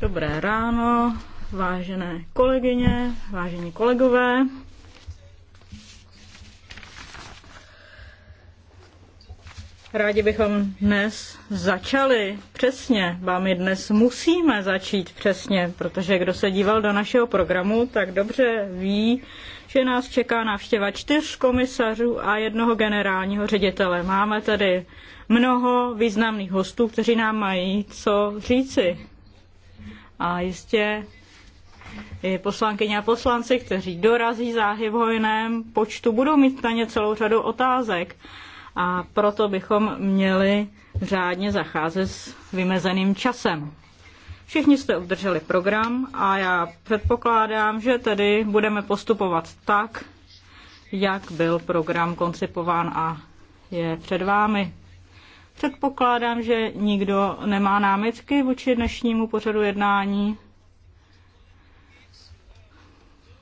Dobré ráno, vážené kolegyně, vážení kolegové. Rádi bychom dnes začali přesně. Vám i dnes musíme začít přesně, protože kdo se díval do našeho programu, tak dobře ví, že nás čeká návštěva čtyř komisařů a jednoho generálního ředitele. Máme tedy mnoho významných hostů, kteří nám mají co říci. A jistě i poslankyně a poslanci, kteří dorazí záhy v hojném počtu, budou mít na ně celou řadu otázek. A proto bychom měli řádně zacházet s vymezeným časem. Všichni jste obdrželi program a já předpokládám, že tedy budeme postupovat tak, jak byl program koncipován a je před vámi. Předpokládám, že nikdo nemá námitky vůči dnešnímu pořadu jednání.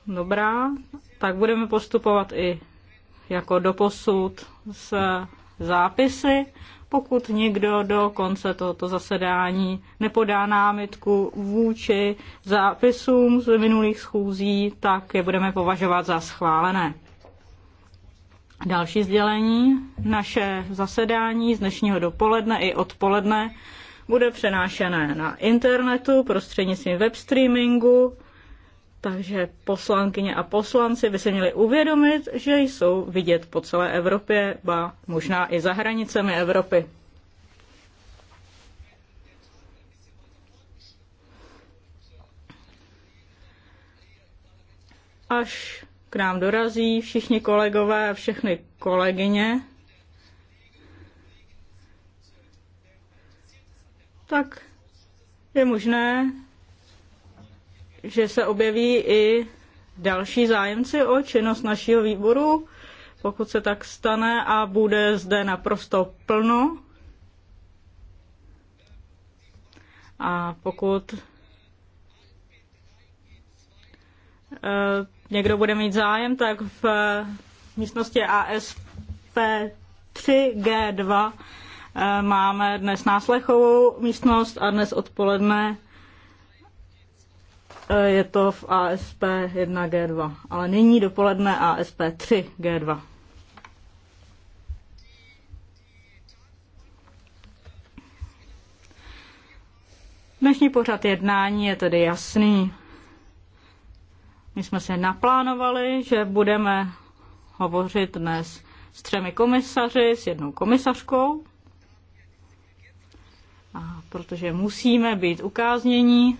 Dobrá, tak budeme postupovat i jako doposud s zápisy pokud někdo do konce tohoto zasedání nepodá námitku vůči zápisům z minulých schůzí, tak je budeme považovat za schválené. Další sdělení. Naše zasedání z dnešního dopoledne i odpoledne bude přenášené na internetu prostřednictvím webstreamingu takže poslankyně a poslanci by se měli uvědomit, že jsou vidět po celé Evropě, ba možná i za hranicemi Evropy. Až k nám dorazí všichni kolegové a všechny kolegyně, tak je možné že se objeví i další zájemci o činnost našího výboru, pokud se tak stane a bude zde naprosto plno. A pokud eh, někdo bude mít zájem, tak v místnosti ASP 3G2 eh, máme dnes náslechovou místnost a dnes odpoledne Eh, je to v ASP 1G2, ale nyní dopoledne ASP 3G2. Dnešní pořad jednání je tedy jasný. My jsme se naplánovali, že budeme hovořit dnes s třemi komisaři, s jednou komisařkou, a protože musíme být ukáznění,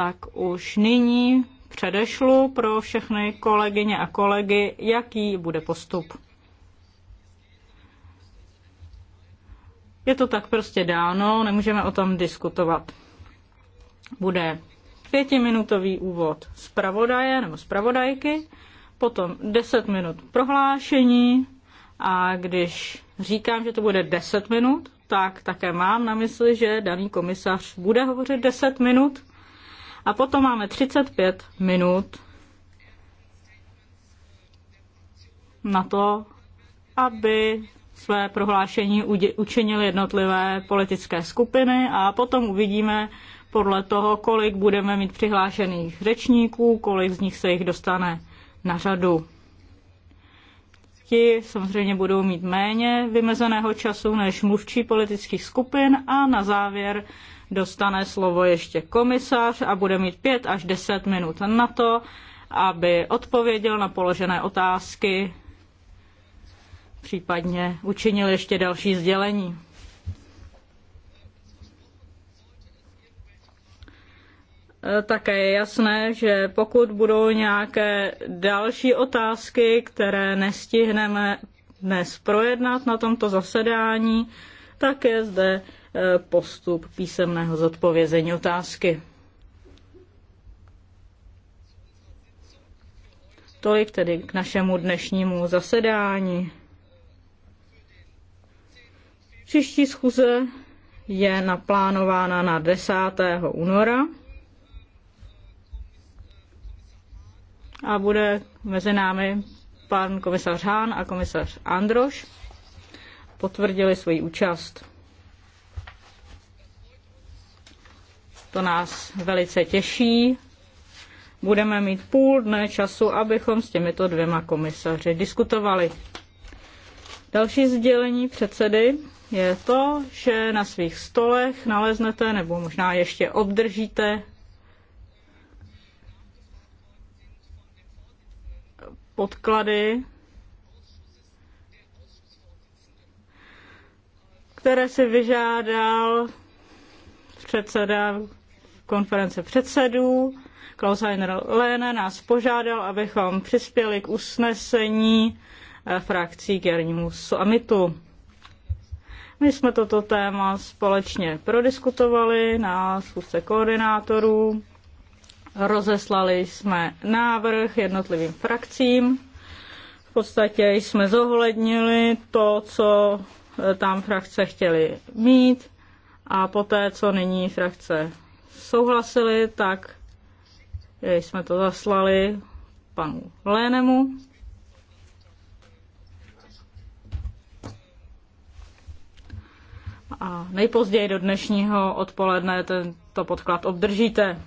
tak už nyní předešlu pro všechny kolegyně a kolegy, jaký bude postup. Je to tak prostě dáno, nemůžeme o tom diskutovat. Bude pětiminutový úvod zpravodaje nebo zpravodajky, potom deset minut prohlášení a když říkám, že to bude deset minut, tak také mám na mysli, že daný komisař bude hovořit deset minut a potom máme 35 minut na to, aby své prohlášení učinily jednotlivé politické skupiny a potom uvidíme podle toho, kolik budeme mít přihlášených řečníků, kolik z nich se jich dostane na řadu. Ti samozřejmě budou mít méně vymezeného času než mluvčí politických skupin a na závěr dostane slovo ještě komisař a bude mít 5 až 10 minut na to, aby odpověděl na položené otázky, případně učinil ještě další sdělení. Také je jasné, že pokud budou nějaké další otázky, které nestihneme dnes projednat na tomto zasedání, tak je zde Eh, postup písemného zodpovězení otázky. Tolik tedy k našemu dnešnímu zasedání. Příští schůze je naplánována na 10. února a bude mezi námi pan komisař Hán a komisař Androš. Potvrdili svoji účast. To nás velice těší. Budeme mít půl dne času, abychom s těmito dvěma komisaři diskutovali. Další sdělení předsedy je to, že na svých stolech naleznete nebo možná ještě obdržíte podklady, které si vyžádal předseda konference předsedů Klaus-Heiner Lehne nás požádal, abychom přispěli k usnesení eh, frakcí k jarnímu summitu. My jsme toto téma společně prodiskutovali na schůzce koordinátorů. Rozeslali jsme návrh jednotlivým frakcím. V podstatě jsme zohlednili to, co eh, tam frakce chtěli mít a poté, co nyní frakce souhlasili, tak jsme to zaslali panu Lénemu. A nejpozději do dnešního odpoledne tento podklad obdržíte.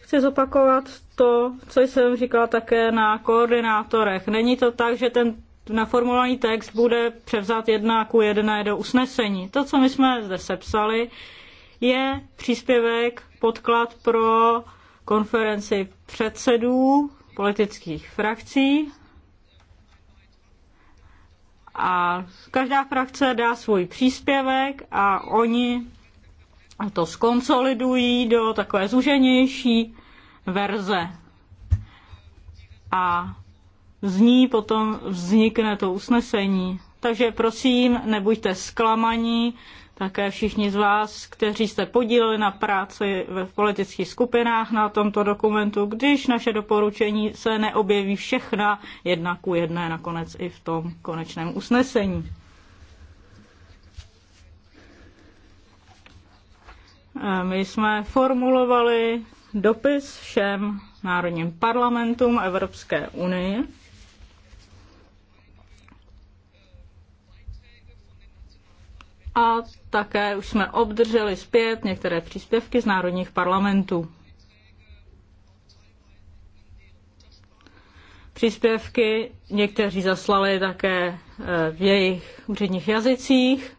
chci zopakovat to, co jsem říkala také na koordinátorech. Není to tak, že ten tu naformulovaný text bude převzat jedna ku jedné do usnesení. To, co my jsme zde sepsali, je příspěvek, podklad pro konferenci předsedů politických frakcí. A každá frakce dá svůj příspěvek a oni to skonsolidují do takové zuženější verze. A z ní potom vznikne to usnesení. Takže prosím, nebuďte zklamaní, také všichni z vás, kteří jste podíleli na práci v politických skupinách na tomto dokumentu, když naše doporučení se neobjeví všechna jedna ku jedné nakonec i v tom konečném usnesení. Eh, my jsme formulovali dopis všem národním parlamentům Evropské unie, a také už jsme obdrželi zpět některé příspěvky z národních parlamentů. Příspěvky někteří zaslali také eh, v jejich úředních jazycích,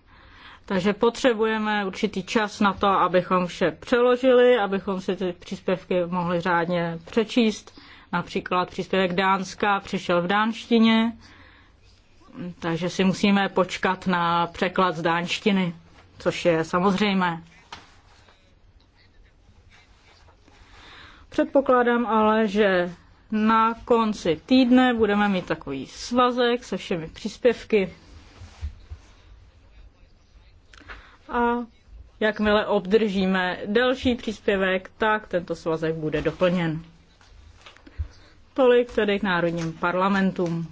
takže potřebujeme určitý čas na to, abychom vše přeložili, abychom si ty příspěvky mohli řádně přečíst. Například příspěvek Dánska přišel v dánštině, takže si musíme počkat na překlad z dánštiny, což je samozřejmé. Předpokládám ale, že na konci týdne budeme mít takový svazek se všemi příspěvky. A jakmile obdržíme další příspěvek, tak tento svazek bude doplněn. Tolik tedy k národním parlamentům.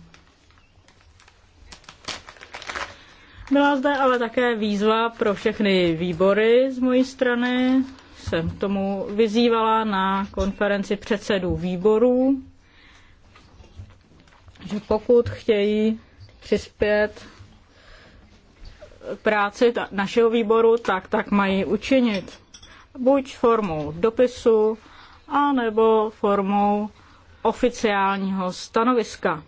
Byla zde ale také výzva pro všechny výbory z mojí strany. Jsem k tomu vyzývala na konferenci předsedů výborů, že pokud chtějí přispět práci našeho výboru, tak tak mají učinit. Buď formou dopisu, anebo formou oficiálního stanoviska.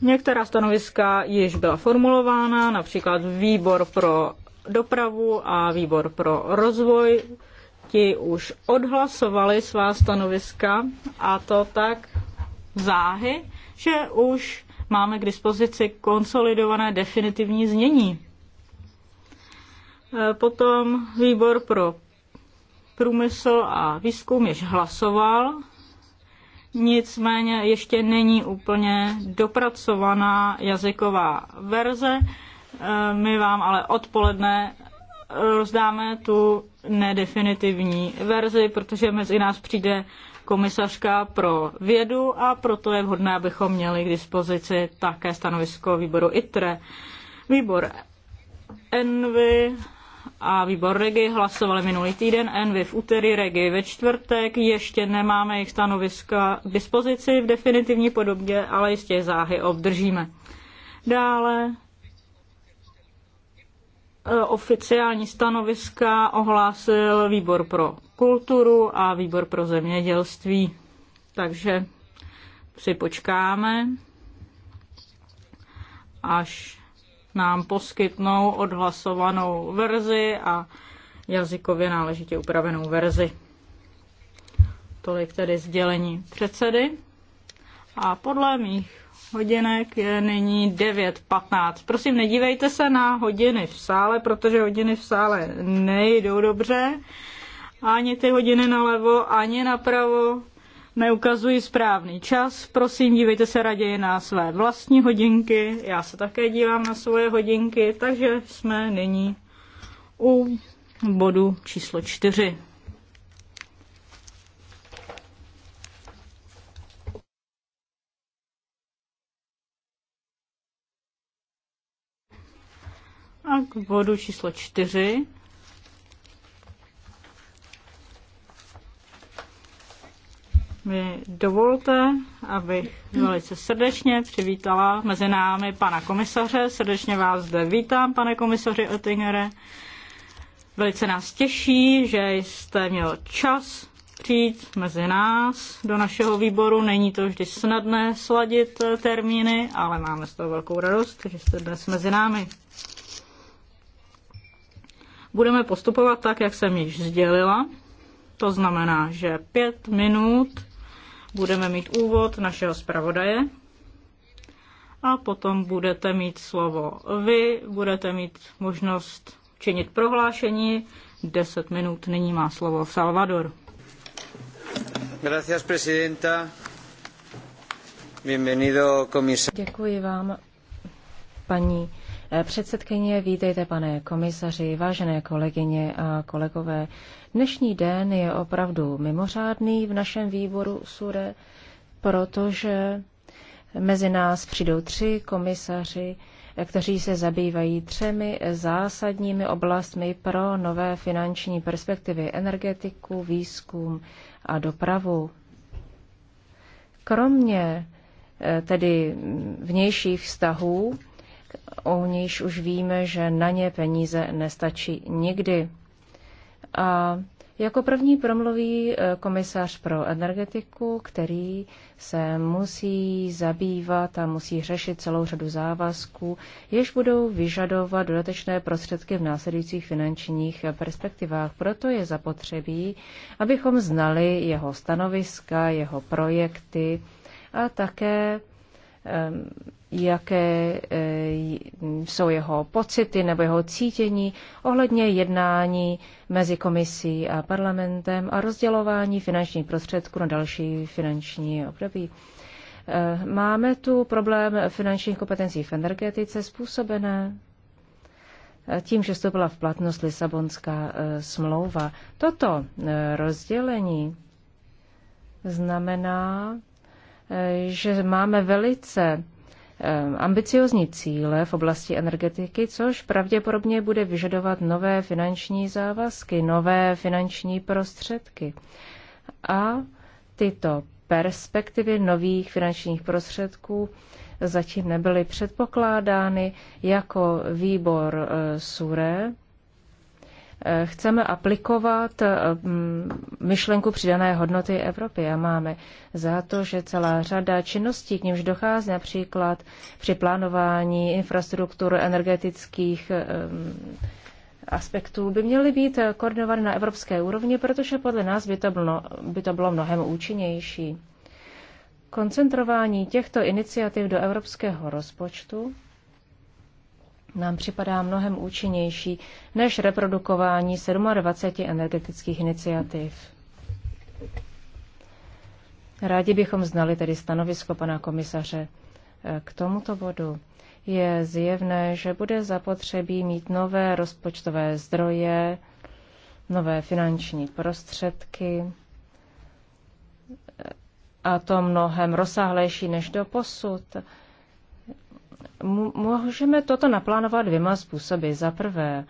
Některá stanoviska již byla formulována, například výbor pro dopravu a výbor pro rozvoj. Ti už odhlasovali svá stanoviska a to tak záhy, že už máme k dispozici konsolidované definitivní znění. E, potom výbor pro průmysl a výzkum již hlasoval nicméně ještě není úplně dopracovaná jazyková verze. Eh, my vám ale odpoledne rozdáme tu nedefinitivní verzi, protože mezi nás přijde komisařka pro vědu a proto je vhodné, abychom měli k dispozici také stanovisko výboru ITRE. Výbor Envy a výbor Regi hlasovali minulý týden, Envy v úterý, Regi ve čtvrtek. Ještě nemáme jejich stanoviska k dispozici v definitivní podobě, ale jistě záhy obdržíme. Dále e, oficiální stanoviska ohlásil výbor pro kulturu a výbor pro zemědělství. Takže si počkáme, až nám poskytnou odhlasovanou verzi a jazykově náležitě upravenou verzi. Tolik tedy sdělení předsedy. A podle mých hodinek je nyní 9.15. Prosím, nedívejte se na hodiny v sále, protože hodiny v sále nejdou dobře. Ani ty hodiny nalevo, ani napravo neukazuji správný čas. Prosím, dívejte se raději na své vlastní hodinky. Já se také dívám na svoje hodinky, takže jsme nyní u bodu číslo čtyři. A k bodu číslo čtyři mi dovolte, abych velice srdečně přivítala mezi námi pana komisaře. Srdečně vás zde vítám, pane komisaři Oettingere. Velice nás těší, že jste měl čas přijít mezi nás do našeho výboru. Není to vždy snadné sladit eh, termíny, ale máme z toho velkou radost, že jste dnes mezi námi. Budeme postupovat tak, jak jsem již sdělila. To znamená, že pět minut budeme mít úvod našeho zpravodaje a potom budete mít slovo vy, budete mít možnost činit prohlášení. 10 minut nyní má slovo Salvador. Gracias, presidenta. Bienvenido, komisar. Děkuji vám, paní Eh, předsedkyně, vítejte pane komisaři, vážené kolegyně a kolegové. Dnešní den je opravdu mimořádný v našem výboru SURE, protože mezi nás přijdou tři komisaři, eh, kteří se zabývají třemi zásadními oblastmi pro nové finanční perspektivy energetiku, výzkum a dopravu. Kromě eh, tedy vnějších vztahů O níž už víme, že na ně peníze nestačí nikdy. A jako první promluví eh, komisař pro energetiku, který se musí zabývat a musí řešit celou řadu závazků, jež budou vyžadovat dodatečné prostředky v následujících finančních perspektivách. Proto je zapotřebí, abychom znali jeho stanoviska, jeho projekty a také Ehm, jaké eh, jsou jeho pocity nebo jeho cítění ohledně jednání mezi komisí a parlamentem a rozdělování finančních prostředků na další finanční období. Ehm, máme tu problém finančních kompetencí v energetice způsobené eh, tím, že vstoupila v platnost Lisabonská eh, smlouva. Toto rozdělení znamená Eh, že máme velice eh, ambiciozní cíle v oblasti energetiky, což pravděpodobně bude vyžadovat nové finanční závazky, nové finanční prostředky. A tyto perspektivy nových finančních prostředků zatím nebyly předpokládány jako výbor eh, SURE Eh, chceme aplikovat eh, mm, myšlenku přidané hodnoty Evropy a máme za to, že celá řada činností, k nímž dochází například při plánování infrastruktur energetických eh, mm, aspektů, by měly být koordinovány na evropské úrovni, protože podle nás by to bylo, by to bylo mnohem účinnější. Koncentrování těchto iniciativ do evropského rozpočtu nám připadá mnohem účinnější než reprodukování 27 energetických iniciativ. Rádi bychom znali tedy stanovisko pana komisaře eh, k tomuto bodu. Je zjevné, že bude zapotřebí mít nové rozpočtové zdroje, nové finanční prostředky eh, a to mnohem rozsáhlejší než do posud Můžeme toto naplánovat dvěma způsoby. Za prvé,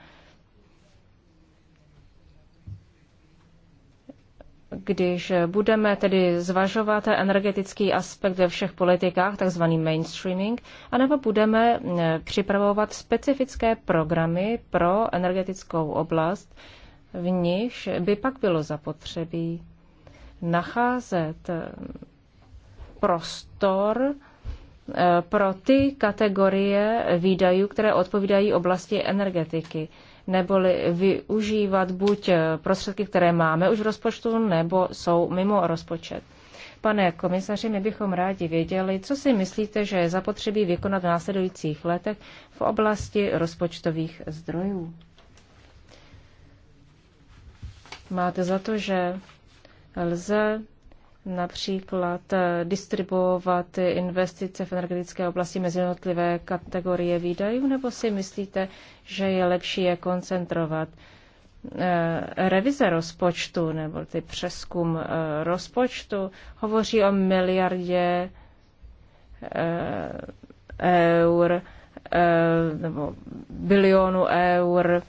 když budeme tedy zvažovat energetický aspekt ve všech politikách, takzvaný mainstreaming, anebo budeme připravovat specifické programy pro energetickou oblast, v nichž by pak bylo zapotřebí nacházet prostor, Eh, pro ty kategorie výdajů, které odpovídají oblasti energetiky, neboli využívat buď eh, prostředky, které máme už v rozpočtu, nebo jsou mimo rozpočet. Pane komisaři, my bychom rádi věděli, co si myslíte, že je zapotřebí vykonat v následujících letech v oblasti rozpočtových zdrojů. Máte za to, že lze například eh, distribuovat investice v energetické oblasti mezi jednotlivé kategorie výdajů, nebo si myslíte, že je lepší je koncentrovat? Eh, revize rozpočtu nebo ty přeskum eh, rozpočtu hovoří o miliardě eur nebo bilionu eur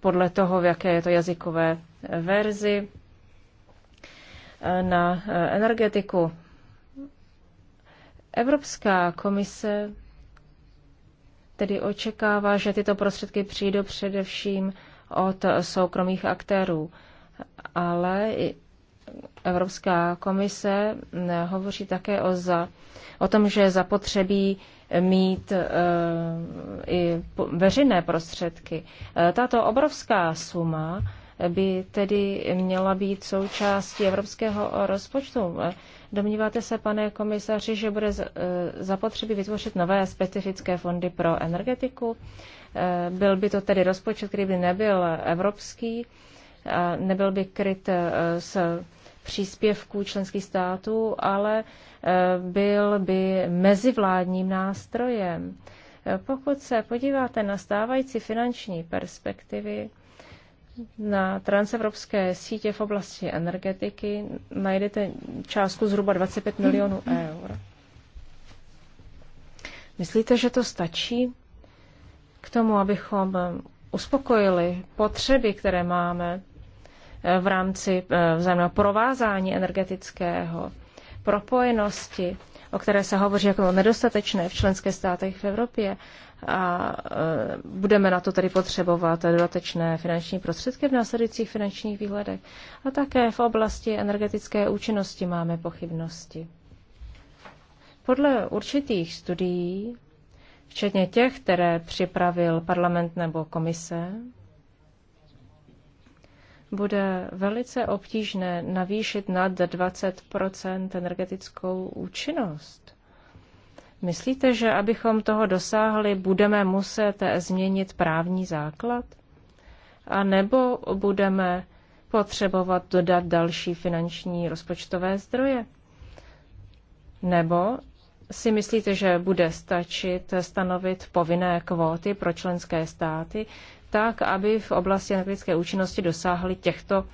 podle toho, v jaké je to jazykové verzi na eh, energetiku. Evropská komise tedy očekává, že tyto prostředky přijdou především od soukromých aktérů. Ale Evropská komise eh, hovoří také o, za, o tom, že zapotřebí mít e, i veřejné prostředky. Tato obrovská suma by tedy měla být součástí evropského rozpočtu. Domníváte se, pane komisaři, že bude e, zapotřebí vytvořit nové specifické fondy pro energetiku? E, byl by to tedy rozpočet, který by nebyl evropský, nebyl by kryt s e, příspěvků členských států, ale byl by mezivládním nástrojem. Pokud se podíváte na stávající finanční perspektivy, na transevropské sítě v oblasti energetiky najdete částku zhruba 25 milionů eur. Myslíte, že to stačí k tomu, abychom uspokojili potřeby, které máme eh, v rámci eh, vzájemného provázání energetického, propojenosti, o které se hovoří jako nedostatečné v členských státech v Evropě a e, budeme na to tedy potřebovat dodatečné finanční prostředky v následujících finančních výhledech. A také v oblasti energetické účinnosti máme pochybnosti. Podle určitých studií, včetně těch, které připravil parlament nebo komise, bude velice obtížné navýšit nad 20 energetickou účinnost. Myslíte, že abychom toho dosáhli, budeme muset změnit právní základ? A nebo budeme potřebovat dodat další finanční rozpočtové zdroje? Nebo si myslíte, že bude stačit stanovit povinné kvóty pro členské státy, tak, aby v oblasti energetické účinnosti dosáhli těchto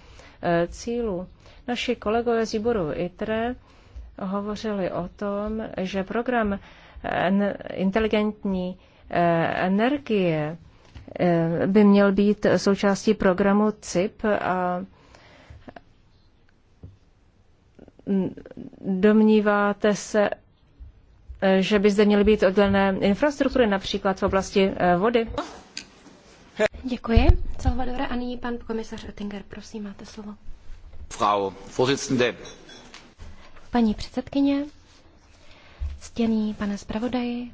eh, cílů? Naši kolegové z výboru ITRE hovořili o tom, že program eh, inteligentní eh, energie eh, by měl být součástí programu CIP a mm, domníváte se, že by zde měly být oddělené infrastruktury, například v oblasti vody? Děkuji. Salvadora a nyní pan komisař Oettinger, prosím, máte slovo. Frau Vorsitzende, Paní předsedkyně, stěný pane zpravodaji,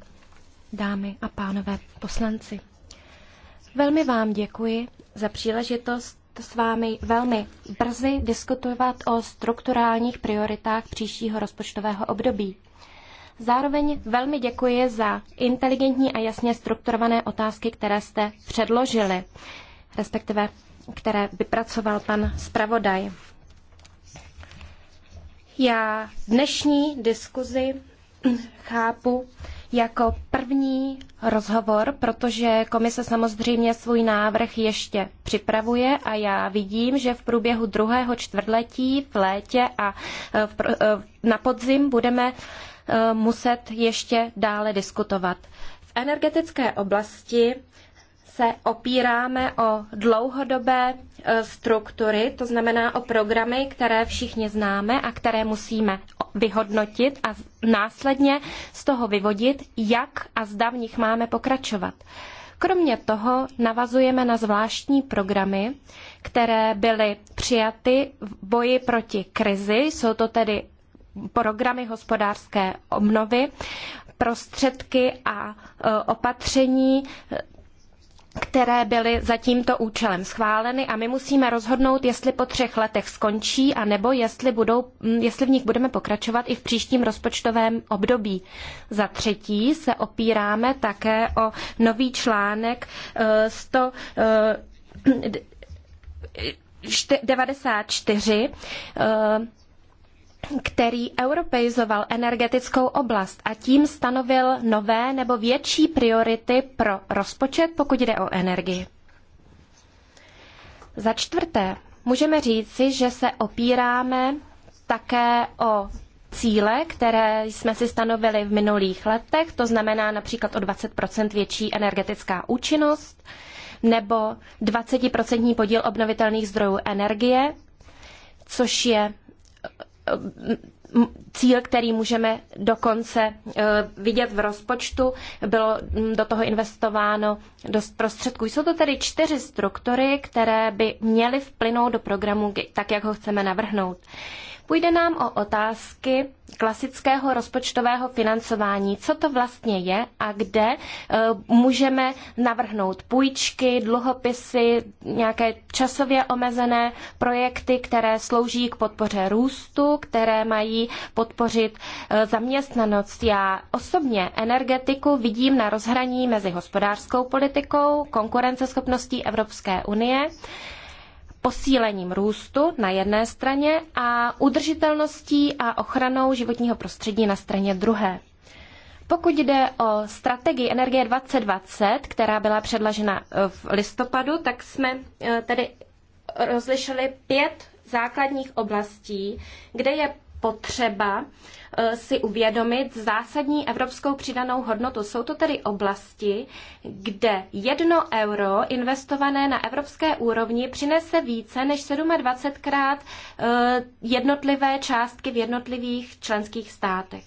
dámy a pánové poslanci. Velmi vám děkuji za příležitost s vámi velmi brzy diskutovat o strukturálních prioritách příštího rozpočtového období. Zároveň velmi děkuji za inteligentní a jasně strukturované otázky, které jste předložili, respektive které vypracoval pan zpravodaj. Já dnešní diskuzi chápu jako první rozhovor, protože komise samozřejmě svůj návrh ještě připravuje a já vidím, že v průběhu druhého čtvrtletí v létě a e, e, na podzim budeme e, muset ještě dále diskutovat. V energetické oblasti se opíráme o dlouhodobé e, struktury, to znamená o programy, které všichni známe a které musíme vyhodnotit a následně z toho vyvodit, jak a zda v nich máme pokračovat. Kromě toho navazujeme na zvláštní programy, které byly přijaty v boji proti krizi. Jsou to tedy programy hospodářské obnovy, prostředky a e, opatření které byly za tímto účelem schváleny a my musíme rozhodnout, jestli po třech letech skončí, nebo jestli, budou, mm, jestli v nich budeme pokračovat i v příštím rozpočtovém období. Za třetí se opíráme také o nový článek 100, eh, 94 který europeizoval energetickou oblast a tím stanovil nové nebo větší priority pro rozpočet, pokud jde o energii. Za čtvrté, můžeme říci, že se opíráme také o cíle, které jsme si stanovili v minulých letech, to znamená například o 20 větší energetická účinnost nebo 20% podíl obnovitelných zdrojů energie, což je cíl, který můžeme dokonce eh, vidět v rozpočtu, bylo mm, do toho investováno dost prostředků. Jsou to tedy čtyři struktury, které by měly vplynout do programu tak, jak ho chceme navrhnout. Půjde nám o otázky klasického rozpočtového financování. Co to vlastně je a kde eh, můžeme navrhnout půjčky, dluhopisy, nějaké časově omezené projekty, které slouží k podpoře růstu, které mají podpořit eh, zaměstnanost. Já osobně energetiku vidím na rozhraní mezi hospodářskou politikou, konkurenceschopností Evropské unie posílením růstu na jedné straně a udržitelností a ochranou životního prostředí na straně druhé. Pokud jde o strategii Energie 2020, která byla předložena eh, v listopadu, tak jsme eh, tedy rozlišili pět základních oblastí, kde je potřeba eh, si uvědomit zásadní evropskou přidanou hodnotu. Jsou to tedy oblasti, kde jedno euro investované na evropské úrovni přinese více než 27 krát eh, jednotlivé částky v jednotlivých členských státech.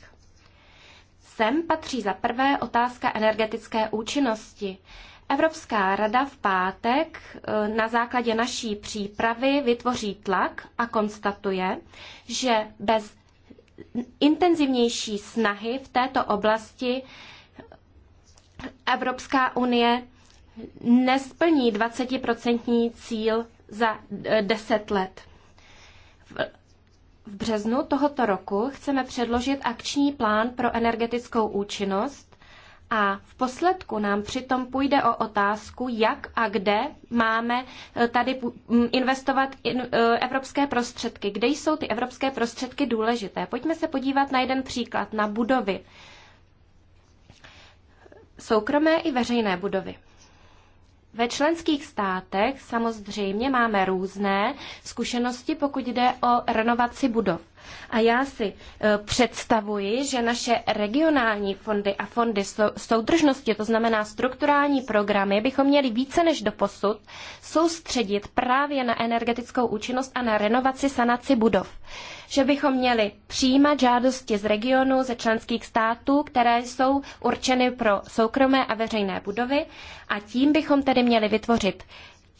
Sem patří za prvé otázka energetické účinnosti. Evropská rada v pátek eh, na základě naší přípravy vytvoří tlak a konstatuje, že bez intenzivnější snahy v této oblasti Evropská unie nesplní 20% cíl za 10 eh, let. V březnu tohoto roku chceme předložit akční plán pro energetickou účinnost a v posledku nám přitom půjde o otázku, jak a kde máme eh, tady investovat eh, evropské prostředky. Kde jsou ty evropské prostředky důležité? Pojďme se podívat na jeden příklad, na budovy. Soukromé i veřejné budovy. Ve členských státech samozřejmě máme různé zkušenosti, pokud jde o renovaci budov. A já si e, představuji, že naše regionální fondy a fondy soudržnosti, to znamená strukturální programy, bychom měli více než doposud soustředit právě na energetickou účinnost a na renovaci sanaci budov. Že bychom měli přijímat žádosti z regionu, ze členských států, které jsou určeny pro soukromé a veřejné budovy a tím bychom tedy měli vytvořit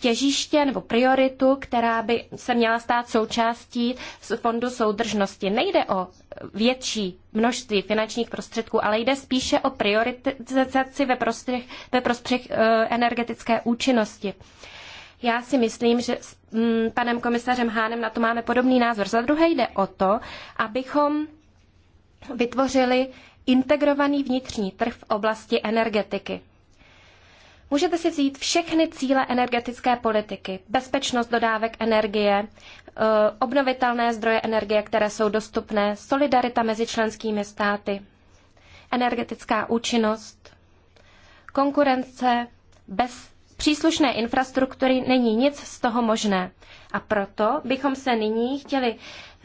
těžiště nebo prioritu, která by se měla stát součástí fondu soudržnosti. Nejde o větší množství finančních prostředků, ale jde spíše o prioritizaci ve prospěch, ve prospěch e, energetické účinnosti. Já si myslím, že s mm, panem komisařem Hánem na to máme podobný názor. Za druhé jde o to, abychom vytvořili integrovaný vnitřní trh v oblasti energetiky. Můžete si vzít všechny cíle energetické politiky, bezpečnost dodávek energie, eh, obnovitelné zdroje energie, které jsou dostupné, solidarita mezi členskými státy, energetická účinnost, konkurence, bez příslušné infrastruktury není nic z toho možné. A proto bychom se nyní chtěli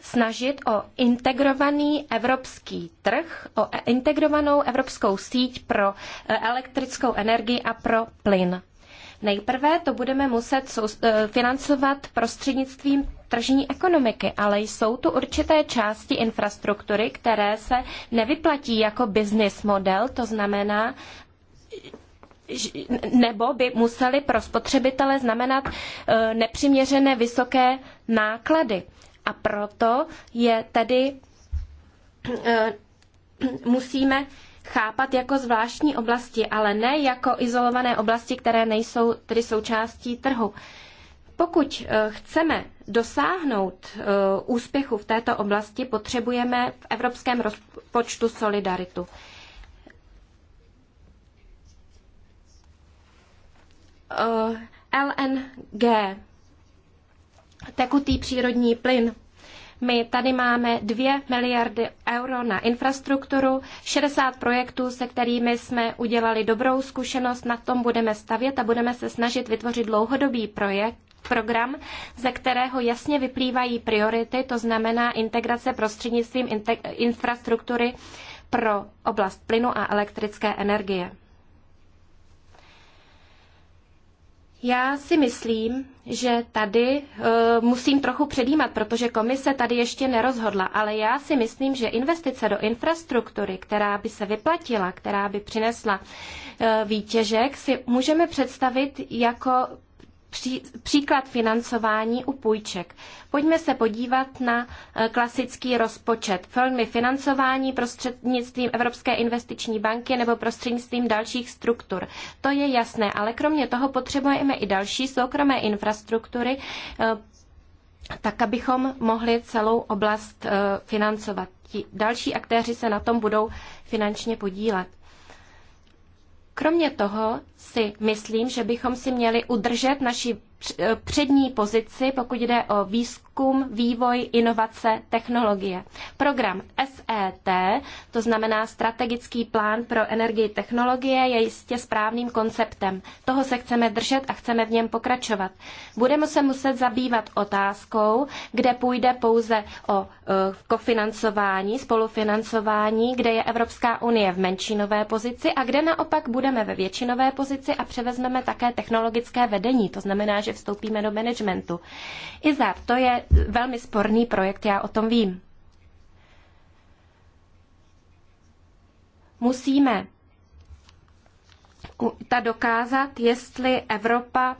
snažit o integrovaný evropský trh, o e- integrovanou evropskou síť pro e, elektrickou energii a pro plyn. Nejprve to budeme muset e, financovat prostřednictvím tržní ekonomiky, ale jsou tu určité části infrastruktury, které se nevyplatí jako business model, to znamená, nebo by museli pro spotřebitele znamenat nepřiměřené vysoké náklady. A proto je tedy eh, musíme chápat jako zvláštní oblasti, ale ne jako izolované oblasti, které nejsou tedy součástí trhu. Pokud eh, chceme dosáhnout eh, úspěchu v této oblasti, potřebujeme v evropském rozpočtu solidaritu. LNG tekutý přírodní plyn. My tady máme 2 miliardy euro na infrastrukturu, 60 projektů, se kterými jsme udělali dobrou zkušenost, na tom budeme stavět a budeme se snažit vytvořit dlouhodobý projekt, program, ze kterého jasně vyplývají priority, to znamená integrace prostřednictvím infrastruktury pro oblast plynu a elektrické energie. Já si myslím, že tady uh, musím trochu předjímat, protože komise tady ještě nerozhodla, ale já si myslím, že investice do infrastruktury, která by se vyplatila, která by přinesla uh, eh, výtěžek, si můžeme představit jako příklad financování u půjček. Pojďme se podívat na eh, klasický rozpočet. Formy financování prostřednictvím Evropské investiční banky nebo prostřednictvím dalších struktur. To je jasné, ale kromě toho potřebujeme i další soukromé infrastruktury, eh, tak abychom mohli celou oblast eh, financovat. Ti další aktéři se na tom budou finančně podílet. Kromě toho si myslím, že bychom si měli udržet naši eh, přední pozici, pokud jde o výzkum, vývoj, inovace, technologie. Program SET, to znamená Strategický plán pro energii technologie, je jistě správným konceptem. Toho se chceme držet a chceme v něm pokračovat. Budeme se muset zabývat otázkou, kde půjde pouze o eh, kofinancování, spolufinancování, kde je Evropská unie v menšinové pozici a kde naopak budeme ve většinové pozici pozici a převezmeme také technologické vedení, to znamená, že vstoupíme do managementu. IZAP, to je velmi sporný projekt, já o tom vím. Musíme ta dokázat, jestli Evropa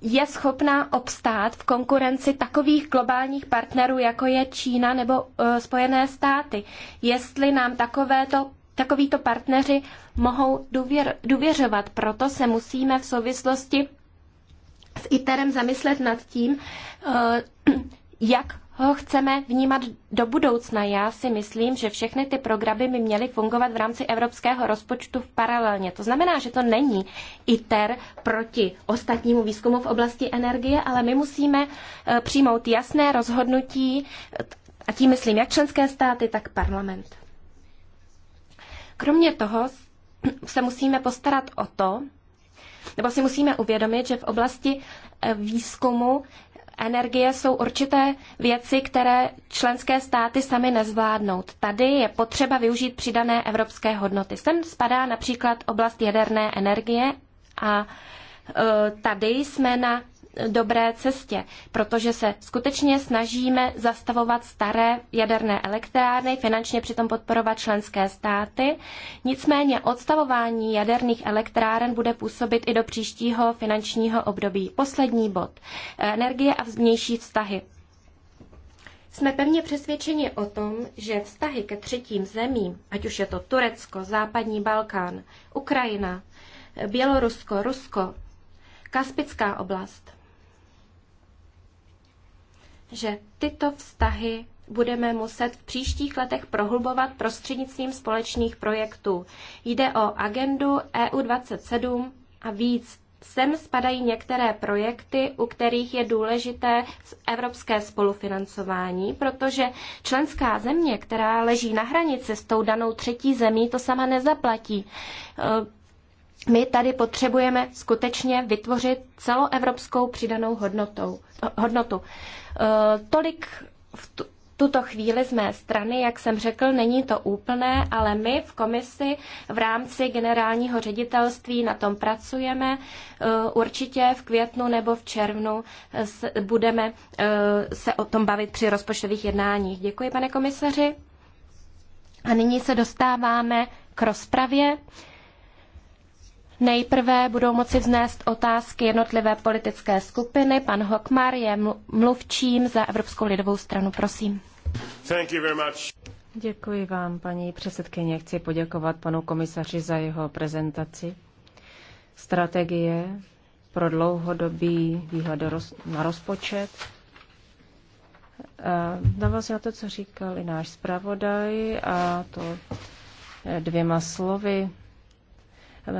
je schopná obstát v konkurenci takových globálních partnerů, jako je Čína nebo uh, Spojené státy. Jestli nám takovéto takovýto partneři mohou důvěr, důvěřovat. Proto se musíme v souvislosti s ITERem zamyslet nad tím, eh, jak ho chceme vnímat do budoucna. Já si myslím, že všechny ty programy by měly fungovat v rámci evropského rozpočtu v paralelně. To znamená, že to není ITER proti ostatnímu výzkumu v oblasti energie, ale my musíme eh, přijmout jasné rozhodnutí, a tím myslím jak členské státy, tak parlament. Kromě toho se musíme postarat o to, nebo si musíme uvědomit, že v oblasti eh, výzkumu energie jsou určité věci, které členské státy sami nezvládnou. Tady je potřeba využít přidané evropské hodnoty. Sem spadá například oblast jaderné energie a eh, tady jsme na dobré cestě, protože se skutečně snažíme zastavovat staré jaderné elektrárny, finančně přitom podporovat členské státy. Nicméně odstavování jaderných elektráren bude působit i do příštího finančního období. Poslední bod. Energie a vnější vztahy. Jsme pevně přesvědčeni o tom, že vztahy ke třetím zemím, ať už je to Turecko, Západní Balkán, Ukrajina, Bělorusko, Rusko, Kaspická oblast, že tyto vztahy budeme muset v příštích letech prohlubovat prostřednictvím společných projektů. Jde o agendu EU27 a víc. Sem spadají některé projekty, u kterých je důležité evropské spolufinancování, protože členská země, která leží na hranici s tou danou třetí zemí, to sama nezaplatí. My tady potřebujeme skutečně vytvořit celoevropskou přidanou hodnotou, hodnotu. E, tolik v tuto chvíli z mé strany, jak jsem řekl, není to úplné, ale my v komisi v rámci generálního ředitelství na tom pracujeme. E, určitě v květnu nebo v červnu budeme e, se o tom bavit při rozpočtových jednáních. Děkuji, pane komisaři. A nyní se dostáváme k rozpravě. Nejprve budou moci vznést otázky jednotlivé politické skupiny. Pan Hokmar je mluvčím za Evropskou lidovou stranu. Prosím. Thank you very much. Děkuji vám, paní předsedkyně. Chci poděkovat panu komisaři za jeho prezentaci. Strategie pro dlouhodobý výhled na rozpočet. Navazil eh, na to, co říkal i náš zpravodaj, a to dvěma slovy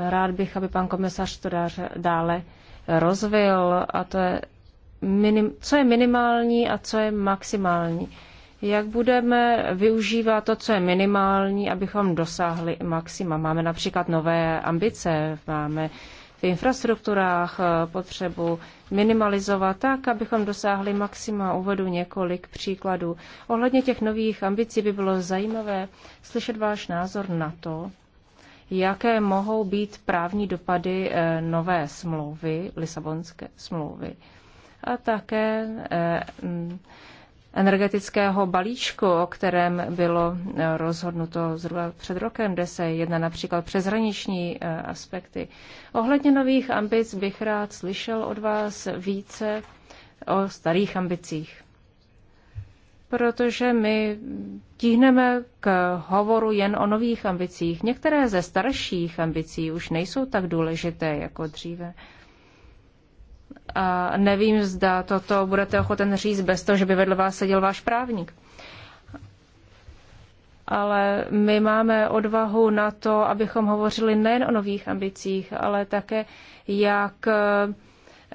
Rád bych, aby pan komisař to dále rozvil a to je minim, co je minimální a co je maximální. Jak budeme využívat to, co je minimální, abychom dosáhli maxima? Máme například nové ambice, máme v infrastrukturách eh, potřebu minimalizovat tak, abychom dosáhli maxima. Uvedu několik příkladů. Ohledně těch nových ambicí by bylo zajímavé slyšet váš názor na to, jaké mohou být právní dopady eh, nové smlouvy, Lisabonské smlouvy, a také eh, energetického balíčku, o kterém bylo eh, rozhodnuto zhruba před rokem, kde se jedná například přeshraniční aspekty. Ohledně nových ambic bych rád slyšel od vás více o starých ambicích protože my tíhneme k hovoru jen o nových ambicích. Některé ze starších ambicí už nejsou tak důležité jako dříve. A nevím, zda toto budete ochoten říct bez toho, že by vedle vás seděl váš právník. Ale my máme odvahu na to, abychom hovořili nejen o nových ambicích, ale také, jak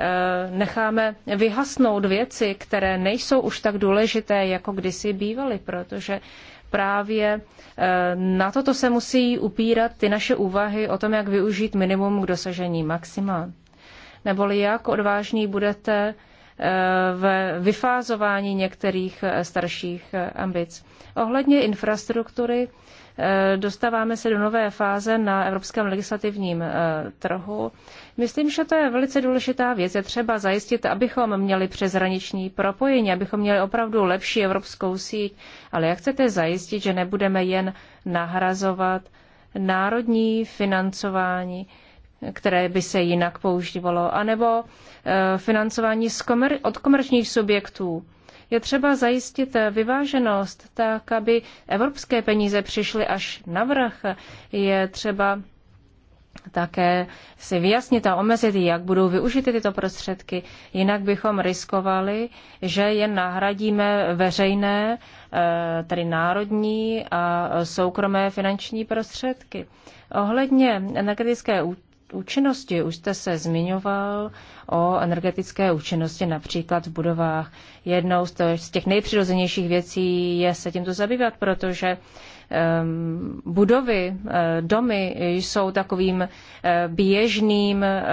Eh, necháme vyhasnout věci, které nejsou už tak důležité, jako kdysi bývaly, protože právě eh, na toto se musí upírat ty naše úvahy o tom, jak využít minimum k dosažení maxima. Neboli jak odvážní budete eh, v vyfázování některých starších ambic. Ohledně infrastruktury Eh, dostáváme se do nové fáze na evropském legislativním eh, trhu. Myslím, že to je velice důležitá věc. Je třeba zajistit, abychom měli přeshraniční propojení, abychom měli opravdu lepší evropskou síť. Ale jak chcete zajistit, že nebudeme jen nahrazovat národní financování, které by se jinak používalo, anebo eh, financování od komerčních subjektů, je třeba zajistit vyváženost tak, aby evropské peníze přišly až na vrch. Je třeba také si vyjasnit a omezit, jak budou využity tyto prostředky. Jinak bychom riskovali, že jen nahradíme veřejné, eh, tedy národní a soukromé finanční prostředky. Ohledně energetické účinnosti. Už jste se zmiňoval o energetické účinnosti například v budovách. Jednou z těch nejpřirozenějších věcí je se tímto zabývat, protože ehm, budovy, eh, domy jsou takovým eh, běžným eh,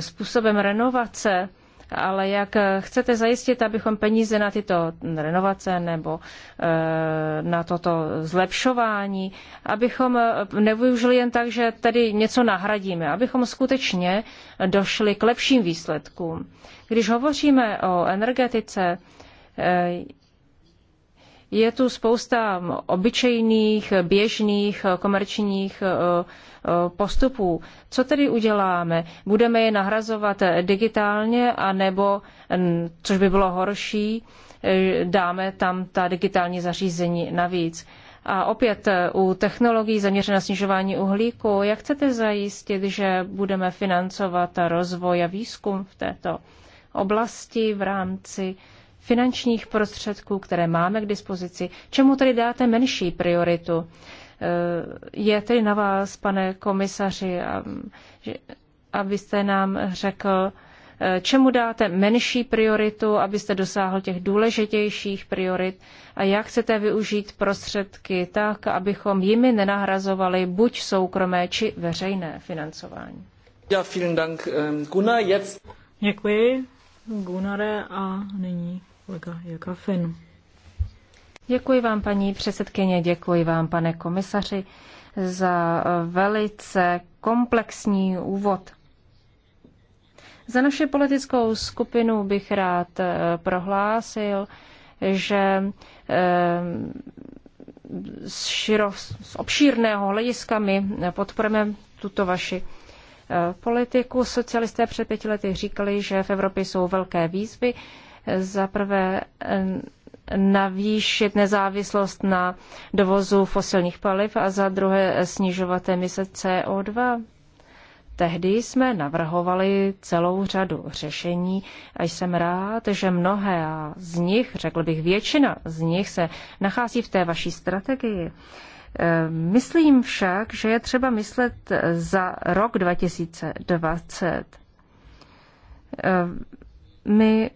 způsobem renovace ale jak chcete zajistit, abychom peníze na tyto renovace nebo eh, na toto zlepšování, abychom eh, nevyužili jen tak, že tady něco nahradíme, abychom skutečně došli k lepším výsledkům. Když hovoříme o energetice, eh, je tu spousta obyčejných, běžných, komerčních postupů. Co tedy uděláme? Budeme je nahrazovat digitálně, anebo, což by bylo horší, e, dáme tam ta digitální zařízení navíc. A opět e, u technologií zaměřené na snižování uhlíku, jak chcete zajistit, že budeme financovat rozvoj a výzkum v této oblasti v rámci finančních prostředků, které máme k dispozici? Čemu tedy dáte menší prioritu? Eh, je tedy na vás, pane komisaři, abyste nám řekl, eh, čemu dáte menší prioritu, abyste dosáhl těch důležitějších priorit a jak chcete využít prostředky tak, abychom jimi nenahrazovali buď soukromé či veřejné financování. Ja, vielen Dank, ehm, Gunnar. Jetzt... Děkuji, Gunnare, a nyní kolega Finn. Děkuji vám, paní předsedkyně, děkuji vám, pane komisaři, za velice komplexní úvod. Za naši politickou skupinu bych rád eh, prohlásil, že eh, z, širo, z obšírného hlediska my podporujeme tuto vaši eh, politiku. Socialisté před pěti lety říkali, že v Evropě jsou velké výzvy. Za prvé navýšit nezávislost na dovozu fosilních paliv a za druhé snižovat emise CO2. Tehdy jsme navrhovali celou řadu řešení a jsem rád, že mnohé z nich, řekl bych většina z nich, se nachází v té vaší strategii. Ehm, myslím však, že je třeba myslet za rok 2020. Ehm, my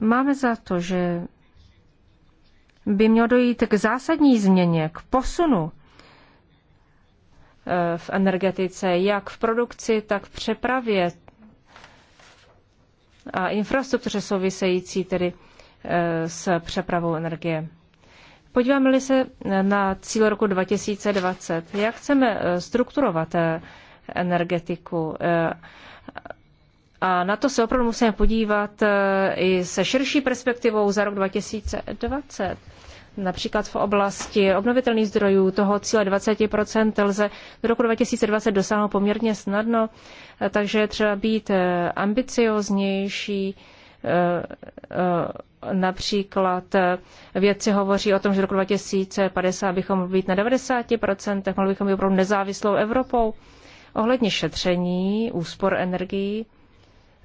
Máme za to, že by mělo dojít k zásadní změně, k posunu eh, v energetice, jak v produkci, tak v přepravě a infrastruktuře související tedy eh, s přepravou energie. Podíváme-li se eh, na cíl roku 2020, jak chceme strukturovat energetiku, a na to se opravdu musíme podívat e, i se širší perspektivou za rok 2020. Například v oblasti obnovitelných zdrojů toho cíle 20% lze do roku 2020 dosáhnout poměrně snadno, e, takže je třeba být e, ambicioznější. Například vědci hovoří o tom, že do roku 2050 bychom mohli být na 90%, mohli bychom být opravdu nezávislou Evropou. Ohledně šetření, úspor energií,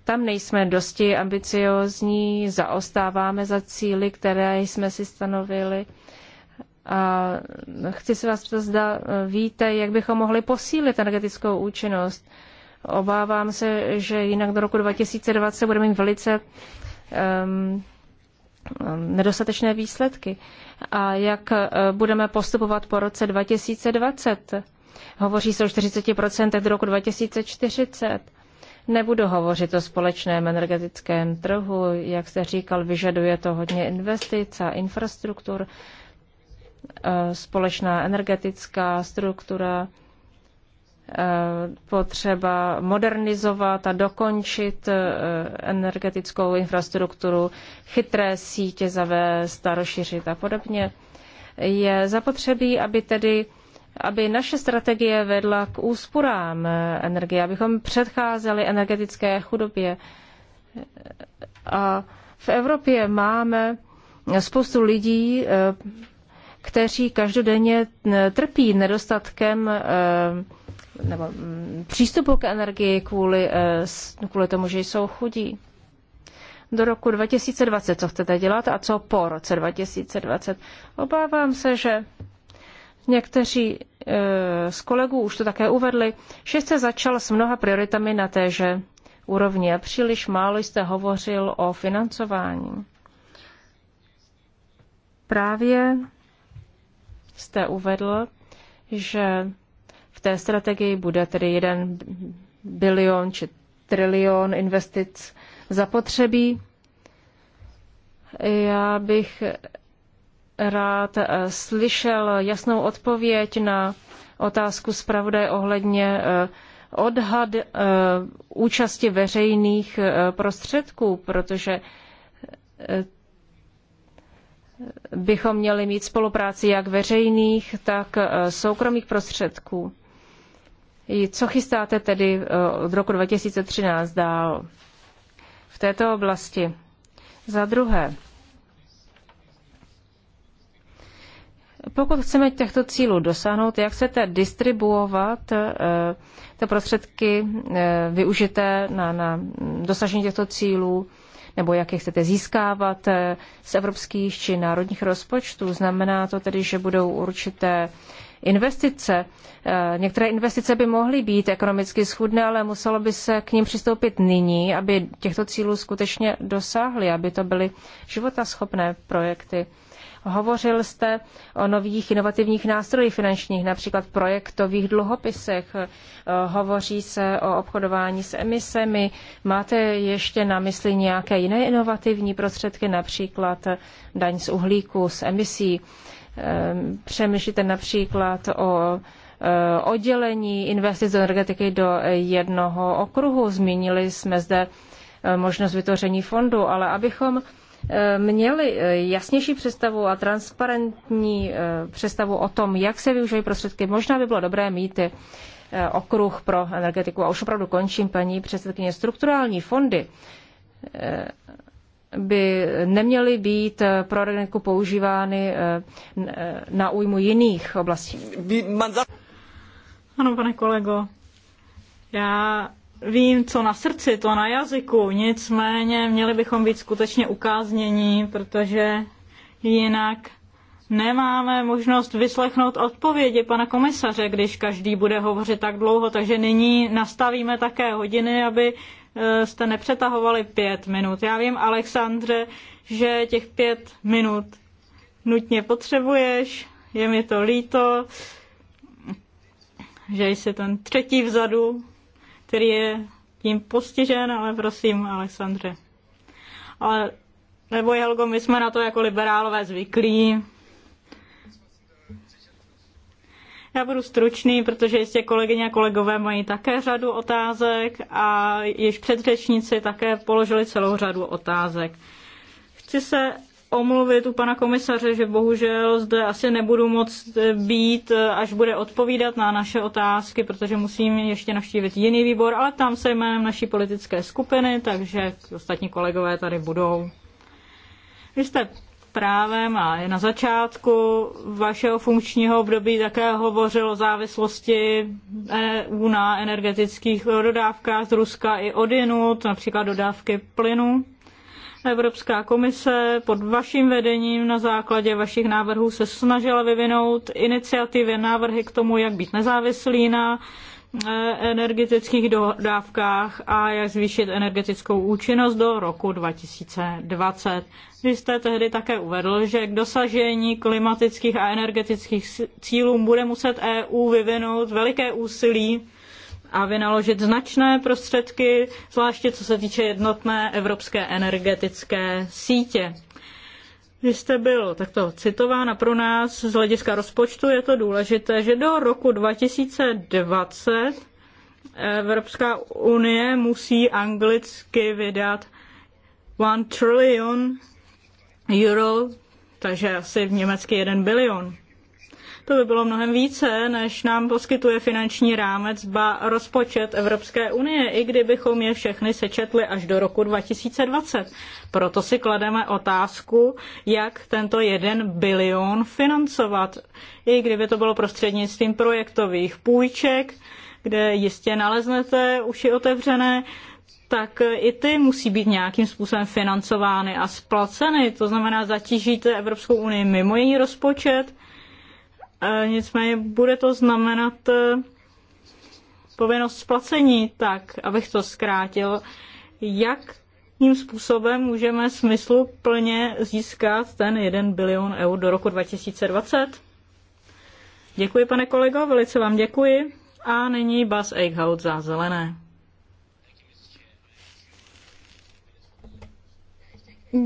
tam nejsme dosti ambiciozní, zaostáváme za cíly, které jsme si stanovili. A chci se vás ptát, zda víte, jak bychom mohli posílit energetickou účinnost. Obávám se, že jinak do roku 2020 budeme mít velice um, nedostatečné výsledky. A jak e, budeme postupovat po roce 2020? Hovoří se o 40% do roku 2040. Nebudu hovořit o společném energetickém trhu, jak jste říkal, vyžaduje to hodně investic a infrastruktur, e, společná energetická struktura, e, potřeba modernizovat a dokončit e, energetickou infrastrukturu, chytré sítě zavést a rozšířit a podobně. Je zapotřebí, aby tedy aby naše strategie vedla k úsporám energie, abychom předcházeli energetické chudobě. A v Evropě máme spoustu lidí, kteří každodenně trpí nedostatkem nebo mm, přístupu k energii kvůli, eh, kvůli tomu, že jsou chudí. Do roku 2020, co chcete dělat a co po roce 2020? Obávám se, že Někteří e, z kolegů už to také uvedli, že jste začal s mnoha prioritami na téže úrovni a příliš málo jste hovořil o financování. Právě jste uvedl, že v té strategii bude tedy jeden bilion či trilion investic zapotřebí. Já bych rád eh, slyšel jasnou odpověď na otázku zpravodaje ohledně eh, odhad eh, účasti veřejných prostředků, protože bychom měli mít spolupráci jak veřejných, tak soukromých prostředků. Co chystáte tedy od roku 2013 dál v této oblasti? Za druhé, Pokud chceme těchto cílů dosáhnout, jak chcete distribuovat eh, ty prostředky eh, využité na, na dosažení těchto cílů, nebo jak je chcete získávat eh, z evropských či národních rozpočtů? Znamená to tedy, že budou určité investice. Některé investice by mohly být ekonomicky schudné, ale muselo by se k ním přistoupit nyní, aby těchto cílů skutečně dosáhly, aby to byly životaschopné projekty. Hovořil jste o nových inovativních nástrojích finančních, například projektových dluhopisech. Hovoří se o obchodování s emisemi. Máte ještě na mysli nějaké jiné inovativní prostředky, například daň z uhlíku, s emisí? Ehm, přemýšlíte například o eh, oddělení investic do energetiky do jednoho okruhu. Zmínili jsme zde eh, možnost vytvoření fondu, ale abychom Eh, měli eh, jasnější představu a transparentní eh, představu o tom, jak se využívají prostředky, možná by bylo dobré mít okruh pro energetiku. A už opravdu končím, paní předsedkyně. Strukturální fondy by neměly být pro energetiku používány na újmu jiných oblastí. Ano, pane kolego, já vím, co na srdci, to na jazyku. Nicméně měli bychom být skutečně ukáznění, protože jinak nemáme možnost vyslechnout odpovědi pana komisaře, když každý bude hovořit tak dlouho. Takže nyní nastavíme také hodiny, aby e, jste nepřetahovali pět minut. Já vím, Alexandře, že těch pět minut nutně potřebuješ, je mi to líto, že jsi ten třetí vzadu, který je tím postižen, ale prosím, Alexandře. Ale, nebo Helgo, my jsme na to jako liberálové zvyklí. Já budu stručný, protože jistě kolegyně a kolegové mají také řadu otázek a již předřečníci také položili celou řadu otázek. Chci se omluvit u pana komisaře, že bohužel zde asi nebudu moc eh, být, eh, až bude odpovídat na naše otázky, protože musím ještě navštívit jiný výbor, ale tam se jménem naší politické skupiny, takže ostatní kolegové tady budou. Vy jste právem a je na začátku vašeho funkčního období také hovořil o závislosti EU na energetických dodávkách z Ruska i odinut, například dodávky plynu Evropská komise pod vaším vedením na základě vašich návrhů se snažila vyvinout iniciativy, návrhy k tomu, jak být nezávislý na eh, energetických dodávkách a jak zvýšit energetickou účinnost do roku 2020. Vy jste tehdy také uvedl, že k dosažení klimatických a energetických cílů bude muset EU vyvinout veliké úsilí a vynaložit značné prostředky, zvláště co se týče jednotné evropské energetické sítě. Vy jste byl takto citován a pro nás z hlediska rozpočtu je to důležité, že do roku 2020 Evropská unie musí anglicky vydat 1 trillion euro, takže asi v německy 1 bilion. To by bylo mnohem více, než nám poskytuje finanční rámec, ba rozpočet Evropské unie, i kdybychom je všechny sečetli až do roku 2020. Proto si klademe otázku, jak tento jeden bilion financovat, i kdyby to bylo prostřednictvím projektových půjček, kde jistě naleznete uši otevřené, tak i ty musí být nějakým způsobem financovány a splaceny. To znamená, zatížíte Evropskou unii mimo její rozpočet E, nicméně bude to znamenat e, povinnost splacení, tak abych to zkrátil, jak tím způsobem můžeme smyslu plně získat ten 1 bilion eur do roku 2020. Děkuji, pane kolego, velice vám děkuji. A nyní Bas Eichhout za zelené.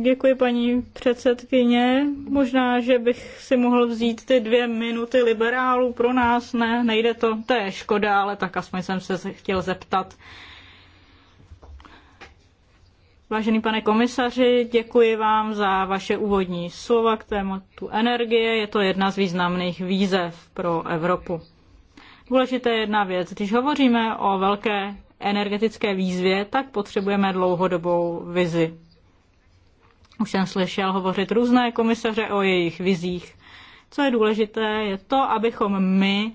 Děkuji, paní předsedkyně. Možná, že bych si mohl vzít ty dvě minuty liberálů pro nás. Ne, nejde to. To je škoda, ale tak aspoň jsem se chtěl zeptat. Vážený pane komisaři, děkuji vám za vaše úvodní slova k tématu energie. Je to jedna z významných výzev pro Evropu. Důležité je jedna věc. Když hovoříme o velké energetické výzvě, tak potřebujeme dlouhodobou vizi. Už jsem slyšel hovořit různé komisaře o jejich vizích. Co je důležité, je to, abychom my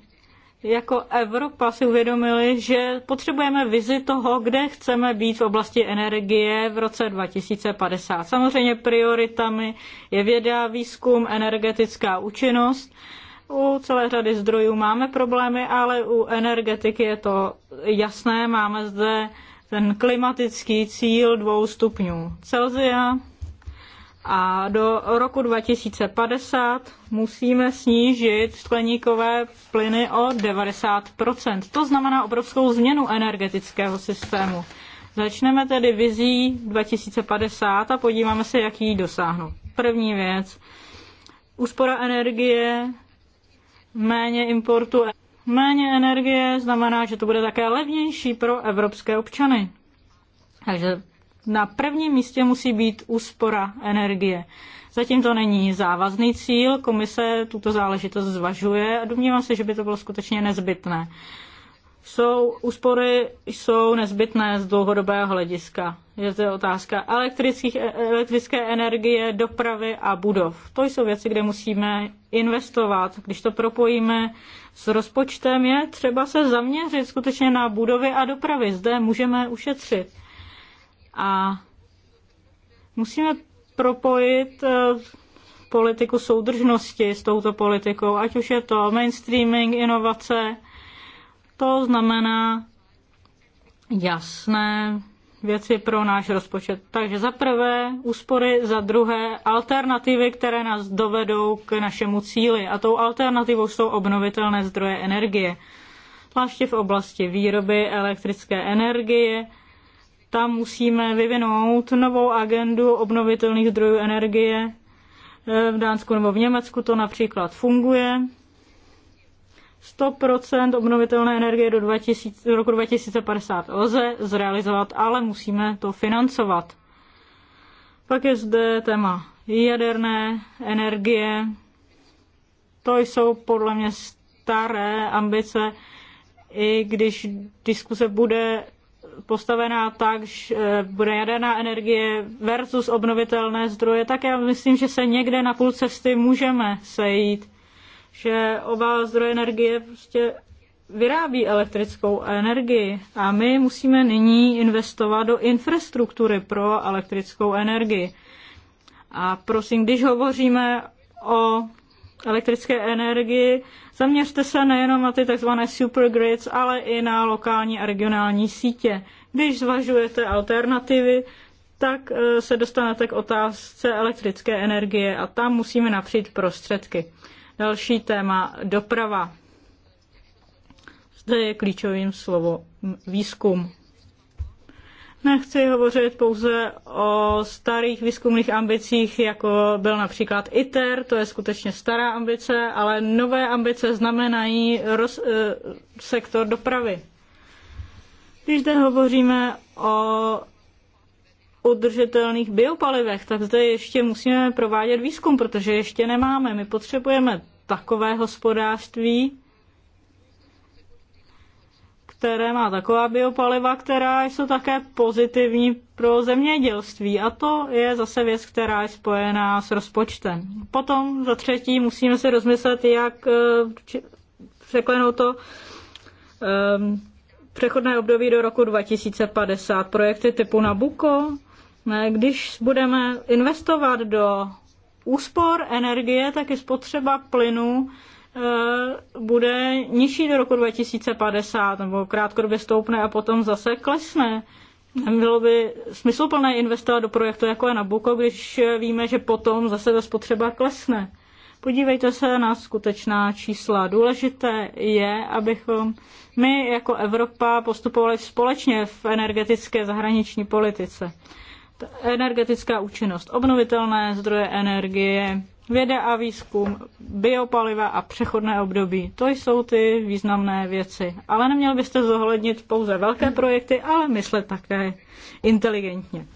jako Evropa si uvědomili, že potřebujeme vizi toho, kde chceme být v oblasti energie v roce 2050. Samozřejmě prioritami je věda, výzkum, energetická účinnost. U celé řady zdrojů máme problémy, ale u energetiky je to jasné. Máme zde ten klimatický cíl dvou stupňů Celsia a do roku 2050 musíme snížit skleníkové plyny o 90 To znamená obrovskou změnu energetického systému. Začneme tedy vizí 2050 a podíváme se, jak ji dosáhnout. První věc. Úspora energie, méně importu. Méně energie znamená, že to bude také levnější pro evropské občany. Takže na prvním místě musí být úspora energie. Zatím to není závazný cíl, komise tuto záležitost zvažuje a domnívám se, že by to bylo skutečně nezbytné. Jsou, úspory jsou nezbytné z dlouhodobého hlediska. Je to otázka elektrických, elektrické energie, dopravy a budov. To jsou věci, kde musíme investovat. Když to propojíme s rozpočtem, je třeba se zaměřit skutečně na budovy a dopravy. Zde můžeme ušetřit. A musíme propojit eh, politiku soudržnosti s touto politikou, ať už je to mainstreaming, inovace. To znamená jasné věci pro náš rozpočet. Takže za prvé úspory, za druhé alternativy, které nás dovedou k našemu cíli. A tou alternativou jsou obnovitelné zdroje energie. Zvláště v oblasti výroby elektrické energie, tam musíme vyvinout novou agendu obnovitelných zdrojů energie. E, v Dánsku nebo v Německu to například funguje. 100% obnovitelné energie do, 2000, roku 2050 lze zrealizovat, ale musíme to financovat. Pak je zde téma jaderné energie. To jsou podle mě staré ambice, i když diskuse bude postavená tak, že eh, bude jaderná energie versus obnovitelné zdroje, tak já myslím, že se někde na půl cesty můžeme sejít. Že oba zdroje energie prostě vyrábí elektrickou energii a my musíme nyní investovat do infrastruktury pro elektrickou energii. A prosím, když hovoříme o elektrické energii. Zaměřte se nejenom na ty tzv. supergrids, ale i na lokální a regionální sítě. Když zvažujete alternativy, tak e, se dostanete k otázce elektrické energie a tam musíme napřít prostředky. Další téma doprava. Zde je klíčovým slovo výzkum. Nechci hovořit pouze o starých výzkumných ambicích, jako byl například ITER, to je skutečně stará ambice, ale nové ambice znamenají roz, e, sektor dopravy. Když zde hovoříme o udržitelných biopalivech, tak zde ještě musíme provádět výzkum, protože ještě nemáme. My potřebujeme takové hospodářství, které má taková biopaliva, která jsou také pozitivní pro zemědělství a to je zase věc, která je spojená s rozpočtem. Potom za třetí musíme si rozmyslet, jak eh, překlenout to ehm, přechodné období do roku 2050. Projekty typu Nabuko, když budeme investovat do úspor energie, tak i spotřeba plynu Eh, bude nižší do roku 2050 nebo krátkodobě stoupne a potom zase klesne. Bylo by smysluplné investovat do projektu jako je Nabucco, když víme, že potom zase ta spotřeba klesne. Podívejte se na skutečná čísla. Důležité je, abychom my jako Evropa postupovali společně v energetické zahraniční politice. Energetická účinnost, obnovitelné zdroje energie, Věda a výzkum, biopaliva a přechodné období. To jsou ty významné věci. Ale neměl byste zohlednit pouze velké projekty, ale myslet také inteligentně.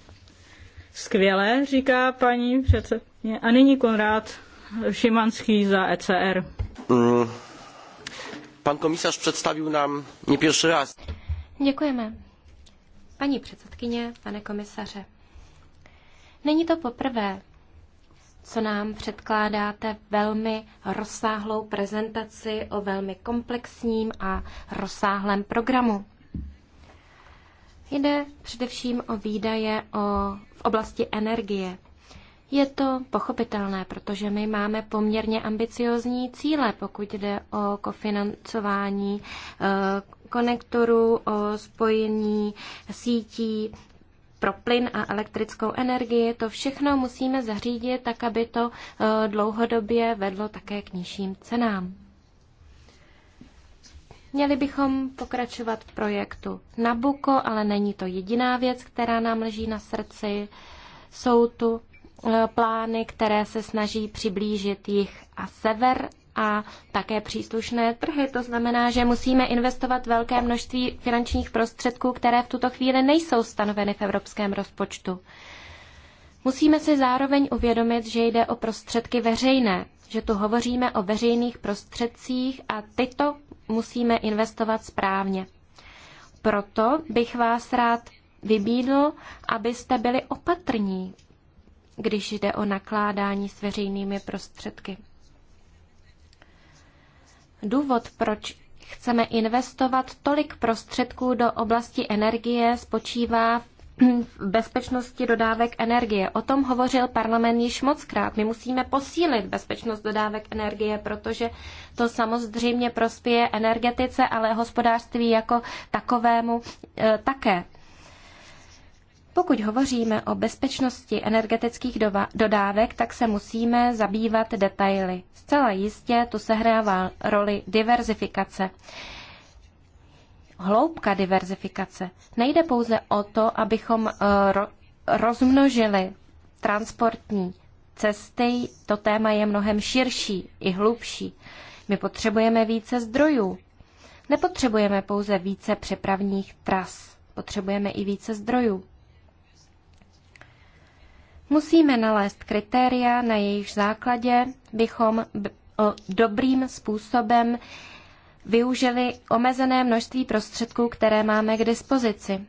Skvělé, říká paní předsedně. A nyní Konrád Šimanský za ECR. Mm. Pan komisař představil nám nie raz. Děkujeme. Paní předsedkyně, pane komisaře. Není to poprvé, co nám předkládáte velmi rozsáhlou prezentaci o velmi komplexním a rozsáhlém programu. Jde především o výdaje o, v oblasti energie. Je to pochopitelné, protože my máme poměrně ambiciozní cíle, pokud jde o kofinancování e, konektorů, o spojení sítí, pro plyn a elektrickou energii. To všechno musíme zařídit tak, aby to eh, dlouhodobě vedlo také k nižším cenám. Měli bychom pokračovat v projektu Nabuko, ale není to jediná věc, která nám leží na srdci. Jsou tu eh, plány, které se snaží přiblížit jich a sever a také příslušné trhy. To znamená, že musíme investovat velké množství finančních prostředků, které v tuto chvíli nejsou stanoveny v evropském rozpočtu. Musíme si zároveň uvědomit, že jde o prostředky veřejné, že tu hovoříme o veřejných prostředcích a tyto musíme investovat správně. Proto bych vás rád vybídl, abyste byli opatrní, když jde o nakládání s veřejnými prostředky. Důvod, proč chceme investovat tolik prostředků do oblasti energie, spočívá v bezpečnosti dodávek energie. O tom hovořil parlament již mockrát. My musíme posílit bezpečnost dodávek energie, protože to samozřejmě prospěje energetice, ale hospodářství jako takovému e, také. Pokud hovoříme o bezpečnosti energetických dodávek, tak se musíme zabývat detaily. Zcela jistě tu sehrává roli diverzifikace. Hloubka diverzifikace. Nejde pouze o to, abychom eh, rozmnožili transportní cesty. To téma je mnohem širší i hlubší. My potřebujeme více zdrojů. Nepotřebujeme pouze více přepravních tras. Potřebujeme i více zdrojů. Musíme nalézt kritéria, na jejich základě bychom dobrým způsobem využili omezené množství prostředků, které máme k dispozici.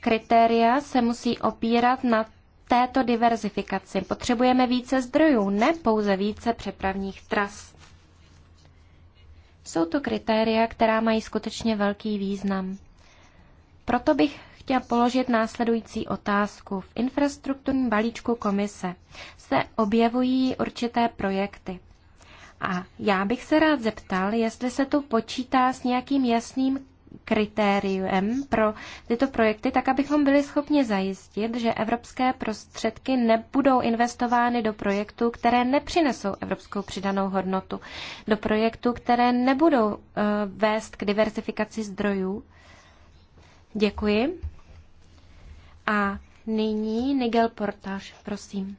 Kritéria se musí opírat na této diverzifikaci. Potřebujeme více zdrojů, ne pouze více přepravních tras. Jsou to kritéria, která mají skutečně velký význam. Proto bych chtěl položit následující otázku. V infrastrukturním balíčku komise se objevují určité projekty. A já bych se rád zeptal, jestli se tu počítá s nějakým jasným kritériem pro tyto projekty, tak abychom byli schopni zajistit, že evropské prostředky nebudou investovány do projektů, které nepřinesou evropskou přidanou hodnotu, do projektů, které nebudou uh, vést k diversifikaci zdrojů. Děkuji. A nyní Nigel Portáž, prosím.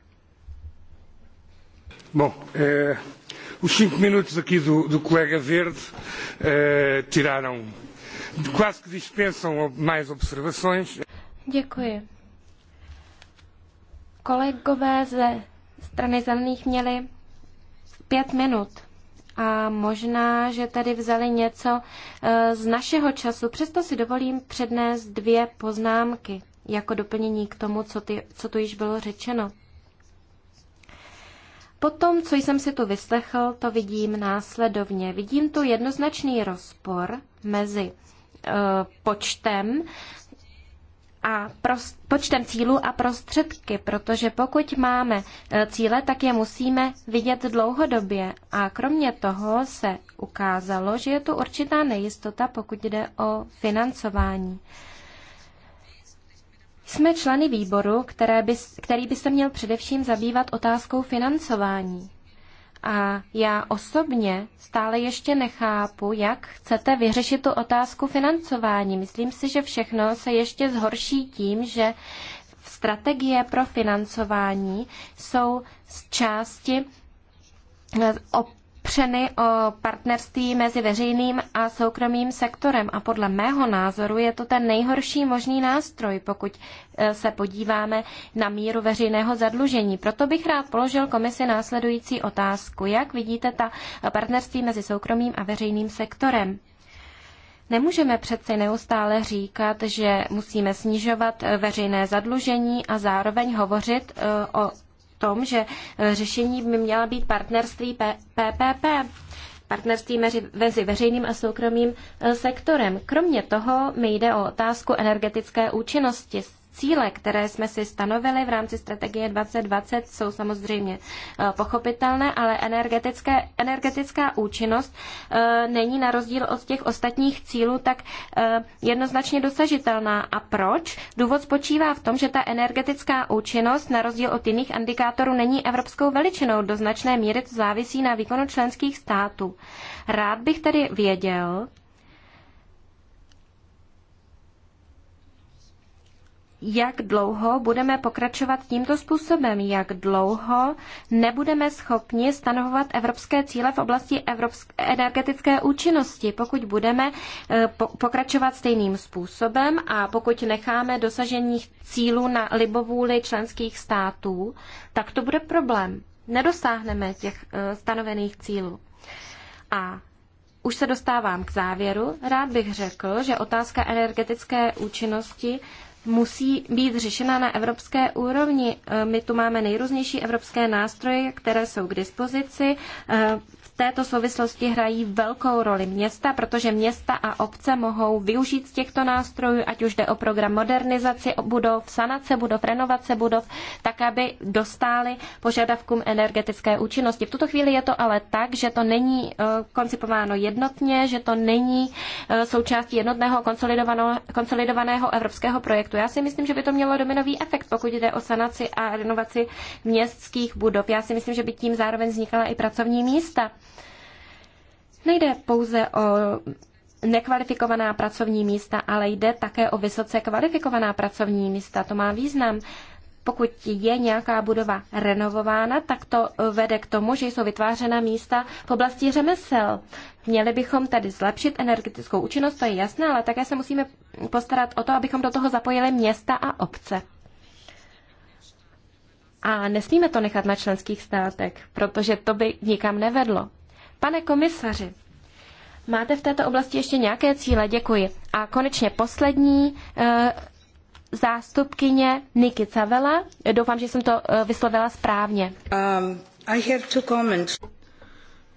Bom, eh, os cinco minutos aqui do, do colega Verde eh, tiraram, quase que dispensam mais observações. Děkuji. Kolegové ze strany zelených měli pět minut a možná, že tady vzali něco eh, z našeho času. Přesto si dovolím přednést dvě poznámky jako doplnění k tomu, co, ty, co tu již bylo řečeno. Potom, co jsem si tu vyslechl, to vidím následovně. Vidím tu jednoznačný rozpor mezi e, počtem a prost, počtem cílů a prostředky, protože pokud máme e, cíle, tak je musíme vidět dlouhodobě. A kromě toho se ukázalo, že je tu určitá nejistota, pokud jde o financování. E, jsme členy výboru, které by, který by se měl především zabývat otázkou financování. A já osobně stále ještě nechápu, jak chcete vyřešit tu otázku financování. Myslím si, že všechno se ještě zhorší tím, že strategie pro financování jsou z části eh, opřeny o partnerství mezi veřejným a soukromým sektorem a podle mého názoru je to ten nejhorší možný nástroj, pokud e, se podíváme na míru veřejného zadlužení. Proto bych rád položil komisi následující otázku. Jak vidíte ta partnerství mezi soukromým a veřejným sektorem? Nemůžeme přeci neustále říkat, že musíme snižovat veřejné zadlužení a zároveň hovořit e, o tom, že eh, řešení by měla být partnerství PPP partnerství mezi veřejným a soukromým eh, sektorem. Kromě toho mi jde o otázku energetické účinnosti. Cíle, které jsme si stanovili v rámci strategie 2020, jsou samozřejmě eh, pochopitelné, ale energetické, energetická účinnost eh, není na rozdíl od těch ostatních cílů tak eh, jednoznačně dosažitelná. A proč? Důvod spočívá v tom, že ta energetická účinnost na rozdíl od jiných indikátorů není evropskou veličinou. Do značné míry to závisí na výkonu členských států. Rád bych tedy věděl, jak dlouho budeme pokračovat tímto způsobem, jak dlouho nebudeme schopni stanovovat evropské cíle v oblasti evropské energetické účinnosti, pokud budeme eh, pokračovat stejným způsobem a pokud necháme dosažení cílů na libovůli členských států, tak to bude problém. Nedosáhneme těch eh, stanovených cílů. A už se dostávám k závěru. Rád bych řekl, že otázka energetické účinnosti musí být řešena na evropské úrovni. Eh, my tu máme nejrůznější evropské nástroje, které jsou k dispozici. Eh, této souvislosti hrají velkou roli města, protože města a obce mohou využít z těchto nástrojů, ať už jde o program modernizace budov, sanace budov, renovace budov, tak aby dostály požadavkům energetické účinnosti. V tuto chvíli je to ale tak, že to není eh, koncipováno jednotně, že to není eh, součástí jednotného konsolidovaného evropského projektu. Já si myslím, že by to mělo dominový efekt, pokud jde o sanaci a renovaci městských budov. Já si myslím, že by tím zároveň vznikala i pracovní místa. Nejde pouze o nekvalifikovaná pracovní místa, ale jde také o vysoce kvalifikovaná pracovní místa. To má význam. Pokud je nějaká budova renovována, tak to vede k tomu, že jsou vytvářena místa v oblasti řemesel. Měli bychom tedy zlepšit energetickou účinnost, to je jasné, ale také se musíme postarat o to, abychom do toho zapojili města a obce. A nesmíme to nechat na členských státech, protože to by nikam nevedlo. Pane komisaři, máte v této oblasti ještě nějaké cíle? Děkuji. A konečně poslední uh, zástupkyně Niky Cavela. Doufám, že jsem to uh, vyslovila správně. Um, I have two comments.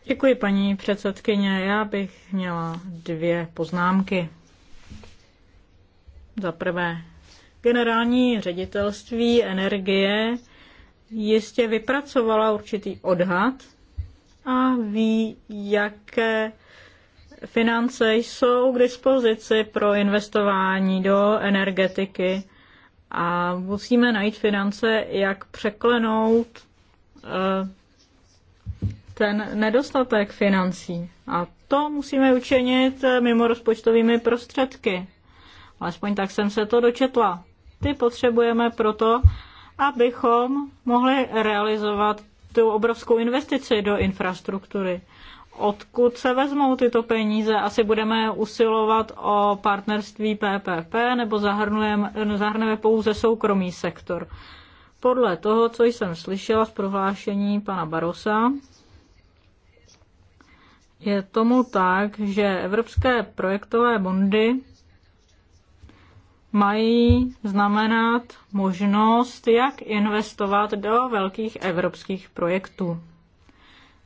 Děkuji, paní předsedkyně. Já bych měla dvě poznámky. Za prvé, generální ředitelství energie jistě vypracovala určitý odhad a ví, jaké finance jsou k dispozici pro investování do energetiky a musíme najít finance, jak překlenout eh, ten nedostatek financí. A to musíme učinit eh, mimo rozpočtovými prostředky. Alespoň tak jsem se to dočetla. Ty potřebujeme proto, abychom mohli realizovat tu obrovskou investici do infrastruktury. Odkud se vezmou tyto peníze? Asi budeme usilovat o partnerství PPP nebo zahrnujeme, zahrneme pouze soukromý sektor. Podle toho, co jsem slyšela z prohlášení pana Barosa, je tomu tak, že evropské projektové bondy mají znamenat možnost, jak investovat do velkých evropských projektů.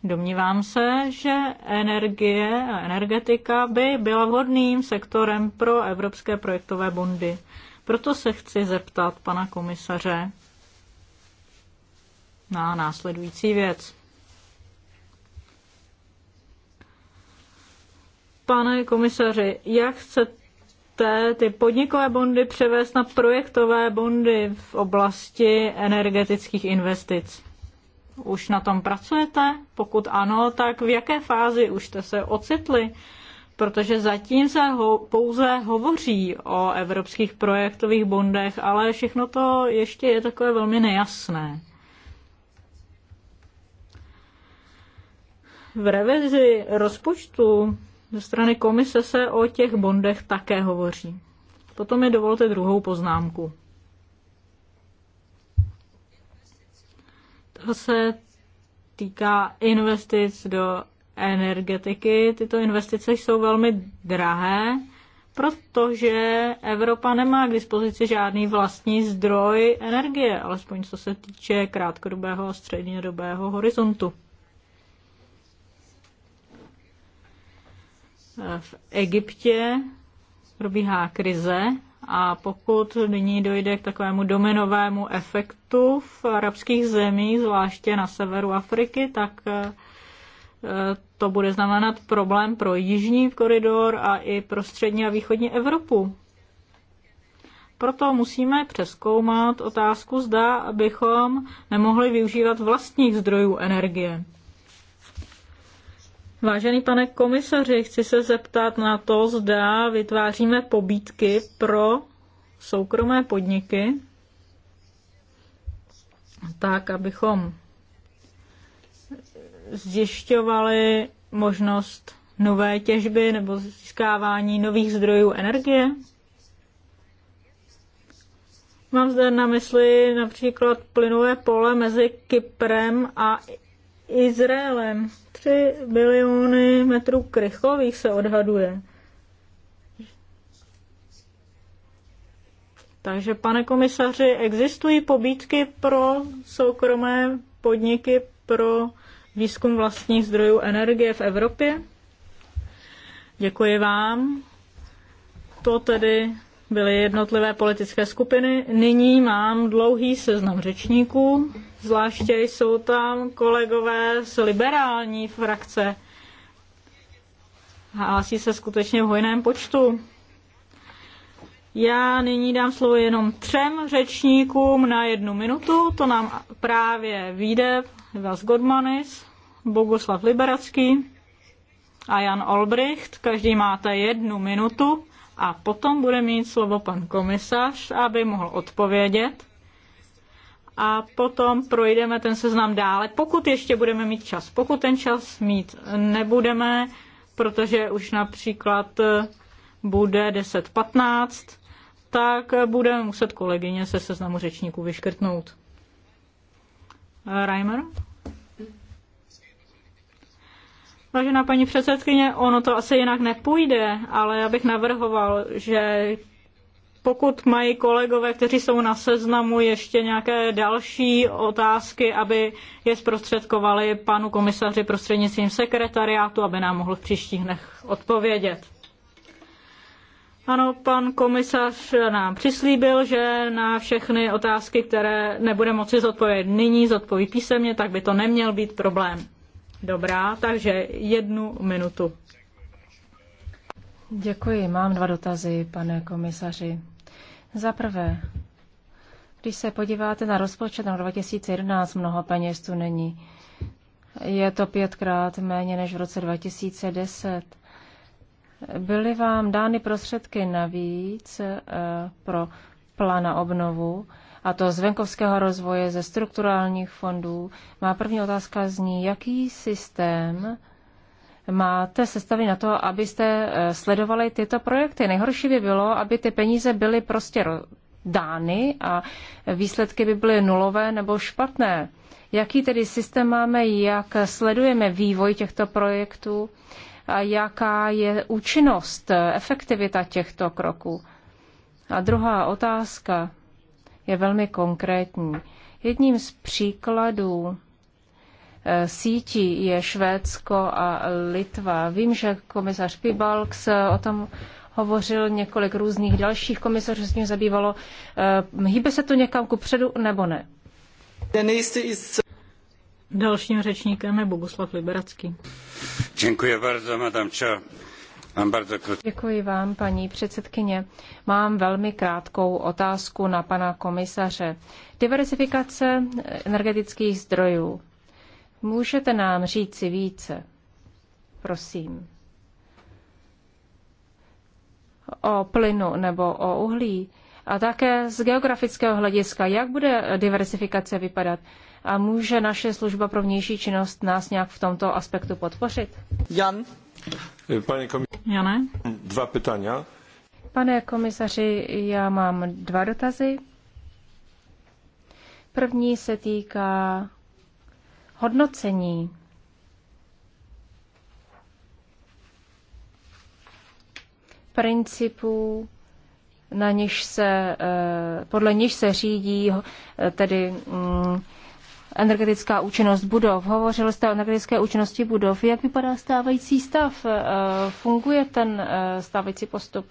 Domnívám se, že energie a energetika by byla vhodným sektorem pro evropské projektové bondy. Proto se chci zeptat pana komisaře na následující věc. Pane komisaři, jak chcete chcete ty podnikové bondy převést na projektové bondy v oblasti energetických investic? Už na tom pracujete? Pokud ano, tak v jaké fázi už jste se ocitli? Protože zatím se ho, pouze hovoří o evropských projektových bondech, ale všechno to ještě je takové velmi nejasné. V revizi rozpočtu ze strany komise se o těch bondech také hovoří. Potom mi dovolte druhou poznámku. To se týká investic do energetiky. Tyto investice jsou velmi drahé, protože Evropa nemá k dispozici žádný vlastní zdroj energie, alespoň co se týče krátkodobého a střednědobého horizontu. V Egyptě probíhá krize a pokud nyní dojde k takovému dominovému efektu v arabských zemích, zvláště na severu Afriky, tak eh, to bude znamenat problém pro jižní koridor a i pro střední a východní Evropu. Proto musíme přeskoumat otázku, zda bychom nemohli využívat vlastních zdrojů energie. Vážený pane komisaři, chci se zeptat na to, zda vytváříme pobídky pro soukromé podniky, tak abychom zjišťovali možnost nové těžby nebo získávání nových zdrojů energie. Mám zde na mysli například plynové pole mezi Kyprem a Izraelem. 3 biliony metrů krychlových se odhaduje. Takže, pane komisaři, existují pobídky pro soukromé podniky pro výzkum vlastních zdrojů energie v Evropě? Děkuji vám. To tedy byly jednotlivé politické skupiny. Nyní mám dlouhý seznam řečníků, zvláště jsou tam kolegové z liberální frakce. Hlásí se skutečně v hojném počtu. Já nyní dám slovo jenom třem řečníkům na jednu minutu. To nám právě vyjde Vas Godmanis, Boguslav Liberacký a Jan Olbricht. Každý máte jednu minutu a potom bude mít slovo pan komisař, aby mohl odpovědět. A potom projdeme ten seznam dále, pokud ještě budeme mít čas. Pokud ten čas mít nebudeme, protože už například eh, bude 10.15, tak budeme muset kolegyně se seznamu řečníků vyškrtnout. Eh, Reimer? Vážená paní předsedkyně, ono to asi jinak nepůjde, ale já bych navrhoval, že pokud mají kolegové, kteří jsou na seznamu, ještě nějaké další otázky, aby je zprostředkovali panu komisaři prostřednictvím sekretariátu, aby nám mohl v příštích dnech odpovědět. Ano, pan komisař nám přislíbil, že na všechny otázky, které nebude moci zodpovědět nyní, zodpoví písemně, tak by to neměl být problém. Dobrá, takže jednu minutu. Děkuji. Mám dva dotazy, pane komisaři. Za prvé, když se podíváte na rozpočet na 2011, mnoho peněz tu není. Je to pětkrát méně než v roce 2010. Byly vám dány prostředky navíc eh, pro plán na obnovu a to z venkovského rozvoje, ze strukturálních fondů. Má první otázka zní, jaký systém máte sestavy na to, abyste eh, sledovali tyto projekty. Nejhorší by bylo, aby ty peníze byly prostě dány a výsledky by byly nulové nebo špatné. Jaký tedy systém máme, jak sledujeme vývoj těchto projektů a jaká je účinnost, eh, efektivita těchto kroků? A druhá otázka je velmi konkrétní. Jedním z příkladů eh, sítí je Švédsko a Litva. Vím, že komisař Pibalks eh, o tom hovořil několik různých dalších komisařů, se ním zabývalo. Eh, hýbe se to někam ku předu nebo ne? Dalším řečníkem je Boguslav Liberacký. Děkuji bardzo, madam Čo. Děkuji vám, paní předsedkyně. Mám velmi krátkou otázku na pana komisaře. Diversifikace energetických zdrojů. Můžete nám říci více? Prosím. O plynu nebo o uhlí. A také z geografického hlediska, jak bude diversifikace vypadat? A může naše služba pro vnější činnost nás nějak v tomto aspektu podpořit? Jan. Pane komisaři, dva pytania. Pane komisaři, já mám dva dotazy. První se týká hodnocení. principů, na něž se, eh, podle něž se řídí eh, tedy mm, energetická účinnost budov. Hovořil jste o energetické účinnosti budov. Jak vypadá stávající stav? Eh, funguje ten eh, stávající postup?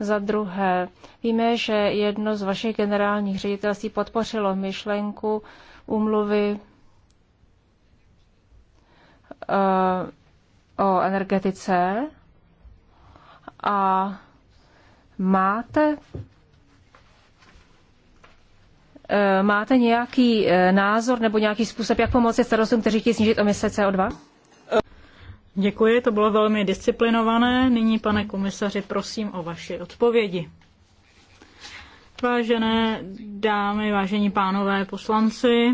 Za druhé, víme, že jedno z vašich generálních ředitelství podpořilo myšlenku úmluvy eh, o energetice a máte Eh, máte nějaký eh, názor nebo nějaký způsob, jak pomoci starostům, kteří chtějí snížit emise CO2? Děkuji, to bylo velmi disciplinované. Nyní, pane komisaři, prosím o vaše odpovědi. Vážené dámy, vážení pánové poslanci,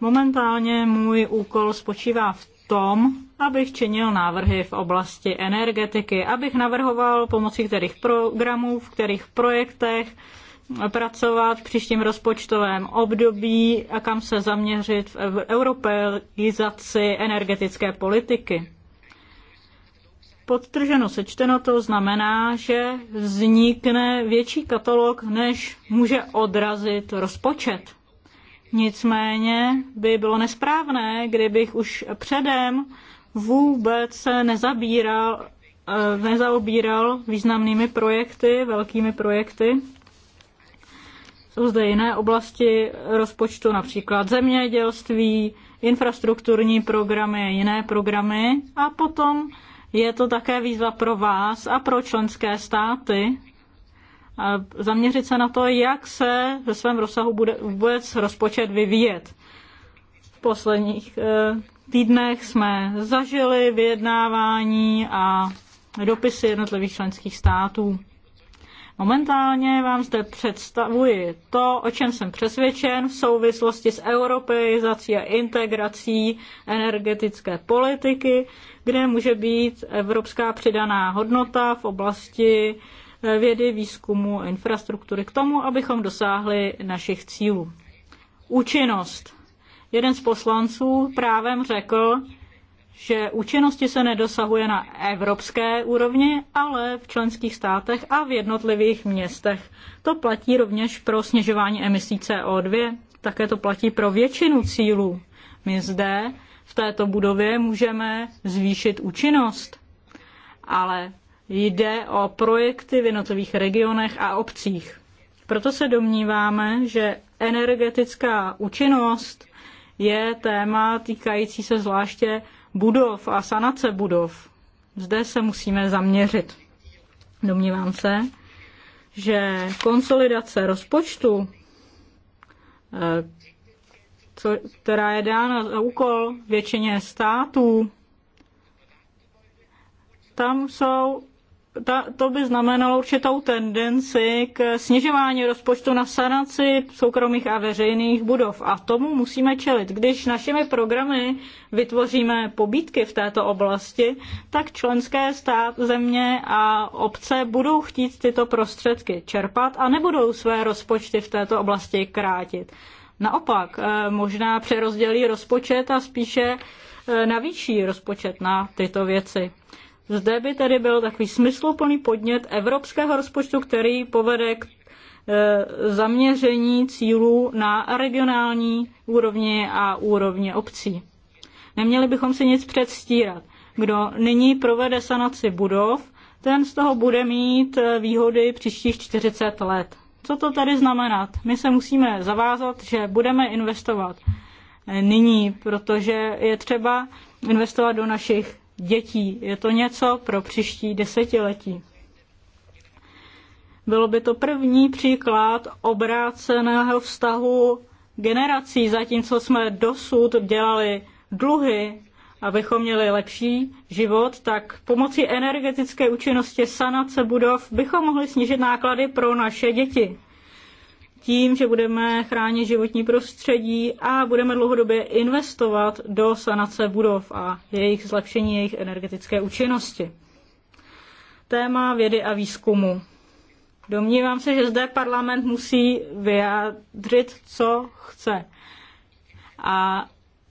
momentálně můj úkol spočívá v tom, abych činil návrhy v oblasti energetiky, abych navrhoval pomocí kterých programů, v kterých projektech pracovat v příštím rozpočtovém období a kam se zaměřit v europeizaci energetické politiky. Podtrženo sečteno to znamená, že vznikne větší katalog, než může odrazit rozpočet. Nicméně by bylo nesprávné, kdybych už předem vůbec se nezabíral, eh, nezaobíral významnými projekty, velkými projekty, jsou zde jiné oblasti rozpočtu, například zemědělství, infrastrukturní programy, jiné programy a potom je to také výzva pro vás a pro členské státy a zaměřit se na to, jak se ve svém rozsahu bude vůbec rozpočet vyvíjet. V posledních eh, týdnech jsme zažili vyjednávání a dopisy jednotlivých členských států. Momentálně vám zde představuji to, o čem jsem přesvědčen v souvislosti s europeizací a integrací energetické politiky, kde může být evropská přidaná hodnota v oblasti eh, vědy, výzkumu, infrastruktury k tomu, abychom dosáhli našich cílů. Účinnost. Jeden z poslanců právem řekl, že účinnosti se nedosahuje na evropské úrovni, ale v členských státech a v jednotlivých městech. To platí rovněž pro snižování emisí CO2, také to platí pro většinu cílů. My zde v této budově můžeme zvýšit účinnost, ale jde o projekty v jednotlivých regionech a obcích. Proto se domníváme, že energetická účinnost je téma týkající se zvláště budov a sanace budov. Zde se musíme zaměřit. Domnívám se, že konsolidace rozpočtu, eh, co, která je dána za úkol většině států, tam jsou ta, to by znamenalo určitou tendenci k snižování rozpočtu na sanaci soukromých a veřejných budov. A tomu musíme čelit. Když našimi programy vytvoříme pobídky v této oblasti, tak členské stát, země a obce budou chtít tyto prostředky čerpat a nebudou své rozpočty v této oblasti krátit. Naopak, eh, možná přerozdělí rozpočet a spíše eh, navýší rozpočet na tyto věci. Zde by tedy byl takový smysluplný podnět evropského rozpočtu, který povede k e, zaměření cílů na regionální úrovni a úrovni obcí. Neměli bychom si nic předstírat. Kdo nyní provede sanaci budov, ten z toho bude mít e, výhody příštích 40 let. Co to tady znamená? My se musíme zavázat, že budeme investovat e, nyní, protože je třeba investovat do našich dětí. Je to něco pro příští desetiletí. Bylo by to první příklad obráceného vztahu generací, zatímco jsme dosud dělali dluhy, abychom měli lepší život, tak pomocí energetické účinnosti sanace budov bychom mohli snížit náklady pro naše děti tím, že budeme chránit životní prostředí a budeme dlouhodobě investovat do sanace budov a jejich zlepšení jejich energetické účinnosti. Téma vědy a výzkumu. Domnívám se, že zde parlament musí vyjádřit, co chce. A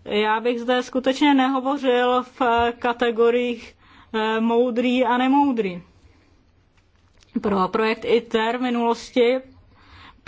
já bych zde skutečně nehovořil v kategoriích eh, moudrý a nemoudrý. Pro projekt ITER v minulosti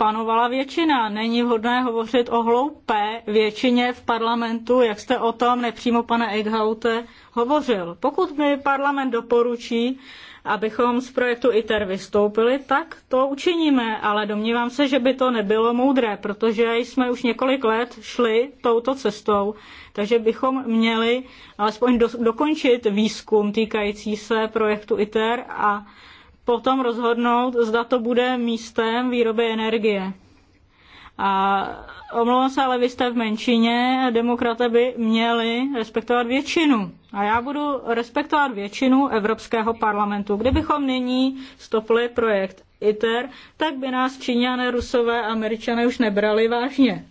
panovala většina. Není vhodné hovořit o hloupé většině v parlamentu, jak jste o tom nepřímo, pane Eichhaute, hovořil. Pokud mi parlament doporučí, abychom z projektu ITER vystoupili, tak to učiníme, ale domnívám se, že by to nebylo moudré, protože jsme už několik let šli touto cestou, takže bychom měli alespoň dokončit výzkum týkající se projektu ITER a potom rozhodnout, zda to bude místem výroby energie. A omlouvám se, ale vy jste v menšině, demokraté by měli respektovat většinu. A já budu respektovat většinu Evropského parlamentu. Kdybychom nyní stopli projekt ITER, tak by nás Číňané, Rusové, Američané už nebrali vážně.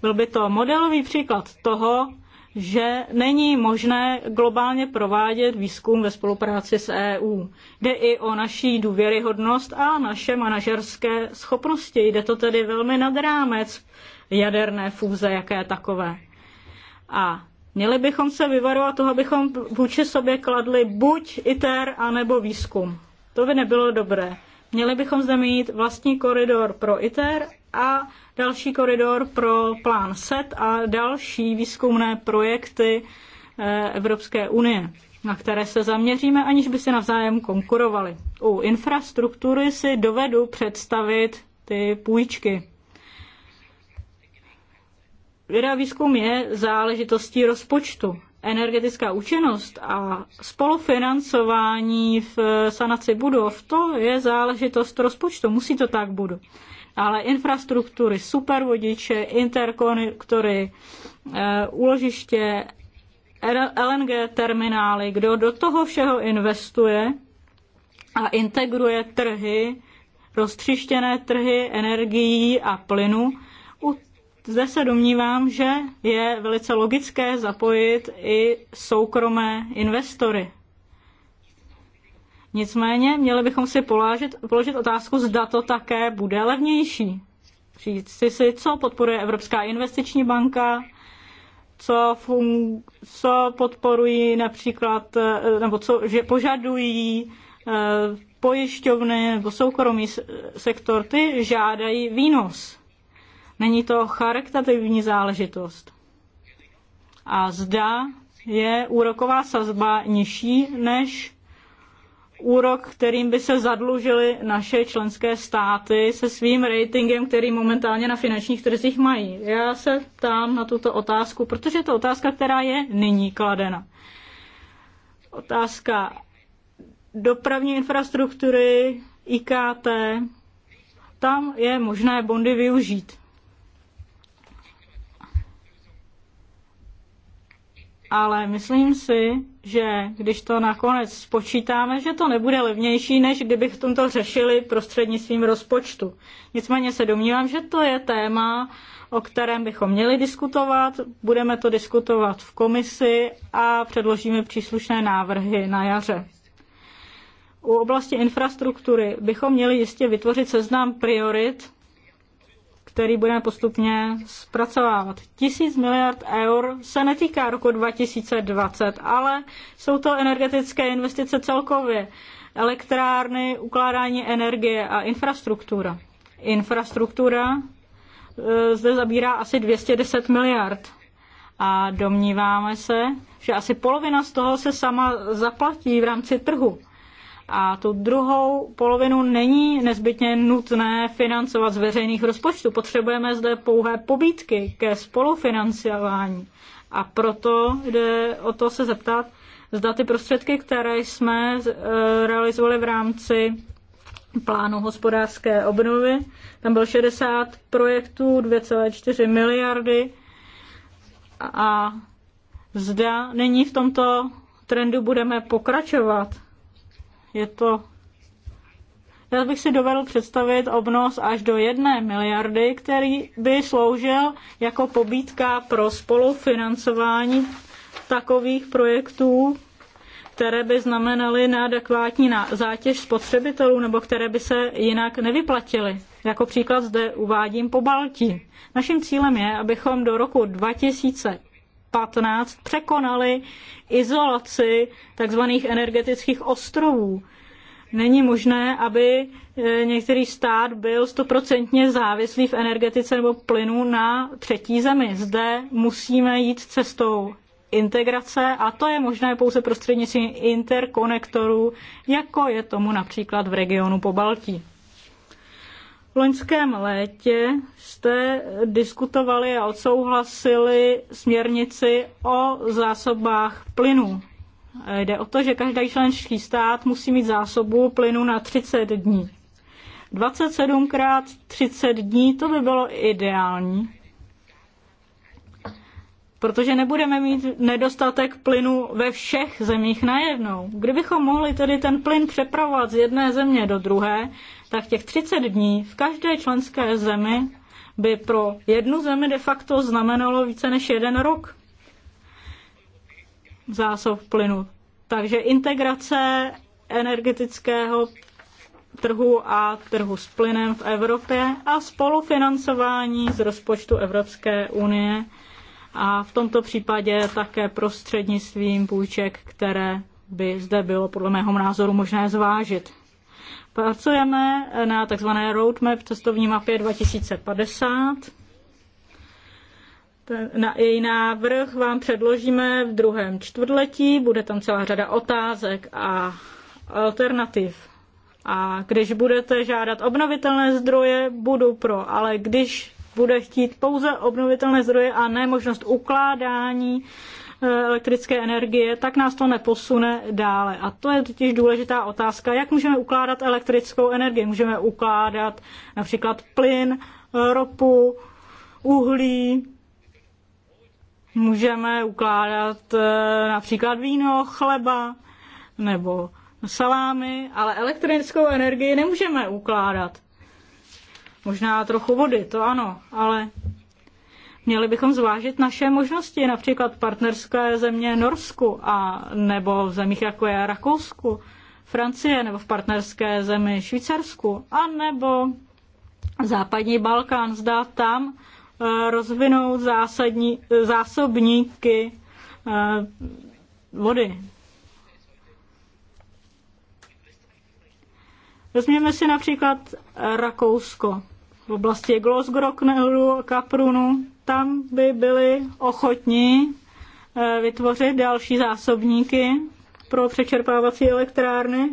Byl by to modelový příklad toho, že není možné globálně provádět výzkum ve spolupráci s EU. Jde i o naší důvěryhodnost a naše manažerské schopnosti. Jde to tedy velmi nad rámec jaderné fúze, jaké takové. A měli bychom se vyvarovat toho, abychom vůči sobě kladli buď ITER, anebo výzkum. To by nebylo dobré. Měli bychom zde mít vlastní koridor pro ITER a další koridor pro plán SET a další výzkumné projekty eh, Evropské unie, na které se zaměříme, aniž by se navzájem konkurovali. U infrastruktury si dovedu představit ty půjčky. Věda výzkum je záležitostí rozpočtu. Energetická účinnost a spolufinancování v sanaci budov, to je záležitost rozpočtu. Musí to tak budu, ale infrastruktury, supervodiče, interkonektory, eh, úložiště, LNG terminály, kdo do toho všeho investuje a integruje trhy, roztřištěné trhy energií a plynu, zde se domnívám, že je velice logické zapojit i soukromé investory. Nicméně měli bychom si položit, položit otázku, zda to také bude levnější. Říct si, co podporuje Evropská investiční banka, co, fun, co podporují například, eh, nebo co že požadují eh, pojišťovny nebo soukromý sektor, ty žádají výnos. Není to charitativní záležitost. A zda je úroková sazba nižší než úrok, kterým by se zadlužily naše členské státy se svým ratingem, který momentálně na finančních trzích mají. Já se ptám na tuto otázku, protože je to otázka, která je nyní kladena. Otázka dopravní infrastruktury, IKT, tam je možné bondy využít. ale myslím si, že když to nakonec spočítáme, že to nebude levnější, než kdybychom tomto řešili prostřednictvím rozpočtu. Nicméně se domnívám, že to je téma, o kterém bychom měli diskutovat. Budeme to diskutovat v komisi a předložíme příslušné návrhy na jaře. U oblasti infrastruktury bychom měli jistě vytvořit seznam priorit, který budeme postupně zpracovávat. Tisíc miliard eur se netýká roku 2020, ale jsou to energetické investice celkově. Elektrárny, ukládání energie a infrastruktura. Infrastruktura e, zde zabírá asi 210 miliard. A domníváme se, že asi polovina z toho se sama zaplatí v rámci trhu a tu druhou polovinu není nezbytně nutné financovat z veřejných rozpočtů. Potřebujeme zde pouhé pobídky ke spolufinancování. A proto jde o to se zeptat, zda ty prostředky, které jsme eh, realizovali v rámci plánu hospodářské obnovy, tam bylo 60 projektů, 2,4 miliardy a zda není v tomto trendu budeme pokračovat je to já bych si dovedl představit obnos až do jedné miliardy, který by sloužil jako pobídka pro spolufinancování takových projektů, které by znamenaly neadekvátní zátěž spotřebitelů nebo které by se jinak nevyplatily. Jako příklad zde uvádím po Balti. Naším cílem je, abychom do roku 2000 2015 překonali izolaci tzv. energetických ostrovů. Není možné, aby eh, některý stát byl stoprocentně závislý v energetice nebo plynu na třetí zemi. Zde musíme jít cestou integrace a to je možné pouze prostřednictvím interkonektorů, jako je tomu například v regionu po Baltii loňském létě jste diskutovali a odsouhlasili směrnici o zásobách plynu. Jde o to, že každý členský stát musí mít zásobu plynu na 30 dní. 27 krát 30 dní, to by bylo ideální protože nebudeme mít nedostatek plynu ve všech zemích najednou. Kdybychom mohli tedy ten plyn přepravovat z jedné země do druhé, tak těch 30 dní v každé členské zemi by pro jednu zemi de facto znamenalo více než jeden rok zásob plynu. Takže integrace energetického trhu a trhu s plynem v Evropě a spolufinancování z rozpočtu Evropské unie a v tomto případě také prostřednictvím půjček, které by zde bylo podle mého názoru možné zvážit. Pracujeme na tzv. roadmap cestovní mapě 2050. na její návrh vám předložíme v druhém čtvrtletí, bude tam celá řada otázek a alternativ. A když budete žádat obnovitelné zdroje, budu pro, ale když bude chtít pouze obnovitelné zdroje a ne možnost ukládání eh, elektrické energie, tak nás to neposune dále. A to je totiž důležitá otázka, jak můžeme ukládat elektrickou energii. Můžeme ukládat například plyn, ropu, uhlí, můžeme ukládat eh, například víno, chleba nebo salámy, ale elektrickou energii nemůžeme ukládat. Možná trochu vody, to ano, ale měli bychom zvážit naše možnosti, například partnerské země Norsku a nebo v zemích jako je Rakousku, Francie nebo v partnerské zemi Švýcarsku a nebo západní Balkán, zdá tam eh, rozvinout zásadní, zásobníky eh, vody. Vezměme si například Rakousko v oblasti Glosgroknelu a Kaprunu, tam by byli ochotní eh, vytvořit další zásobníky pro přečerpávací elektrárny.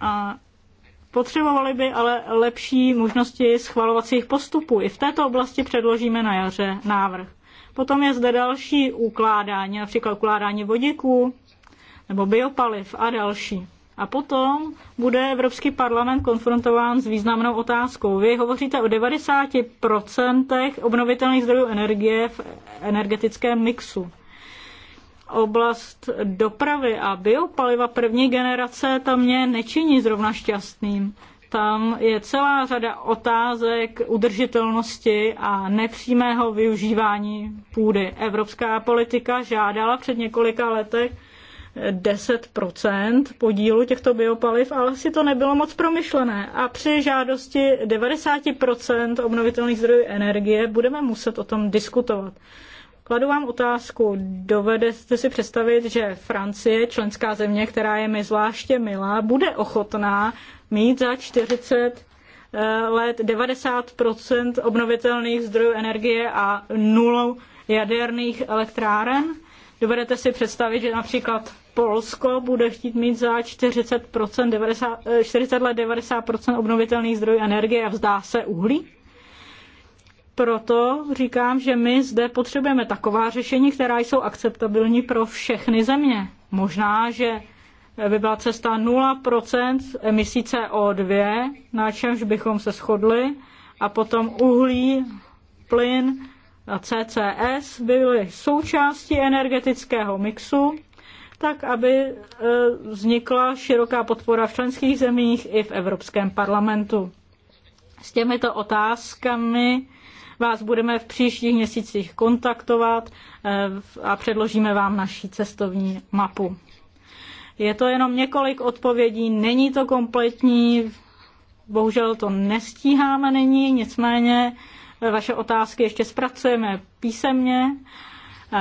A potřebovali by ale lepší možnosti schvalovacích postupů. I v této oblasti předložíme na jaře návrh. Potom je zde další ukládání, například ukládání vodíků nebo biopaliv a další. A potom bude Evropský parlament konfrontován s významnou otázkou. Vy hovoříte o 90% obnovitelných zdrojů energie v energetickém mixu. Oblast dopravy a biopaliva první generace tam mě nečiní zrovna šťastným. Tam je celá řada otázek udržitelnosti a nepřímého využívání půdy. Evropská politika žádala před několika letech 10% podílu těchto biopaliv, ale si to nebylo moc promyšlené. A při žádosti 90% obnovitelných zdrojů energie budeme muset o tom diskutovat. Kladu vám otázku, dovedete si představit, že Francie, členská země, která je mi zvláště milá, bude ochotná mít za 40 eh, let 90% obnovitelných zdrojů energie a nulou jaderných elektráren? Dovedete si představit, že například Polsko bude chtít mít za 40%, 90, 40 let 90% obnovitelných zdrojů energie a vzdá se uhlí? Proto říkám, že my zde potřebujeme taková řešení, která jsou akceptabilní pro všechny země. Možná, že by byla cesta 0% emisí CO2, na čemž bychom se shodli, a potom uhlí, plyn a CCS byly součástí energetického mixu tak aby e, vznikla široká podpora v členských zemích i v Evropském parlamentu. S těmito otázkami vás budeme v příštích měsících kontaktovat e, a předložíme vám naši cestovní mapu. Je to jenom několik odpovědí, není to kompletní, bohužel to nestíháme nyní, nicméně vaše otázky ještě zpracujeme písemně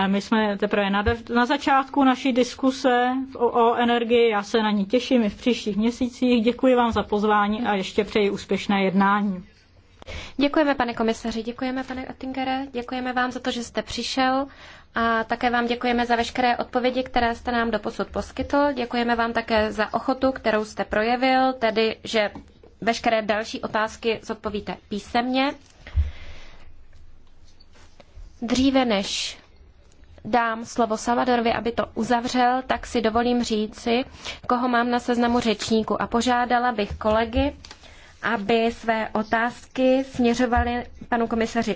my jsme teprve na, na začátku naší diskuse o, o energii, já se na ní těším i v příštích měsících. Děkuji vám za pozvání a ještě přeji úspěšné jednání. Děkujeme, pane komisaři, děkujeme, pane Attingere, děkujeme vám za to, že jste přišel a také vám děkujeme za veškeré odpovědi, které jste nám doposud poskytl. Děkujeme vám také za ochotu, kterou jste projevil, tedy, že veškeré další otázky zodpovíte písemně. Dříve než dám slovo Salvadorovi, aby to uzavřel, tak si dovolím říci, koho mám na seznamu řečníku a požádala bych kolegy, aby své otázky směřovali panu komisaři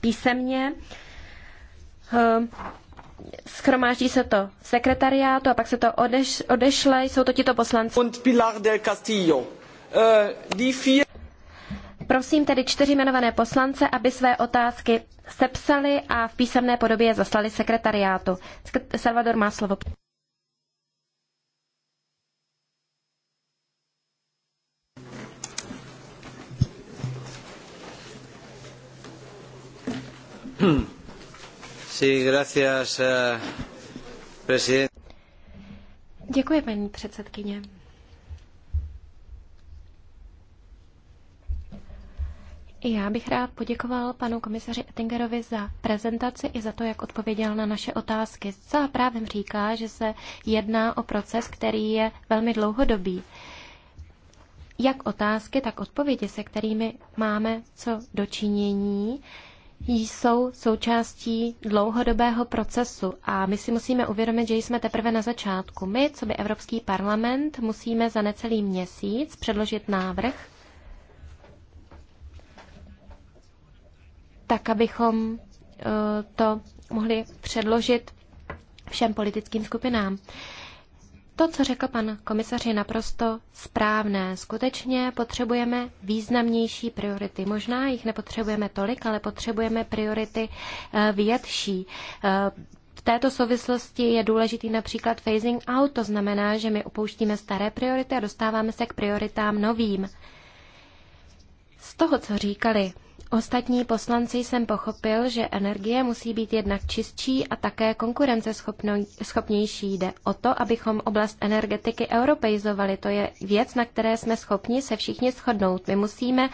písemně. Hm, schromáždí se to sekretariátu a pak se to odeš, odešle, jsou to tito poslanci. Und Pilar del Castillo. Uh, die vier... Prosím tedy čtyři jmenované poslance, aby své otázky sepsali a v písemné podobě je zaslali sekretariátu. Salvador má slovo. Sí, gracias, eh, Děkuji, paní předsedkyně. I já bych rád poděkoval panu komisaři Ettingerovi za prezentaci i za to, jak odpověděl na naše otázky. Zcela právem říká, že se jedná o proces, který je velmi dlouhodobý. Jak otázky, tak odpovědi, se kterými máme co dočinění, jsou součástí dlouhodobého procesu a my si musíme uvědomit, že jsme teprve na začátku. My, co by Evropský parlament, musíme za necelý měsíc předložit návrh tak abychom eh, to mohli předložit všem politickým skupinám. To, co řekl pan komisař, je naprosto správné. Skutečně potřebujeme významnější priority. Možná jich nepotřebujeme tolik, ale potřebujeme priority eh, větší. Eh, v této souvislosti je důležitý například phasing out, to znamená, že my opouštíme staré priority a dostáváme se k prioritám novým. Z toho, co říkali ostatní poslanci jsem pochopil, že energie musí být jednak čistší a také konkurenceschopnější. Jde o to, abychom oblast energetiky europeizovali. To je věc, na které jsme schopni se všichni shodnout. My musíme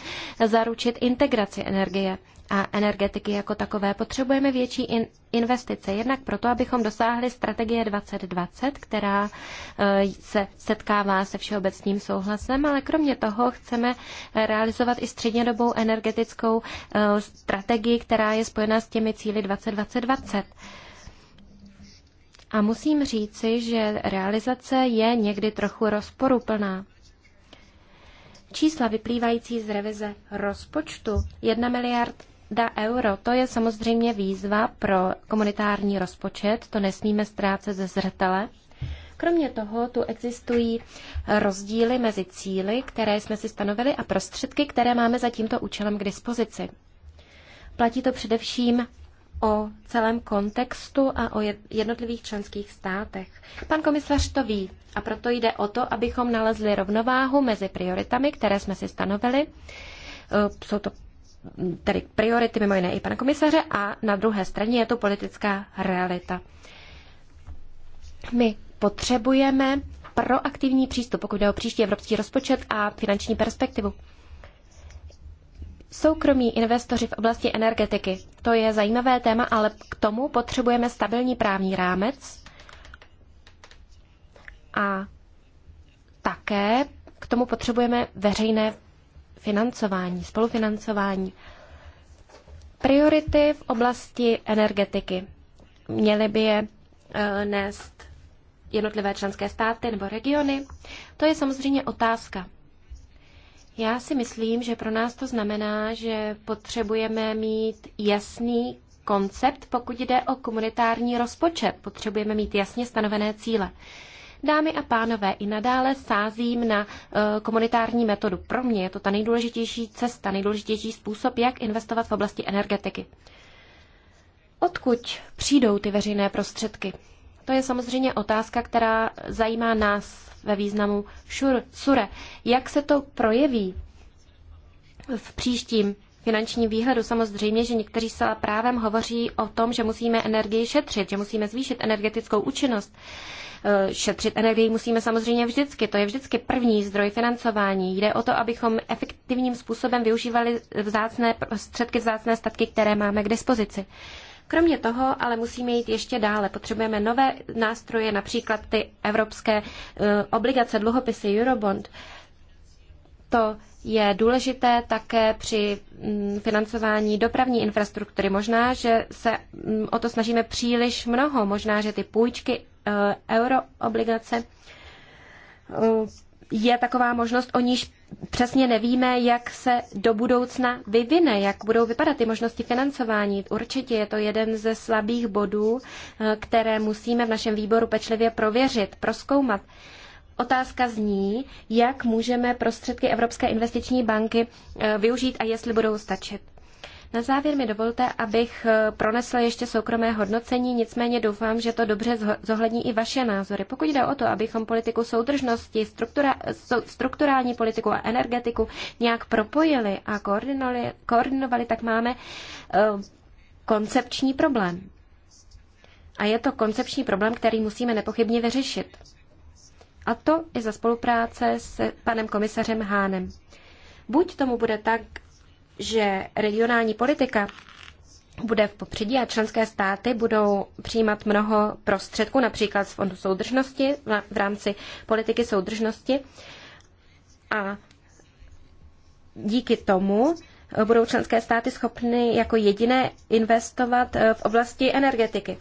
zaručit integraci energie a energetiky jako takové, potřebujeme větší in- investice. Jednak proto, abychom dosáhli strategie 2020, která eh, se setkává se všeobecným souhlasem, ale kromě toho chceme realizovat i střednědobou energetickou eh, strategii, která je spojena s těmi cíly 2020. A musím říci, že realizace je někdy trochu rozporuplná. Čísla vyplývající z revize rozpočtu 1 miliard miliarda euro. To je samozřejmě výzva pro komunitární rozpočet, to nesmíme ztrácet ze zřetele. Kromě toho tu existují rozdíly mezi cíly, které jsme si stanovili, a prostředky, které máme za tímto účelem k dispozici. Platí to především o celém kontextu a o jednotlivých členských státech. Pan komisař to ví a proto jde o to, abychom nalezli rovnováhu mezi prioritami, které jsme si stanovili. E, jsou to tedy priority mimo jiné i pana komisaře a na druhé straně je to politická realita. My potřebujeme proaktivní přístup, pokud jde o příští evropský rozpočet a finanční perspektivu. Soukromí investoři v oblasti energetiky. To je zajímavé téma, ale k tomu potřebujeme stabilní právní rámec a také k tomu potřebujeme veřejné financování, spolufinancování. Priority v oblasti energetiky. Měly by je eh, nést jednotlivé členské státy nebo regiony? To je samozřejmě otázka. Já si myslím, že pro nás to znamená, že potřebujeme mít jasný koncept, pokud jde o komunitární rozpočet. Potřebujeme mít jasně stanovené cíle. Dámy a pánové, i nadále sázím na eh, komunitární metodu. Pro mě je to ta nejdůležitější cesta, nejdůležitější způsob, jak investovat v oblasti energetiky. Odkud přijdou ty veřejné prostředky? To je samozřejmě otázka, která zajímá nás ve významu šur, sure. Jak se to projeví v příštím finančním výhledu? Samozřejmě, že někteří se právem hovoří o tom, že musíme energii šetřit, že musíme zvýšit energetickou účinnost. Eh, šetřit energii musíme samozřejmě vždycky, to je vždycky první zdroj financování. Jde o to, abychom efektivním způsobem využívali vzácné prostředky, vzácné statky, které máme k dispozici. Kromě toho ale musíme jít ještě dále. Potřebujeme nové nástroje, například ty evropské eh, obligace, dluhopisy, eurobond. To je důležité také při mm, financování dopravní infrastruktury. Možná, že se mm, o to snažíme příliš mnoho, možná, že ty půjčky Eh, euroobligace. Eh, je taková možnost, o níž přesně nevíme, jak se do budoucna vyvine, jak budou vypadat ty možnosti financování. Určitě je to jeden ze slabých bodů, eh, které musíme v našem výboru pečlivě prověřit, proskoumat. Otázka zní, jak můžeme prostředky Evropské investiční banky využít a jestli budou stačit. Na závěr mi dovolte, abych eh, pronesla ještě soukromé hodnocení, nicméně doufám, že to dobře zohlední i vaše názory. Pokud jde o to, abychom politiku soudržnosti, struktura, strukturální politiku a energetiku nějak propojili a koordinovali, koordinovali tak máme eh, koncepční problém. A je to koncepční problém, který musíme nepochybně vyřešit. A to i za spolupráce s panem komisařem Hánem. Buď tomu bude tak, že regionální politika bude v popředí a členské státy budou přijímat mnoho prostředků, například z Fondu soudržnosti v rámci politiky soudržnosti. A díky tomu budou členské státy schopny jako jediné investovat eh, v oblasti energetiky.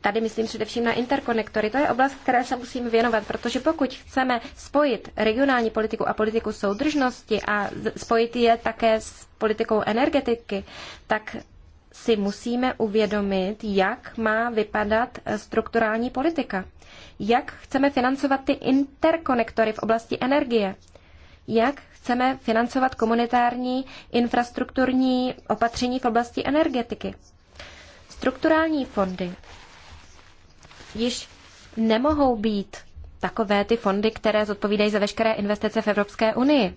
Tady myslím především na interkonektory. To je oblast, které se musíme věnovat, protože pokud chceme spojit regionální politiku a politiku soudržnosti a spojit je také s politikou energetiky, tak si musíme uvědomit, jak má vypadat strukturální politika. Jak chceme financovat ty interkonektory v oblasti energie? Jak chceme financovat komunitární infrastrukturní opatření v oblasti energetiky? Strukturální fondy již nemohou být takové ty fondy, které zodpovídají za veškeré investice v Evropské unii.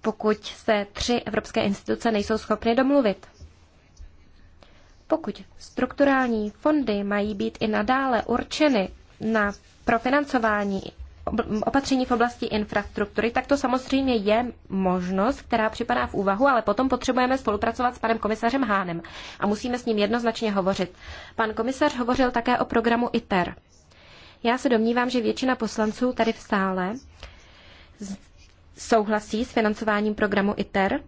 Pokud se tři evropské instituce nejsou schopny domluvit. Pokud strukturální fondy mají být i nadále určeny na, profinancování opatření v oblasti infrastruktury, tak to samozřejmě je možnost, která připadá v úvahu, ale potom potřebujeme spolupracovat s panem komisařem Hánem a musíme s ním jednoznačně hovořit. Pan komisař hovořil také o programu ITER. Já se domnívám, že většina poslanců tady v sále souhlasí s financováním programu ITER.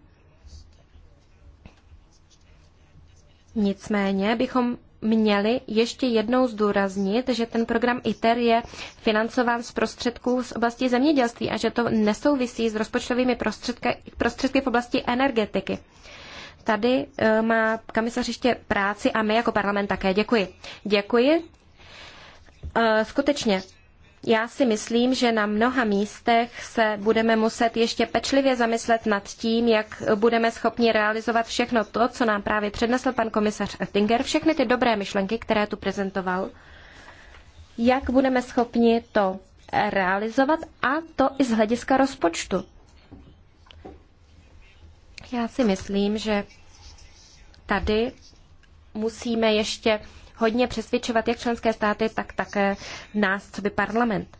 Nicméně bychom měli ještě jednou zdůraznit, že ten program ITER je financován z prostředků z oblasti zemědělství a že to nesouvisí s rozpočtovými prostředky, prostředky v oblasti energetiky. Tady eh, má kamisař ještě práci a my jako parlament také. Děkuji. Děkuji. Eh, skutečně já si myslím, že na mnoha místech se budeme muset ještě pečlivě zamyslet nad tím, jak budeme schopni realizovat všechno to, co nám právě přednesl pan komisař Oettinger, všechny ty dobré myšlenky, které tu prezentoval, jak budeme schopni to realizovat a to i z hlediska rozpočtu. Já si myslím, že tady musíme ještě hodně přesvědčovat jak členské státy, tak také nás, co by parlament.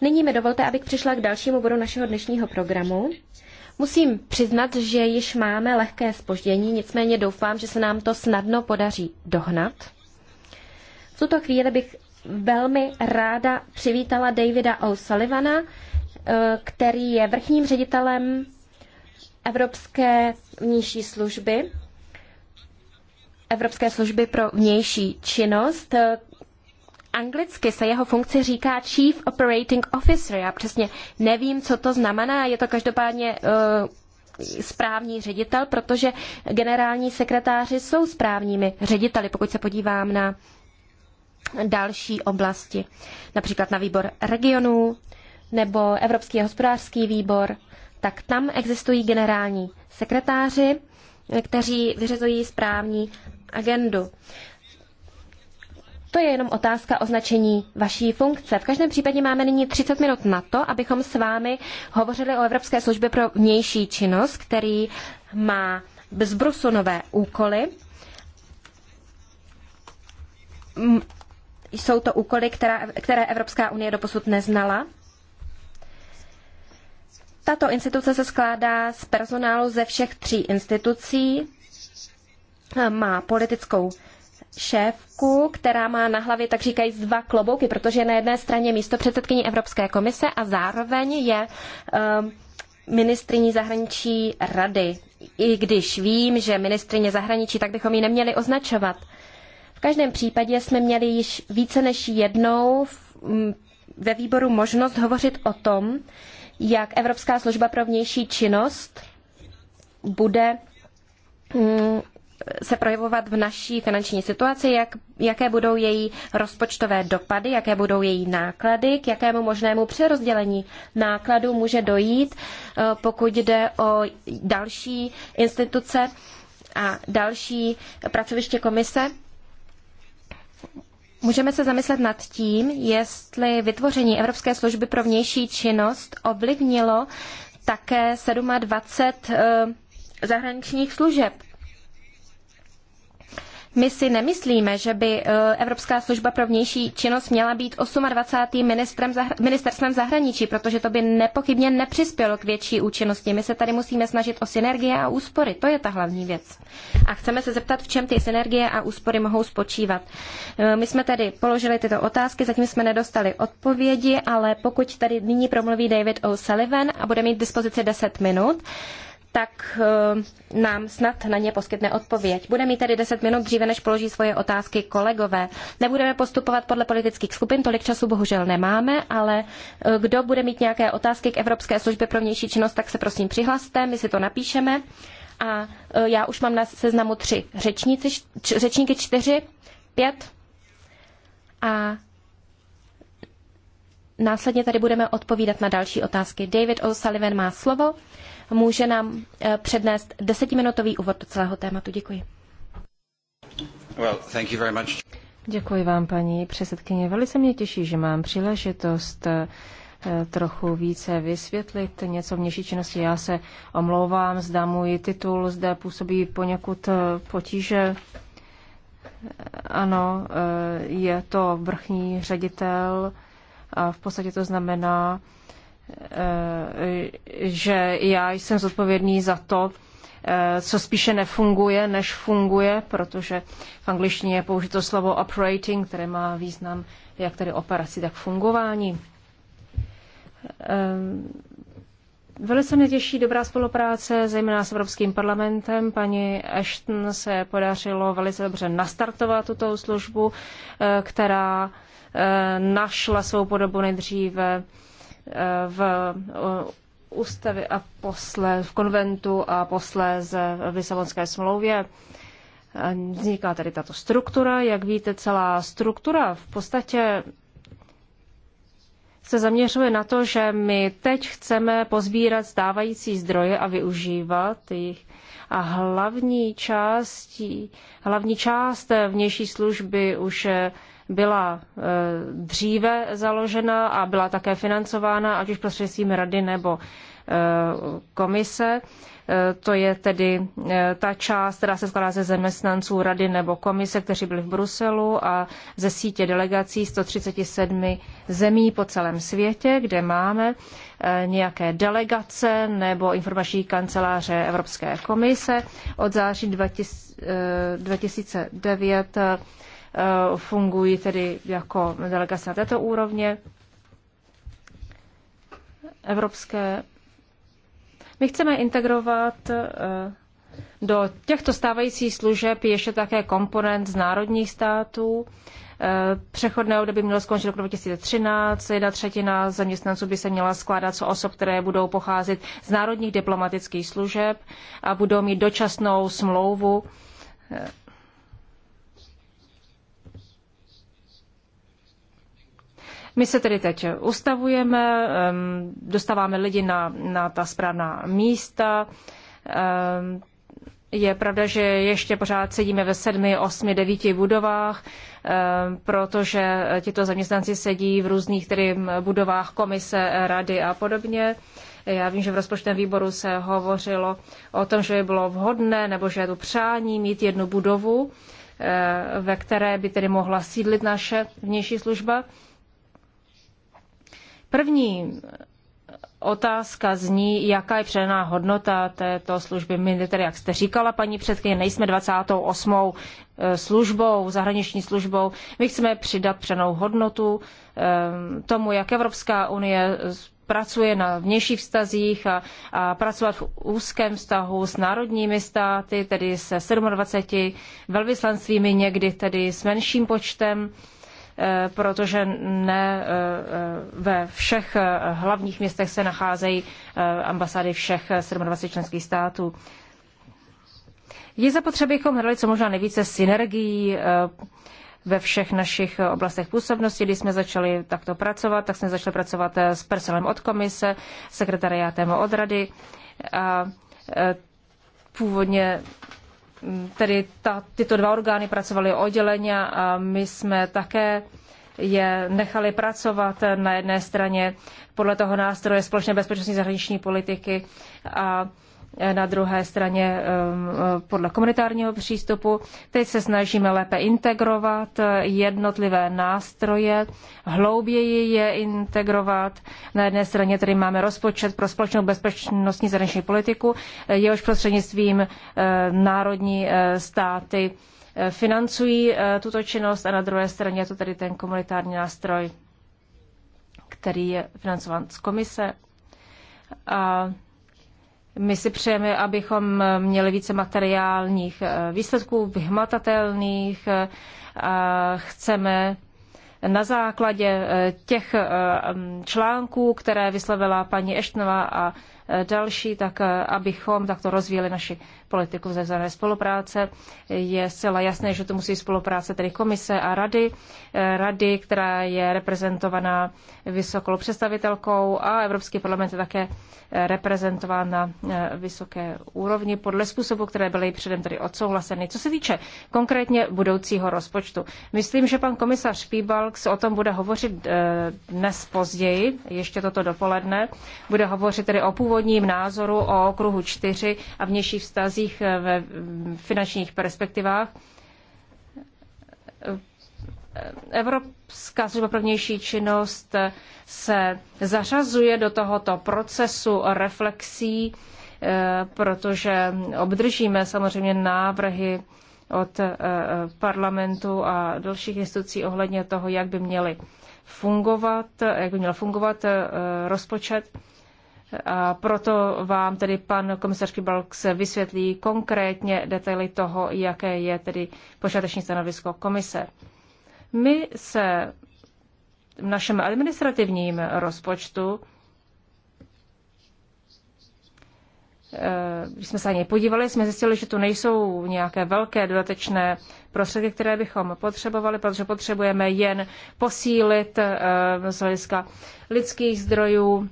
Nyní mi dovolte, abych přišla k dalšímu bodu našeho dnešního programu. Musím přiznat, že již máme lehké spoždění, nicméně doufám, že se nám to snadno podaří dohnat. V tuto chvíli bych velmi ráda přivítala Davida O'Sullivana, eh, který je vrchním ředitelem Evropské vnější služby. Evropské služby pro vnější činnost. Anglicky se jeho funkce říká Chief Operating Officer. Já přesně nevím, co to znamená. Je to každopádně eh, správní ředitel, protože generální sekretáři jsou správními řediteli, pokud se podívám na další oblasti, například na výbor regionů nebo Evropský hospodářský výbor, tak tam existují generální sekretáři, kteří vyřizují správní agendu. To je jenom otázka označení vaší funkce. V každém případě máme nyní 30 minut na to, abychom s vámi hovořili o Evropské službě pro vnější činnost, který má zbrusu nové úkoly. Jsou to úkoly, která, které Evropská unie doposud neznala. Tato instituce se skládá z personálu ze všech tří institucí má politickou šéfku, která má na hlavě, tak říkají, dva klobouky, protože je na jedné straně místo předsedkyní Evropské komise a zároveň je um, eh, ministriní zahraničí rady. I když vím, že ministrině zahraničí, tak bychom ji neměli označovat. V každém případě jsme měli již více než jednou v, mm, ve výboru možnost hovořit o tom, jak Evropská služba pro vnější činnost bude mm, se projevovat v naší finanční situaci, jak, jaké budou její rozpočtové dopady, jaké budou její náklady, k jakému možnému přerozdělení nákladů může dojít, eh, pokud jde o další instituce a další pracoviště komise. Můžeme se zamyslet nad tím, jestli vytvoření Evropské služby pro vnější činnost ovlivnilo také 27 eh, zahraničních služeb my si nemyslíme, že by eh, Evropská služba pro vnější činnost měla být 28. Ministrem zahr- ministerstvem zahraničí, protože to by nepochybně nepřispělo k větší účinnosti. My se tady musíme snažit o synergie a úspory. To je ta hlavní věc. A chceme se zeptat, v čem ty synergie a úspory mohou spočívat. Eh, my jsme tady položili tyto otázky, zatím jsme nedostali odpovědi, ale pokud tady nyní promluví David O'Sullivan a bude mít dispozici 10 minut, tak eh, nám snad na ně poskytne odpověď. Bude mít tedy 10 minut dříve, než položí svoje otázky kolegové. Nebudeme postupovat podle politických skupin, tolik času bohužel nemáme, ale eh, kdo bude mít nějaké otázky k Evropské službě pro vnější činnost, tak se prosím přihlaste, my si to napíšeme. A eh, já už mám na seznamu tři řečníci, řečníky čtyři, pět a následně tady budeme odpovídat na další otázky. David O'Sullivan má slovo může nám eh, přednést desetiminutový úvod do celého tématu. Děkuji. Well, thank you very much. Děkuji vám, paní předsedkyně. Velice mě těší, že mám příležitost eh, trochu více vysvětlit něco v vnější činnosti. Já se omlouvám, zda můj titul zde působí poněkud eh, potíže. Ano, je to vrchní ředitel a v podstatě to znamená Eh, že já jsem zodpovědný za to, eh, co spíše nefunguje, než funguje, protože v angličtině je použito slovo operating, které má význam jak tedy operaci, tak fungování. Eh, velice mě těší dobrá spolupráce, zejména s Evropským parlamentem. Paní Ashton se podařilo velice dobře nastartovat tuto službu, která našla svou podobu nejdříve v uh, ústavě a posle, v konventu a posléze v Lisabonské smlouvě. Vzniká tady tato struktura. Jak víte, celá struktura v podstatě se zaměřuje na to, že my teď chceme pozbírat stávající zdroje a využívat jich. A hlavní, část, hlavní část vnější služby už byla eh, dříve založena a byla také financována, ať už prostřednictvím rady nebo eh, komise. Eh, to je tedy ta část, která se skládá ze zaměstnanců rady nebo komise, kteří byli v Bruselu a ze sítě delegací 137 zemí po celém světě, kde máme nějaké delegace nebo informační kanceláře Evropské komise. Od září 2009 Eh, fungují tedy jako delegace na této úrovně evropské. My chceme integrovat eh, do těchto stávajících služeb ještě také komponent z národních států. Eh, přechodné období mělo skončit roku 2013, jedna třetina zaměstnanců by se měla skládat z osob, které budou pocházet z národních diplomatických služeb a budou mít dočasnou smlouvu My se tedy teď ustavujeme, dostáváme lidi na, na ta správná místa. Je pravda, že ještě pořád sedíme ve sedmi, osmi, devíti budovách, protože tito zaměstnanci sedí v různých tedy budovách komise, rady a podobně. Já vím, že v rozpočtovém výboru se hovořilo o tom, že by bylo vhodné nebo že je to přání mít jednu budovu, eh, ve které by tedy mohla sídlit naše vnější služba. První otázka zní, jaká je přidaná hodnota této služby. My tedy, jak jste říkala, paní předkyně, nejsme 28. Eh, službou, zahraniční službou. My chceme přidat přidanou hodnotu eh, tomu, jak Evropská unie pracuje na vnějších vztazích a, a pracovat v úzkém vztahu s národními státy, tedy se 27 velvyslanstvími, někdy tedy s menším počtem Eh, protože ne eh, ve všech eh, hlavních městech se nacházejí ambasády všech 27 členských států. Je zapotřebí, abychom hledali co možná nejvíce synergií ve všech našich oblastech působnosti. Když jsme začali takto pracovat, tak jsme začali pracovat s personem od komise, sekretariátem od rady. A původně tedy ta, tyto dva orgány pracovaly odděleně a my jsme také je nechali pracovat na jedné straně podle toho nástroje společné bezpečnostní zahraniční politiky a na druhé straně um, eh, podle komunitárního přístupu. Teď se snažíme lépe integrovat jednotlivé nástroje, hlouběji je integrovat. Na jedné straně tady máme rozpočet pro společnou bezpečnostní zahraniční politiku, jehož prostřednictvím eh, národní eh, státy financují tuto činnost a na druhé straně je to tedy ten komunitární nástroj, který je financován z komise. A my si přejeme, abychom měli více materiálních eh, výsledků, vyhmatatelných. Eh, chceme na základě eh, těch článků, které vyslovila paní Eštnova a další, tak eh, abychom takto rozvíjeli naši politiku vzájemné spolupráce. Je zcela jasné, že to musí spolupráce tedy komise a rady, eh, rady, která je reprezentovaná vysokou představitelkou a Evropský parlament je také eh, reprezentován na vysoké úrovni podle způsobu, které byly předem tedy odsouhlaseny. Co se týče konkrétně budoucího rozpočtu, myslím, že pan komisař Píbalks o tom bude hovořit dnes později, ještě toto dopoledne, bude hovořit tedy o původ původním názoru o okruhu 4 a vnějších vztazích ve finančních perspektivách. Evropská služba pro vnější činnost se zařazuje do tohoto procesu reflexí, eh, protože obdržíme samozřejmě návrhy od eh, parlamentu a dalších institucí ohledně toho, jak by měly fungovat, jak by měl fungovat eh, rozpočet. A proto vám tedy pan komisař se vysvětlí konkrétně detaily toho, jaké je tedy počáteční stanovisko komise. My se v našem administrativním rozpočtu eh, když jsme se na něj podívali, jsme zjistili, že tu nejsou nějaké velké dodatečné prostředky, které bychom potřebovali, protože potřebujeme jen posílit eh, z hlediska lidských zdrojů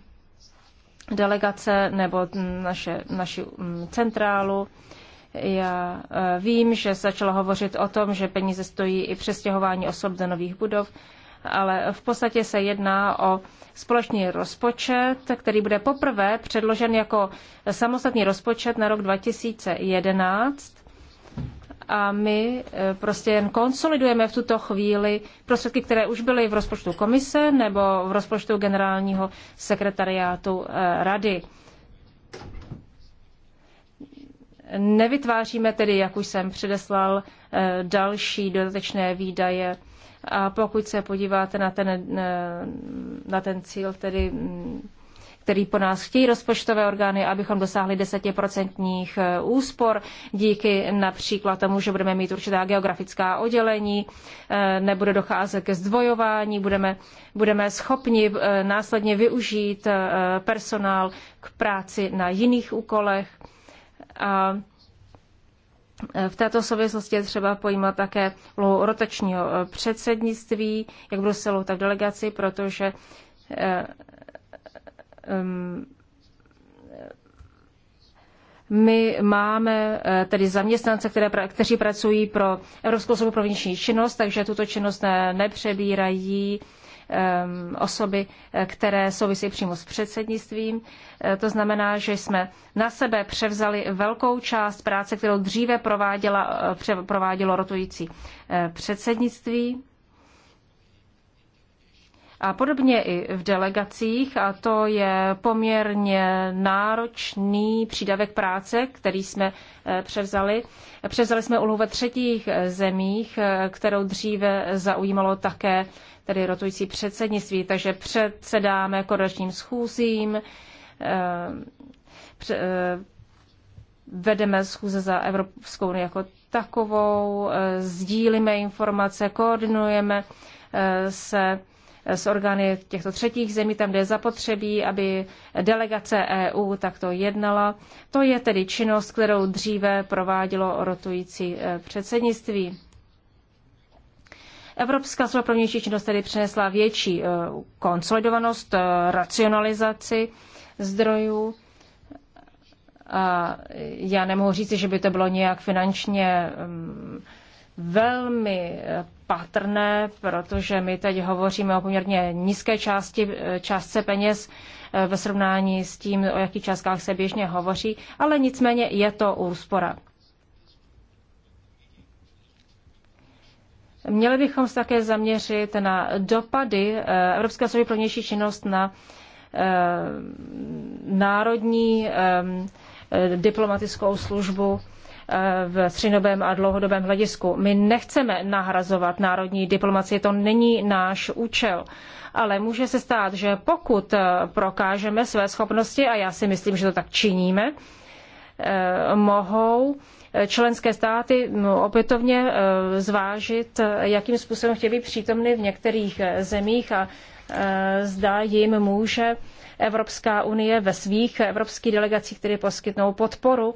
delegace nebo naše, naši mm, centrálu. Já e, vím, že začalo hovořit o tom, že peníze stojí i přestěhování osob do nových budov, ale v podstatě se jedná o společný rozpočet, který bude poprvé předložen jako samostatný rozpočet na rok 2011 a my eh, prostě jen konsolidujeme v tuto chvíli prostředky, které už byly v rozpočtu komise nebo v rozpočtu generálního sekretariátu eh, rady. Nevytváříme tedy, jak už jsem předeslal, eh, další dodatečné výdaje. A pokud se podíváte na ten, na ten cíl, tedy mm, který po nás chtějí rozpočtové orgány, abychom dosáhli desetiprocentních eh, úspor díky například tomu, že budeme mít určitá geografická oddělení, eh, nebude docházet ke zdvojování, budeme, budeme schopni eh, následně využít personál k práci na jiných úkolech. A v této souvislosti je třeba pojímat také úlohu rotačního předsednictví, jak v Bruselu, tak v delegaci, protože Ehm, my máme eh, tedy zaměstnance, které, kteří pracují pro Evropskou službu pro vnitřní činnost, takže tuto činnost ne, nepřebírají um, osoby, eh, které souvisí přímo s předsednictvím. Eh, to znamená, že jsme na sebe převzali velkou část práce, kterou dříve prováděla, provádělo rotující předsednictví a podobně i v delegacích a to je poměrně náročný přídavek práce, který jsme eh, převzali. Převzali jsme úlohu ve třetích eh, zemích, eh, kterou dříve zaujímalo také tedy rotující předsednictví, takže předsedáme koročním schůzím, vedeme schůze za Evropskou unii jako takovou, sdílíme informace, koordinujeme se s orgány těchto třetích zemí, tam, kde je zapotřebí, aby delegace EU takto jednala. To je tedy činnost, kterou dříve provádělo rotující e, předsednictví. Evropská služba pro vnější činnost tedy přinesla větší e, konsolidovanost, e, racionalizaci zdrojů. A já nemohu říci, že by to bylo nějak finančně mm, velmi patrné, protože my teď hovoříme o poměrně nízké části, částce peněz e, ve srovnání s tím, o jakých částkách se běžně hovoří, ale nicméně je to úspora. Měli bychom se také zaměřit na dopady e, Evropské služby pro vnější činnost na e, národní diplomatickou službu v střednodobém a dlouhodobém hledisku. My nechceme nahrazovat národní diplomacii, to není náš účel. Ale může se stát, že pokud prokážeme své schopnosti, a já si myslím, že to tak činíme, eh, mohou členské státy no, opětovně eh, zvážit, eh, jakým způsobem chtějí být přítomny v některých zemích a zda jim může Evropská unie ve svých evropských delegacích, které poskytnou podporu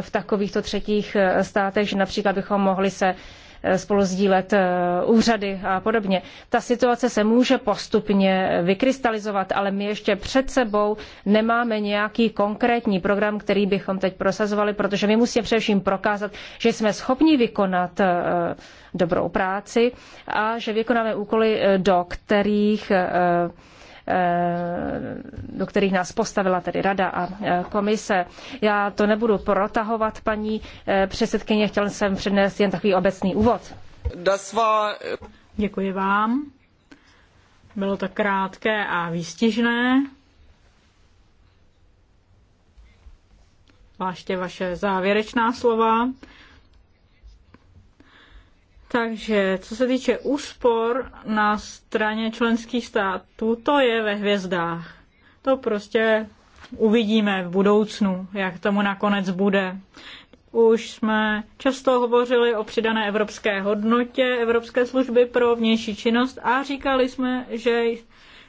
v takovýchto třetích eh, státech, že například bychom mohli se eh, spolu sdílet eh, úřady a podobně. Ta situace se může postupně vykrystalizovat, ale my ještě před sebou nemáme nějaký konkrétní program, který bychom teď prosazovali, protože my musíme především prokázat, že jsme schopni vykonat dobrou práci a že vykonáme úkoly, do kterých Eh, do kterých nás postavila tedy Rada a eh, komise. Já to nebudu protahovat, paní eh, předsedkyně, chtěl jsem přednést jen takový obecný úvod. Děkuji vám. Bylo to krátké a výstižné. Zvláště vaše závěrečná slova. Takže co se týče úspor na straně členských států, to je ve hvězdách. To prostě uvidíme v budoucnu, jak tomu nakonec bude. Už jsme často hovořili o přidané evropské hodnotě Evropské služby pro vnější činnost a říkali jsme, že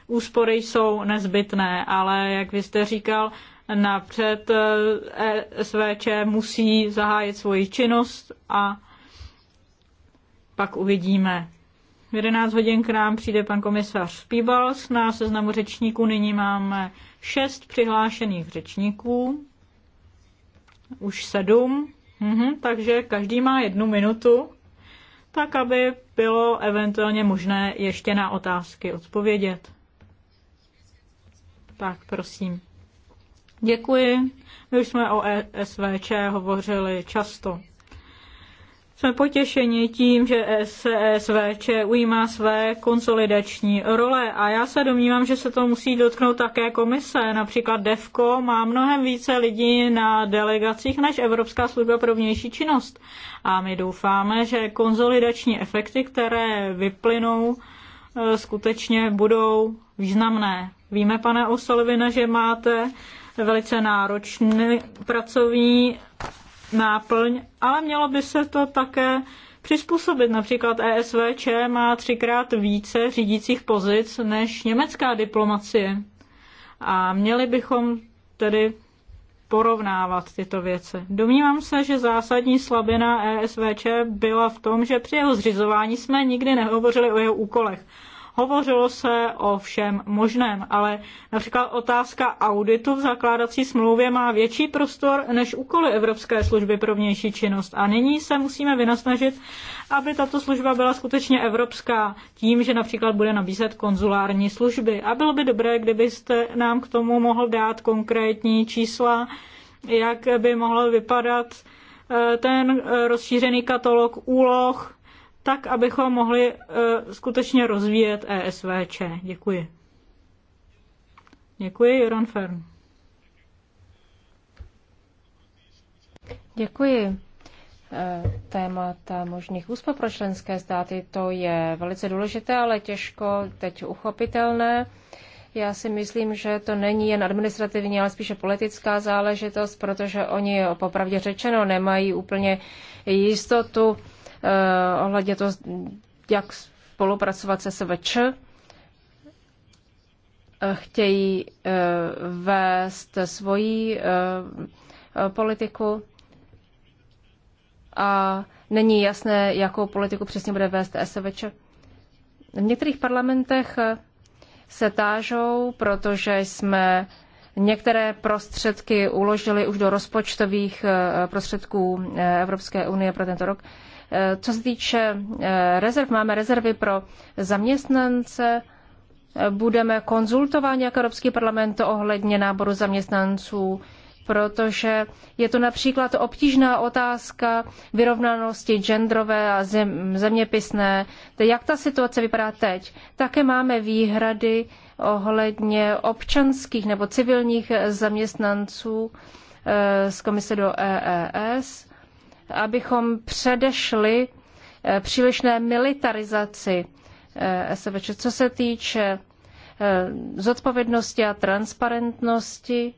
úspory jsou nezbytné, ale jak vy jste říkal, napřed eh, SVČ musí zahájit svoji činnost a pak uvidíme. V 11 hodin k nám přijde pan komisař Spíbals. Na seznamu řečníků nyní máme šest přihlášených řečníků. Už sedm. Mhm, takže každý má jednu minutu, tak aby bylo eventuálně možné ještě na otázky odpovědět. Tak, prosím. Děkuji. My už jsme o e SVČ hovořili často. Jsme potěšeni tím, že SSVČ ujímá své konsolidační role a já se domnívám, že se to musí dotknout také komise. Například DEFCO má mnohem více lidí na delegacích než Evropská služba pro vnější činnost. A my doufáme, že konsolidační efekty, které vyplynou, e, skutečně budou významné. Víme, pane Osolvina, že máte velice náročný pracovní náplň, ale mělo by se to také přizpůsobit. Například ESVČ má třikrát více řídících pozic než německá diplomacie. A měli bychom tedy porovnávat tyto věci. Domnívám se, že zásadní slabina ESVČ byla v tom, že při jeho zřizování jsme nikdy nehovořili o jeho úkolech. Hovořilo se o všem možném, ale například otázka auditu v zakládací smlouvě má větší prostor než úkoly Evropské služby pro vnější činnost. A nyní se musíme vynasnažit, aby tato služba byla skutečně evropská tím, že například bude nabízet konzulární služby. A bylo by dobré, kdybyste nám k tomu mohl dát konkrétní čísla, jak by mohl vypadat eh, ten eh, rozšířený katalog úloh, tak abychom mohli eh, skutečně rozvíjet ESVČ. Děkuji. Děkuji, Joran Fern. Děkuji. Eh, témata možných úspor pro členské státy, to je velice důležité, ale těžko teď uchopitelné. Já si myslím, že to není jen administrativní, ale spíše politická záležitost, protože oni popravdě řečeno nemají úplně jistotu Eh, ohledně toho, jak spolupracovat se SVČ. Eh, chtějí eh, vést svoji politiku a není jasné, jakou politiku přesně bude vést SVČ. V některých parlamentech se tážou, protože jsme některé prostředky uložili už do rozpočtových prostředků Evropské unie pro tento rok. Eh, co se týče eh, rezerv, máme rezervy pro zaměstnance, eh, budeme konzultovat jako Evropský parlament ohledně náboru zaměstnanců, protože je to například obtížná otázka vyrovnanosti genderové a zeměpisné. zeměpisné. Jak ta situace vypadá teď? Také máme výhrady ohledně občanských nebo civilních zaměstnanců z komise do EES abychom předešli eh, přílišné militarizaci eh, SVČ. Co se týče eh, zodpovědnosti a transparentnosti,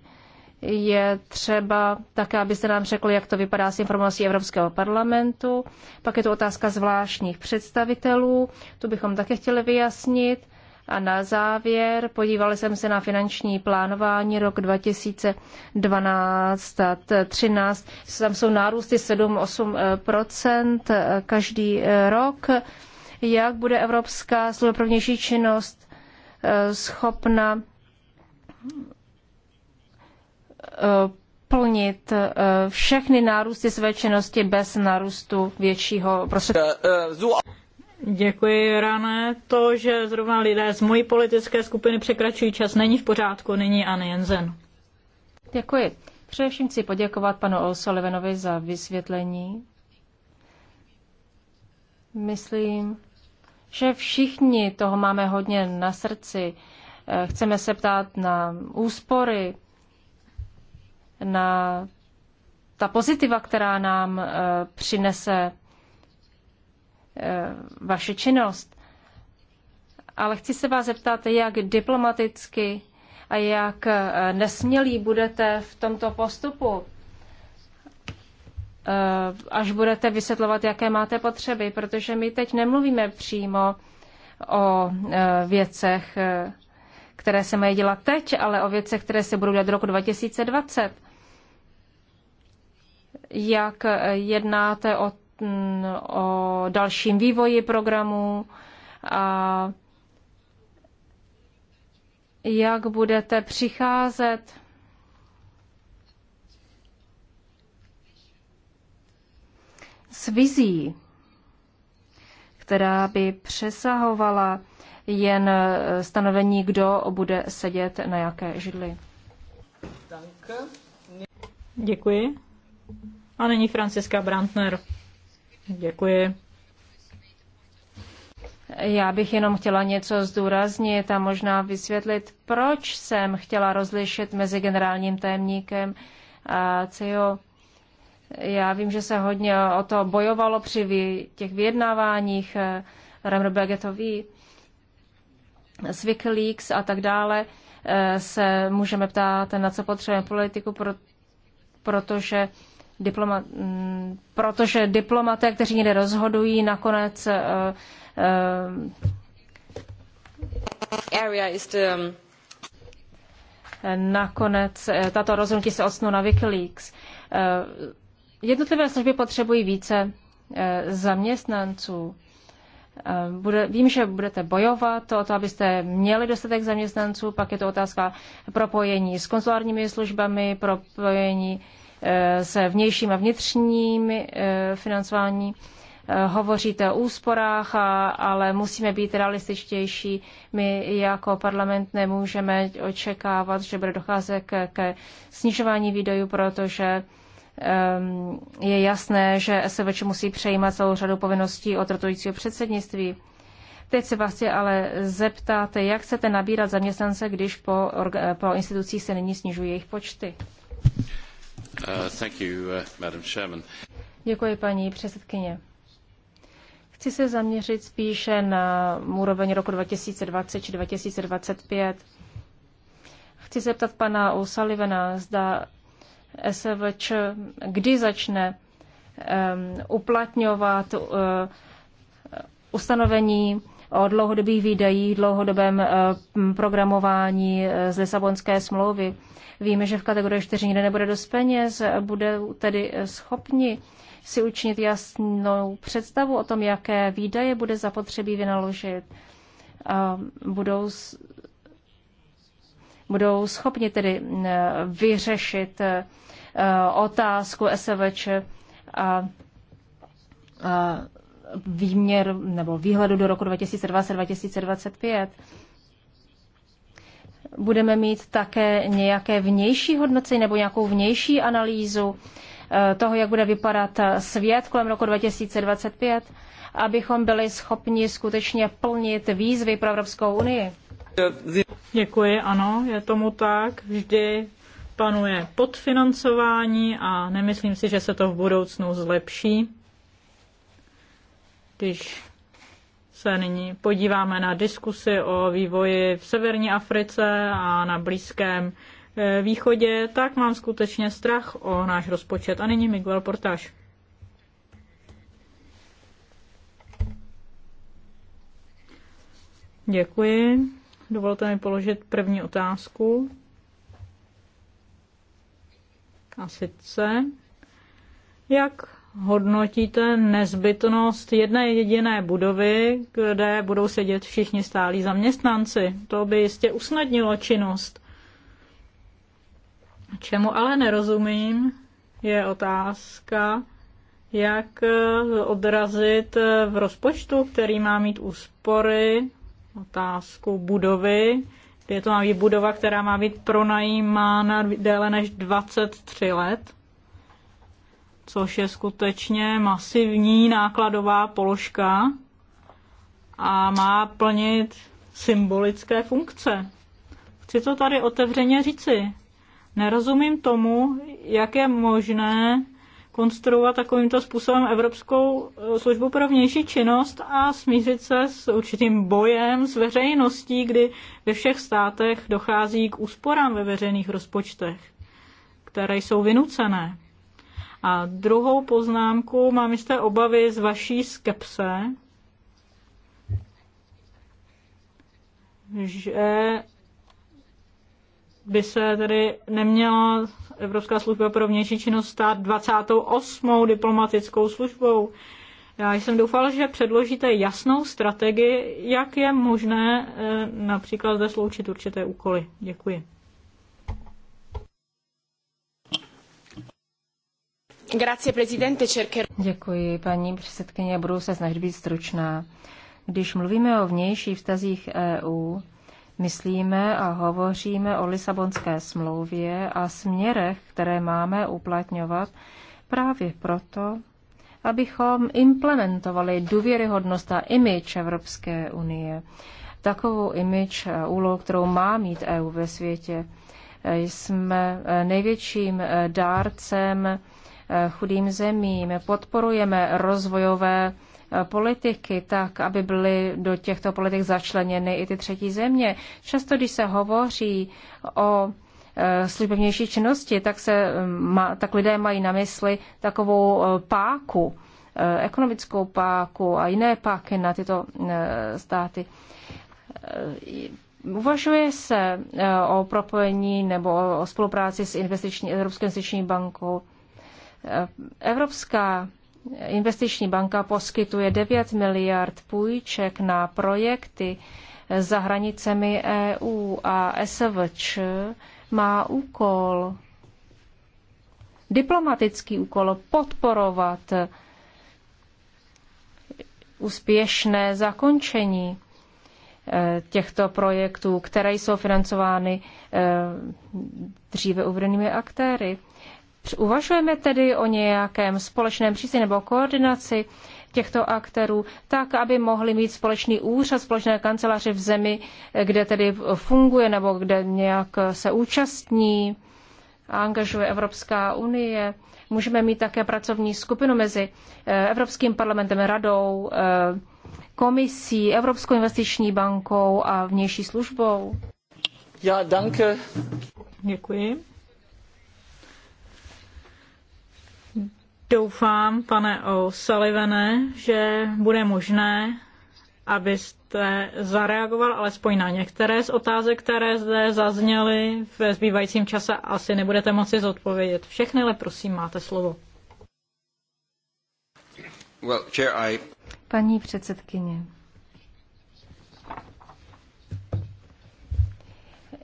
je třeba také, abyste nám řekli, jak to vypadá s informací Evropského parlamentu. Pak je to otázka zvláštních představitelů, tu bychom také chtěli vyjasnit. A na závěr podíval jsem se na finanční plánování rok 2012 a 2013. Tam jsou nárůsty 7-8 eh, eh, každý eh, rok. Jak bude Evropská služba pro vnější činnost schopna plnit všechny nárůsty své činnosti bez nárůstu většího prostředku? Děkuji, Rané. To, že zrovna lidé z mojí politické skupiny překračují čas, není v pořádku. není Anne Jensen. Děkuji. Především chci poděkovat panu O'Sullivanovi za vysvětlení. Myslím, že všichni toho máme hodně na srdci. Eh, chceme se ptát na úspory, na ta pozitiva, která nám eh, přinese Eh, vaše činnost. Ale chci se vás zeptat, jak diplomaticky a jak eh, nesmělí budete v tomto postupu, eh, až budete vysvětlovat, jaké máte potřeby, protože my teď nemluvíme přímo o věcech, které se mají dělat teď, ale o věcech, které se budou dělat do roku 2020. Jak jednáte o Mm, o dalším vývoji programu a jak budete přicházet s vizí, která by přesahovala jen stanovení, kdo bude sedět na jaké židli. Děkuji. A nyní Franciska Brandner. Děkuji. Já bych jenom chtěla něco zdůraznit a možná vysvětlit, proč jsem chtěla rozlišit mezi generálním tajemníkem a CEO. Já vím, že se hodně o to bojovalo při těch vyjednáváních, eh, Remberg to Wikileaks a tak dále, eh, se můžeme ptát, na co potřebujeme politiku, protože diploma, mm, protože diplomaté, kteří někde rozhodují, nakonec eh, eh, area is the... Um, nakonec eh, tato rozhodnutí se osnou na Wikileaks. Jednotlivé služby potřebují více zaměstnanců. Bude, vím, že budete bojovat o to, abyste měli dostatek zaměstnanců, pak je to otázka propojení s konzulárními službami, propojení uh, Eh, se vnějším a vnitřním eh, financování. Eh, hovoříte o úsporách, a, ale musíme být realističtější. My jako parlament nemůžeme očekávat, že bude docházet ke, ke snižování výdajů, protože um, je jasné, že SVČ musí přejímat celou řadu povinností od rotujícího předsednictví. Teď se vás ale zeptat, jak chcete nabírat zaměstnance, když po, po institucích se nyní snižují jejich počty? Uh, uh, Děkuji, paní předsedkyně. Chci se zaměřit spíše na úroveň roku 2020 či 2025. Chci se zeptat pana O'Sullivana, zda SVČ kdy začne um, uplatňovat uh, ustanovení o dlouhodobých výdajích, dlouhodobém eh, programování eh, z Lisabonské smlouvy. Víme, že v kategorii 4 nikde nebude dost peněz, bude tedy eh, schopni si učinit jasnou představu o tom, jaké výdaje bude zapotřebí vynaložit. A budou, budou schopni tedy vyřešit otázku SVČ a, a výměr nebo výhledu do roku 2020-2025. Budeme mít také nějaké vnější hodnocení nebo nějakou vnější analýzu eh, toho, jak bude vypadat svět kolem roku 2025, abychom byli schopni skutečně plnit výzvy pro Evropskou unii. Děkuji, ano, je tomu tak. Vždy panuje podfinancování a nemyslím si, že se to v budoucnu zlepší. Když se nyní podíváme na diskusy o vývoji v severní Africe a na Blízkém eh, východě, tak mám skutečně strach o náš rozpočet. A nyní Miguel Portáž. Děkuji. Dovolte mi položit první otázku. A sice, jak hodnotíte nezbytnost jedné jediné budovy, kde budou sedět všichni stálí zaměstnanci. To by jistě usnadnilo činnost. Čemu ale nerozumím, je otázka, jak odrazit v rozpočtu, který má mít úspory, otázku budovy. Je to má být budova, která má být pronajímána déle než 23 let což je skutečně masivní nákladová položka a má plnit symbolické funkce. Chci to tady otevřeně říci. Nerozumím tomu, jak je možné konstruovat takovýmto způsobem Evropskou eh, službu pro vnější činnost a smířit se s určitým bojem s veřejností, kdy ve všech státech dochází k úsporám ve veřejných rozpočtech, které jsou vynucené. A druhou poznámku mám jisté obavy z vaší skepse, že by se tedy neměla Evropská služba pro vnější činnost stát 28. diplomatickou službou. Já jsem doufal, že předložíte jasnou strategii, jak je možné eh, například zde sloučit určité úkoly. Děkuji. Děkuji, paní předsedkyně. Budu se snažit být stručná. Když mluvíme o vnějších vztazích EU, myslíme a hovoříme o Lisabonské smlouvě a směrech, které máme uplatňovat právě proto, abychom implementovali důvěryhodnost a imič Evropské unie. Takovou imič a eh, úlohu, kterou má mít EU ve světě. Eh, jsme eh, největším dárcem chudým zemím. Podporujeme rozvojové eh, politiky tak, aby byly do těchto politik začleněny i ty třetí země. Často, když se hovoří o eh, služebnější činnosti, tak, se, eh, tak lidé mají na mysli takovou páku, ekonomickou páku a jiné páky na tyto státy. Uvažuje se o propojení nebo o spolupráci s investiční, Evropskou investiční bankou Evropská investiční banka poskytuje 9 miliard půjček na projekty za hranicemi EU a SVČ má úkol, diplomatický úkol podporovat úspěšné zakončení eh, těchto projektů, které jsou financovány eh, dříve uvedenými aktéry. Uvažujeme tedy o nějakém společném přístupu nebo koordinaci těchto aktérů, tak, aby mohli mít společný úřad, společné kanceláře v zemi, kde tedy funguje nebo kde nějak se účastní a angažuje Evropská unie. Můžeme mít také pracovní skupinu mezi eh, Evropským parlamentem, radou, eh, komisí, Evropskou investiční bankou a vnější službou. Já danke. Děkuji. Doufám, pane O'Sullivane, že bude možné, abyste zareagoval alespoň na některé z otázek, které zde zazněly ve zbývajícím čase. Asi nebudete moci zodpovědět všechny, ale prosím, máte slovo. Well, chair, I... Paní předsedkyně,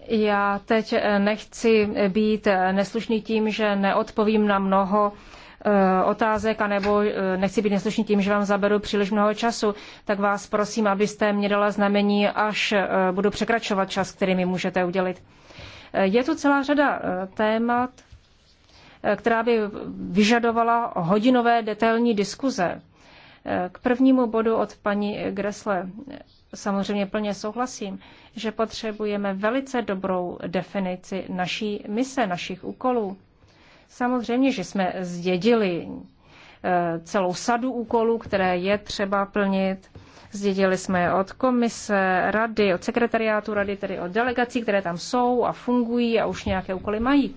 já teď nechci být neslušný tím, že neodpovím na mnoho Eh, otázek, anebo eh, nechci být neslušný tím, že vám zaberu příliš mnoho času, tak vás prosím, abyste mě dala znamení, až eh, budu překračovat čas, který mi můžete udělit. Je tu celá řada témat, která by vyžadovala hodinové detailní diskuze. K prvnímu bodu od paní Gresle samozřejmě plně souhlasím, že potřebujeme velice dobrou definici naší mise, našich úkolů. Samozřejmě, že jsme zdědili eh, celou sadu úkolů, které je třeba plnit. Zdědili jsme je od komise, rady, od sekretariátu rady, tedy od delegací, které tam jsou a fungují a už nějaké úkoly mají.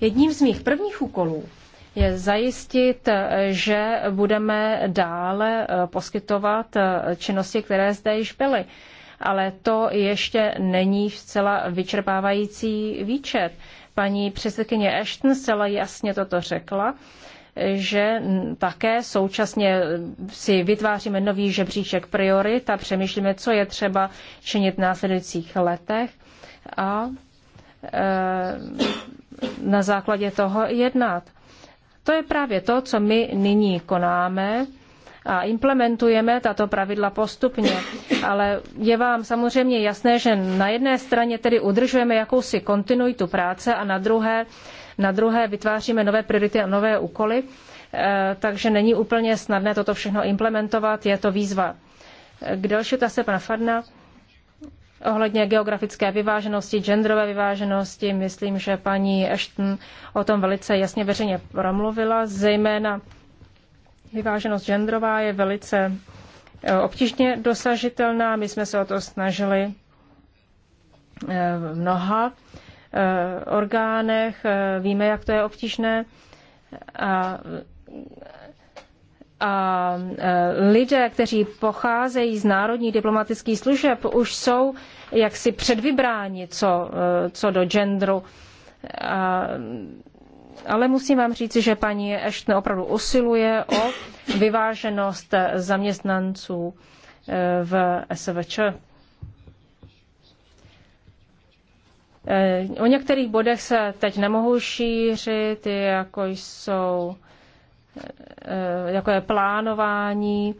Jedním z mých prvních úkolů je zajistit, eh, že budeme dále eh, poskytovat činnosti, které zde již byly. Ale to ještě není zcela vyčerpávající výčet. Paní předsedkyně Ashton zcela jasně toto řekla že také současně si vytváříme nový žebříček priorit a přemýšlíme, co je třeba činit v následujících letech a e, na základě toho jednat. To je právě to, co my nyní konáme a implementujeme tato pravidla postupně. Ale je vám samozřejmě jasné, že na jedné straně tedy udržujeme jakousi kontinuitu práce a na druhé, na druhé vytváříme nové priority a nové úkoly, e, takže není úplně snadné toto všechno implementovat, je to výzva. K další otázce pana Fadna ohledně geografické vyváženosti, genderové vyváženosti. Myslím, že paní Ashton o tom velice jasně veřejně promluvila, zejména vyváženost genderová je velice eh, obtížně dosažitelná. My jsme se o to snažili eh, v mnoha eh, orgánech. Víme, jak to je obtížné. A, a lidé, kteří pocházejí z národních diplomatických služeb, už jsou jaksi předvybráni co, co do genderu. A, ale musím vám říci, že paní Ashton opravdu usiluje o vyváženost zaměstnanců eh, v SVČ. Eh, o některých bodech se teď nemohu šířit, jako jsou eh, jako je plánování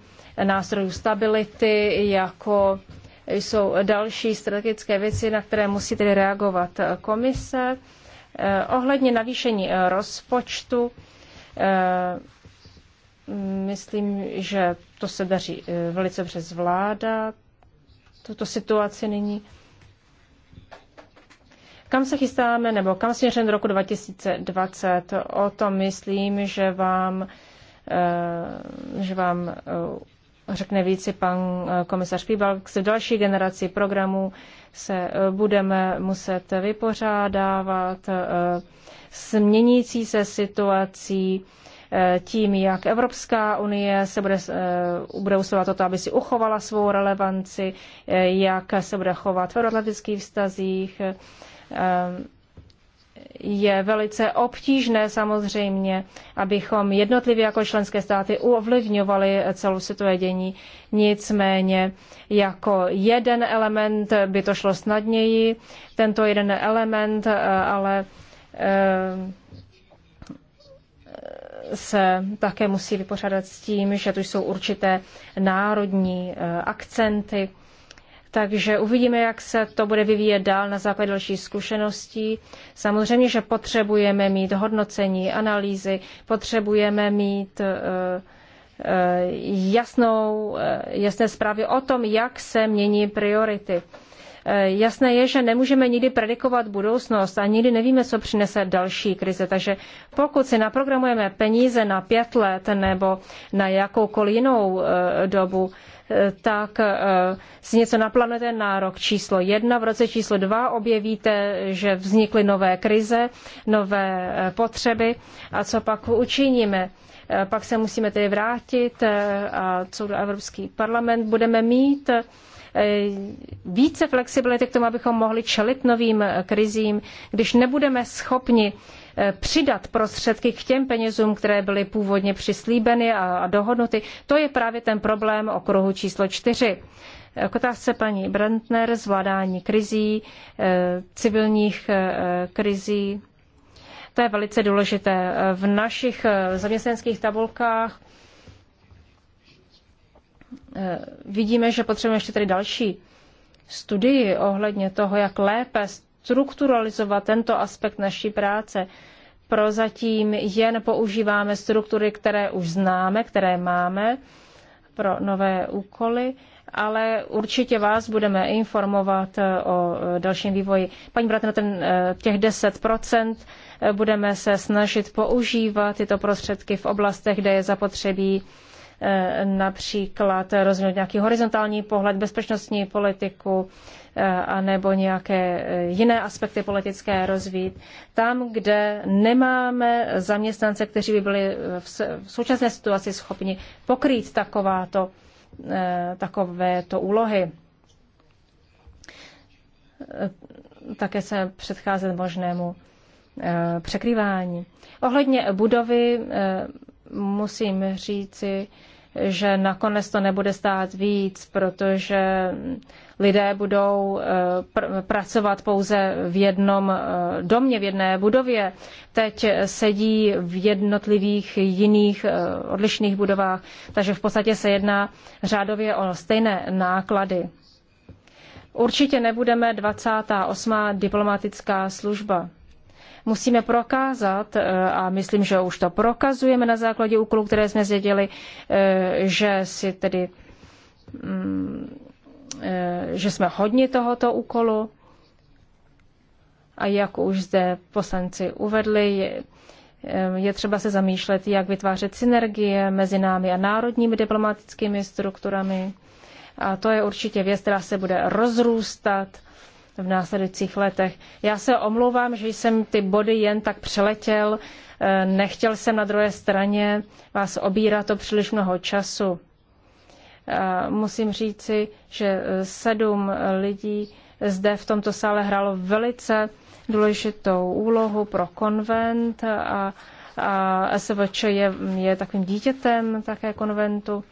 nástrojů stability, jako jsou další strategické věci, na které musí tedy reagovat komise. Eh, ohledně navýšení eh, rozpočtu, eh, myslím, že to se daří velice dobře zvládat, tuto situaci nyní. Kam se chystáme, nebo kam směřujeme do roku 2020? O tom myslím, že vám, že vám řekne víc pan eh, komisař Píbalk, se další generaci programů se eh, budeme muset vypořádávat eh, s měnící se situací, tím, jak Evropská unie se bude, bude usilovat o to, aby si uchovala svou relevanci, jak se bude chovat v euroatlantických vztazích, je velice obtížné samozřejmě, abychom jednotlivě jako členské státy ovlivňovali celou situaci dění. Nicméně jako jeden element by to šlo snadněji, tento jeden element eh, ale eh, se také musí vypořádat s tím, že tu jsou určité národní eh, akcenty, takže uvidíme, jak se to bude vyvíjet dál na základě dalších zkušeností. Samozřejmě, že potřebujeme mít hodnocení, analýzy, potřebujeme mít eh, eh, jasnou, eh, jasné zprávy o tom, jak se mění priority. Jasné je, že nemůžeme nikdy predikovat budoucnost a nikdy nevíme, co přinese další krize. Takže pokud si naprogramujeme peníze na pět let nebo na jakoukoliv jinou dobu, tak si eh, něco naplánujete na rok číslo jedna, v roce číslo dva objevíte, že vznikly nové krize, nové eh, potřeby a co pak učiníme. Eh, pak se musíme tedy vrátit a co do Evropský parlament budeme mít více flexibility k tomu, abychom mohli čelit novým krizím, když nebudeme schopni Eh, přidat prostředky k těm penězům, které byly původně přislíbeny a dohodnuty. To je právě ten problém okruhu číslo čtyři. Eh, k otázce paní Brandner, zvládání krizí, eh, civilních krizí. To je velice důležité. V našich zaměstnanských tabulkách vidíme, že potřebujeme ještě tady další studii ohledně toho, jak lépe strukturalizovat tento aspekt naší práce. Prozatím jen používáme struktury, které už známe, které máme pro nové úkoly, ale určitě vás budeme informovat eh, o eh, dalším vývoji. Paní bratr, ten, eh, těch 10% budeme se snažit používat tyto prostředky v oblastech, kde je zapotřebí například rozvinout nějaký horizontální pohled, bezpečnostní politiku, Eh, anebo nějaké eh, jiné aspekty politické rozvít. Tam, kde nemáme zaměstnance, kteří by byli eh, v současné situaci schopni pokrýt takováto, takovéto úlohy. Také se předcházet možnému překrývání. Ohledně budovy musím říci, že nakonec to nebude stát víc, protože lidé budou eh, pr- pracovat pouze v jednom eh, domě, v jedné budově. Teď sedí v jednotlivých jiných eh, odlišných budovách, takže v podstatě se jedná řádově o stejné náklady. Určitě nebudeme 28. diplomatická služba musíme prokázat, eh, a myslím, že už to prokazujeme na základě úkolů, které jsme zjedili, eh, že si tedy mm, eh, že jsme hodni tohoto úkolu a jak už zde poslanci uvedli, je, je třeba se zamýšlet, jak vytvářet synergie mezi námi a národními diplomatickými strukturami. A to je určitě věc, která se bude rozrůstat v následujících letech. Já se omlouvám, že jsem ty body jen tak přeletěl. Eh, nechtěl jsem na druhé straně vás obírat o příliš mnoho času. Musím říci, že eh, sedm lidí zde v tomto sále hrálo velice důležitou úlohu pro konvent a, a SVČ je, je takovým dítětem také konventu.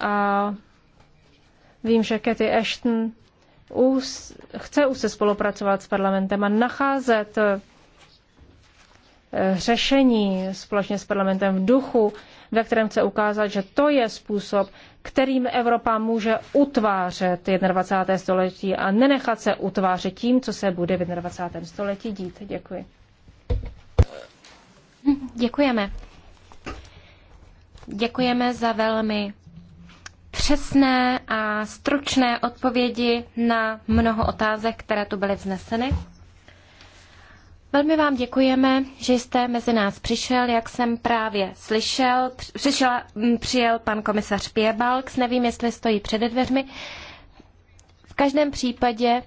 A vím, že Kathy Ashton chce už se spolupracovat s parlamentem a nacházet eh, řešení společně s parlamentem v duchu, ve kterém chce ukázat, že to je způsob, kterým Evropa může utvářet 21. století a nenechat se utvářet tím, co se bude v 21. století dít. Děkuji. Děkujeme. Děkujeme za velmi přesné a stručné odpovědi na mnoho otázek, které tu byly vzneseny. Velmi vám děkujeme, že jste mezi nás přišel. Jak jsem právě slyšel, přišel, mm, přijel pan komisař Piebalks, nevím, jestli stojí před dveřmi. V každém případě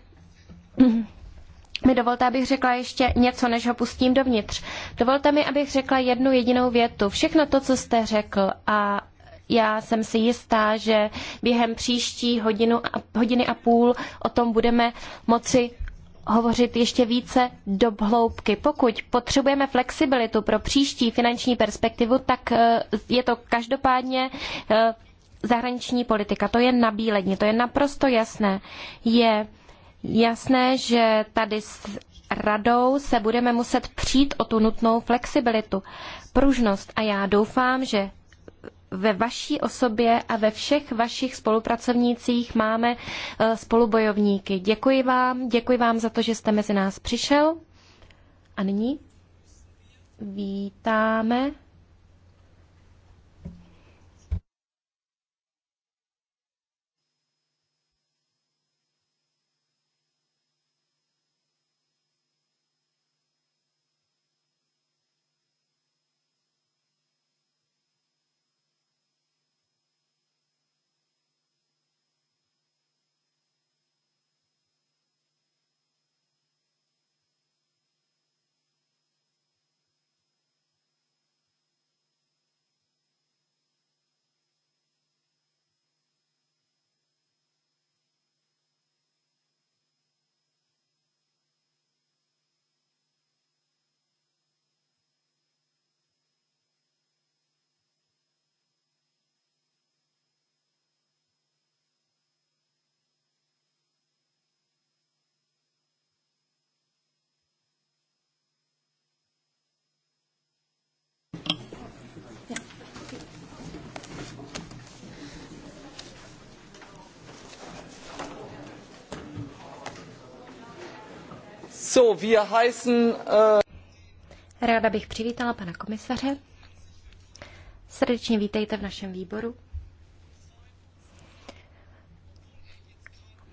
mi dovolte, abych řekla ještě něco, než ho pustím dovnitř. Dovolte mi, abych řekla jednu jedinou větu. Všechno to, co jste řekl a já jsem si jistá, že během příští hodinu a, hodiny a půl o tom budeme moci hovořit ještě více do hloubky. Pokud potřebujeme flexibilitu pro příští finanční perspektivu, tak eh, je to každopádně eh, zahraniční politika. To je nabíledně, to je naprosto jasné. Je jasné, že tady s radou se budeme muset přijít o tu nutnou flexibilitu, pružnost a já doufám, že ve vaší osobě a ve všech vašich spolupracovnících máme e, spolubojovníky. Děkuji vám, děkuji vám za to, že jste mezi nás přišel. A nyní vítáme Äh, Ráda bych přivítala pana komisaře. Srdečně vítejte v našem výboru.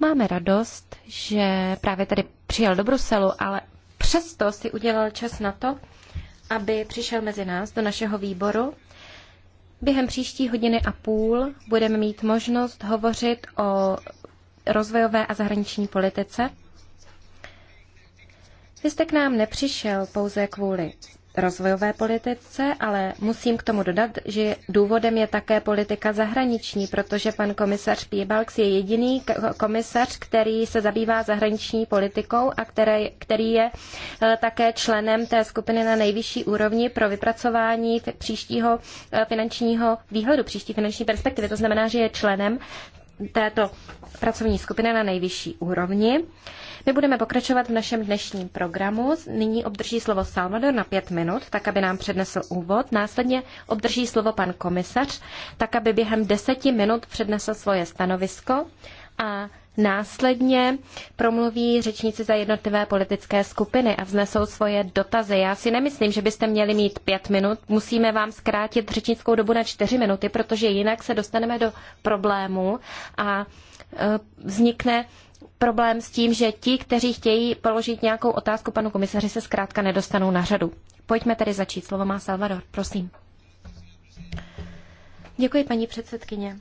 Máme radost, že právě tady přijel do Bruselu, ale přesto si udělal čas na to, aby přišel mezi nás do našeho výboru. Během příští hodiny a půl budeme mít možnost hovořit o rozvojové a zahraniční politice. Vy jste k nám nepřišel pouze kvůli rozvojové politice, ale musím k tomu dodat, že důvodem je také politika zahraniční, protože pan komisař Piebalgs je jediný komisař, který se zabývá zahraniční politikou a který, který je eh, také členem té skupiny na nejvyšší úrovni pro vypracování příštího eh, finančního výhledu, příští finanční perspektivy. To znamená, že je členem této pracovní skupiny na nejvyšší úrovni. My budeme pokračovat v našem dnešním programu. Nyní obdrží slovo Salvador na pět minut, tak aby nám přednesl úvod. Následně obdrží slovo pan komisař, tak aby během deseti minut přednesl svoje stanovisko. A Následně promluví řečníci za jednotlivé politické skupiny a vznesou svoje dotazy. Já si nemyslím, že byste měli mít pět minut. Musíme vám zkrátit řečnickou dobu na čtyři minuty, protože jinak se dostaneme do problému a e, vznikne problém s tím, že ti, kteří chtějí položit nějakou otázku panu komisaři, se zkrátka nedostanou na řadu. Pojďme tedy začít. Slovo má Salvador, prosím. Děkuji, paní předsedkyně.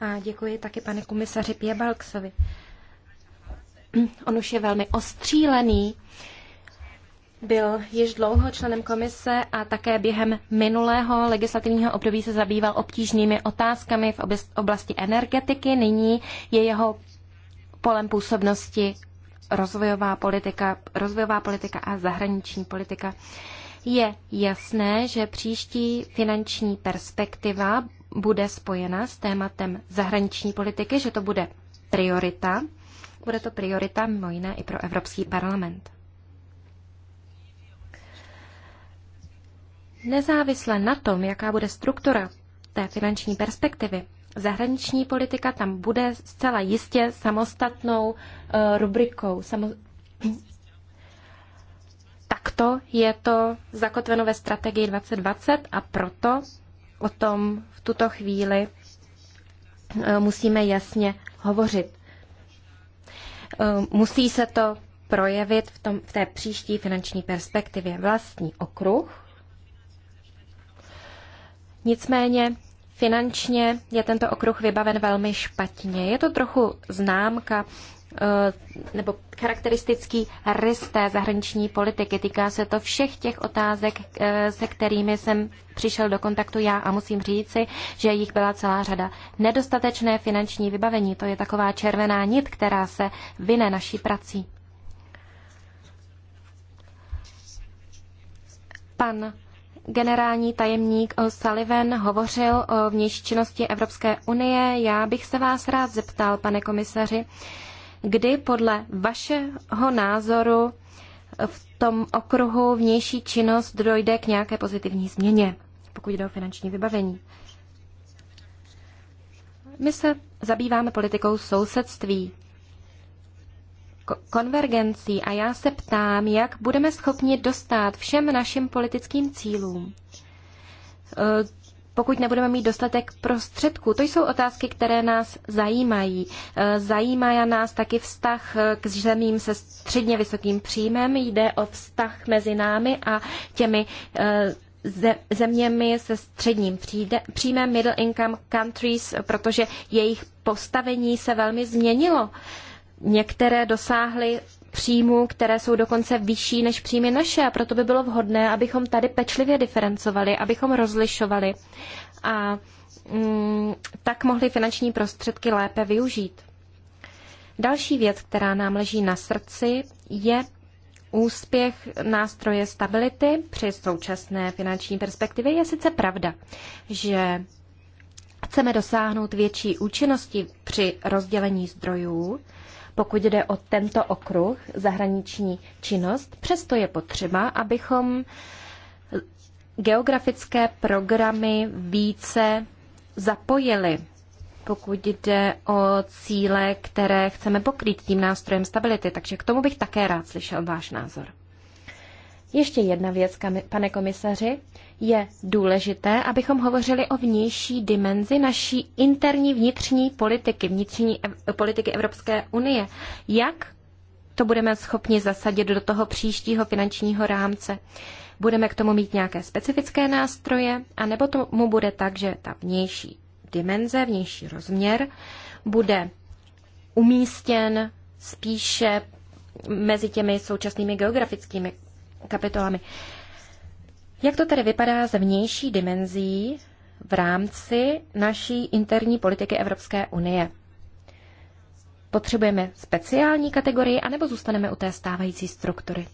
A děkuji taky pane komisaři Pěbalksovi. On už je velmi ostřílený. Byl již dlouho členem komise a také během minulého legislativního období se zabýval obtížnými otázkami v oblasti energetiky. Nyní je jeho polem působnosti rozvojová politika, rozvojová politika a zahraniční politika. Je jasné, že příští finanční perspektiva bude spojena s tématem zahraniční politiky, že to bude priorita. Bude to priorita mimo jiné i pro Evropský parlament. Nezávisle na tom, jaká bude struktura té finanční perspektivy, zahraniční politika tam bude zcela jistě samostatnou uh, rubrikou. Samo... Takto je to zakotveno ve strategii 2020 a proto o tom v tuto chvíli e, musíme jasně hovořit. E, musí se to projevit v, tom, v té příští finanční perspektivě vlastní okruh. Nicméně finančně je tento okruh vybaven velmi špatně. Je to trochu známka Eh, nebo charakteristický rys té zahraniční politiky. Týká se to všech těch otázek, eh, se kterými jsem přišel do kontaktu já a musím říci, že jich byla celá řada. Nedostatečné finanční vybavení, to je taková červená nit, která se vyne naší prací. Pan generální tajemník Sullivan hovořil o vnější činnosti Evropské unie. Já bych se vás rád zeptal, pane komisaři, kdy podle vašeho názoru v tom okruhu vnější činnost dojde k nějaké pozitivní změně, pokud jde o finanční vybavení. My se zabýváme politikou sousedství, konvergencí a já se ptám, jak budeme schopni dostat všem našim politickým cílům pokud nebudeme mít dostatek prostředků. To jsou otázky, které nás zajímají. E, zajímá nás taky vztah e, k zemím se středně vysokým příjmem. Jde o vztah mezi námi a těmi e, zeměmi se středním příjmem middle income countries, protože jejich postavení se velmi změnilo. Některé dosáhly příjmů, které jsou dokonce vyšší než příjmy naše a proto by bylo vhodné, abychom tady pečlivě diferencovali, abychom rozlišovali a mm, tak mohli finanční prostředky lépe využít. Další věc, která nám leží na srdci, je úspěch nástroje stability při současné finanční perspektivě. Je sice pravda, že chceme dosáhnout větší účinnosti při rozdělení zdrojů, pokud jde o tento okruh zahraniční činnost. Přesto je potřeba, abychom geografické programy více zapojili, pokud jde o cíle, které chceme pokrýt tím nástrojem stability. Takže k tomu bych také rád slyšel váš názor. Ještě jedna věc, pane komisaři. Je důležité, abychom hovořili o vnější dimenzi naší interní vnitřní politiky, vnitřní ev- politiky Evropské unie. Jak to budeme schopni zasadit do toho příštího finančního rámce? Budeme k tomu mít nějaké specifické nástroje, anebo tomu bude tak, že ta vnější dimenze, vnější rozměr bude umístěn spíše mezi těmi současnými geografickými kapitolami. Jak to tedy vypadá z vnější dimenzí v rámci naší interní politiky Evropské unie? Potřebujeme speciální kategorii anebo zůstaneme u té stávající struktury?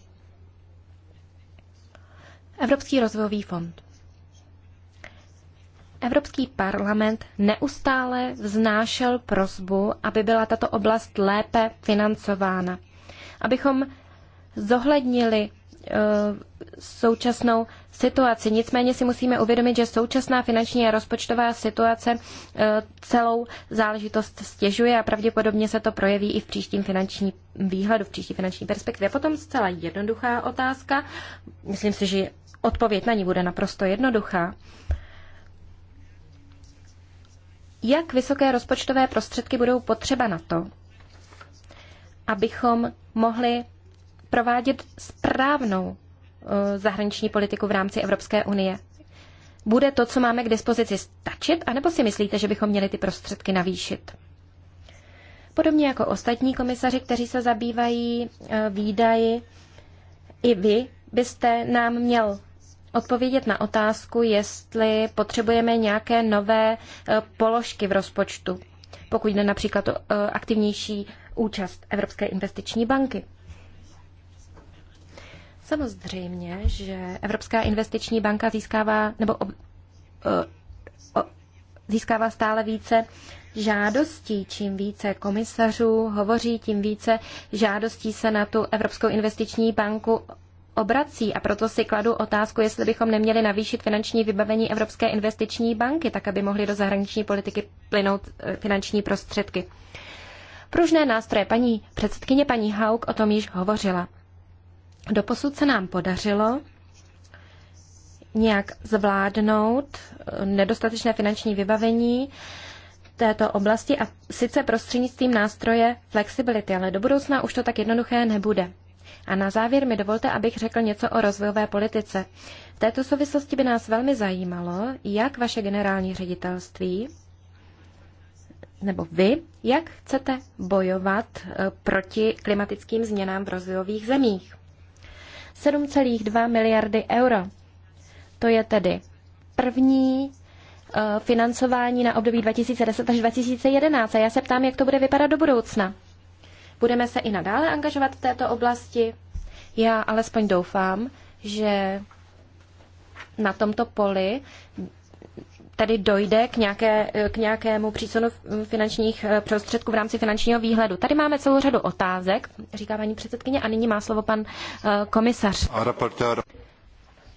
Evropský rozvojový fond. Evropský parlament neustále vznášel prozbu, aby byla tato oblast lépe financována, abychom zohlednili Eh, současnou situaci. Nicméně si musíme uvědomit, že současná finanční a rozpočtová situace eh, celou záležitost stěžuje a pravděpodobně se to projeví i v příštím finanční výhledu, v příští finanční perspektivě. Potom zcela jednoduchá otázka. Myslím si, že odpověď na ní bude naprosto jednoduchá. Jak vysoké rozpočtové prostředky budou potřeba na to, abychom mohli provádět správnou eh, zahraniční politiku v rámci Evropské unie? Bude to, co máme k dispozici, stačit, anebo si myslíte, že bychom měli ty prostředky navýšit? Podobně jako ostatní komisaři, kteří se zabývají eh, výdaji, i vy byste nám měl odpovědět na otázku, jestli potřebujeme nějaké nové eh, položky v rozpočtu, pokud jde například o aktivnější účast Evropské investiční banky. Samozřejmě, že Evropská investiční banka získává nebo ob, o, o, získává stále více žádostí. Čím více komisařů hovoří, tím více žádostí se na tu Evropskou investiční banku obrací a proto si kladu otázku, jestli bychom neměli navýšit finanční vybavení Evropské investiční banky, tak aby mohly do zahraniční politiky plynout eh, finanční prostředky. Pružné nástroje paní předsedkyně paní Hauk o tom již hovořila. Doposud se nám podařilo nějak zvládnout eh, nedostatečné finanční vybavení této oblasti a sice prostřednictvím nástroje flexibility, ale do budoucna už to tak jednoduché nebude. A na závěr mi dovolte, abych řekl něco o rozvojové politice. V této souvislosti by nás velmi zajímalo, jak vaše generální ředitelství nebo vy, jak chcete bojovat eh, proti klimatickým změnám v rozvojových zemích. 7,2 miliardy euro. To je tedy první eh, financování na období 2010 až 2011. A já se ptám, jak to bude vypadat do budoucna. Budeme se i nadále angažovat v této oblasti? Já alespoň doufám, že na tomto poli tady dojde k, nějaké, k nějakému přísunu finančních eh, prostředků v rámci finančního výhledu. Tady máme celou řadu otázek, říká paní předsedkyně, a nyní má slovo pan eh, komisař.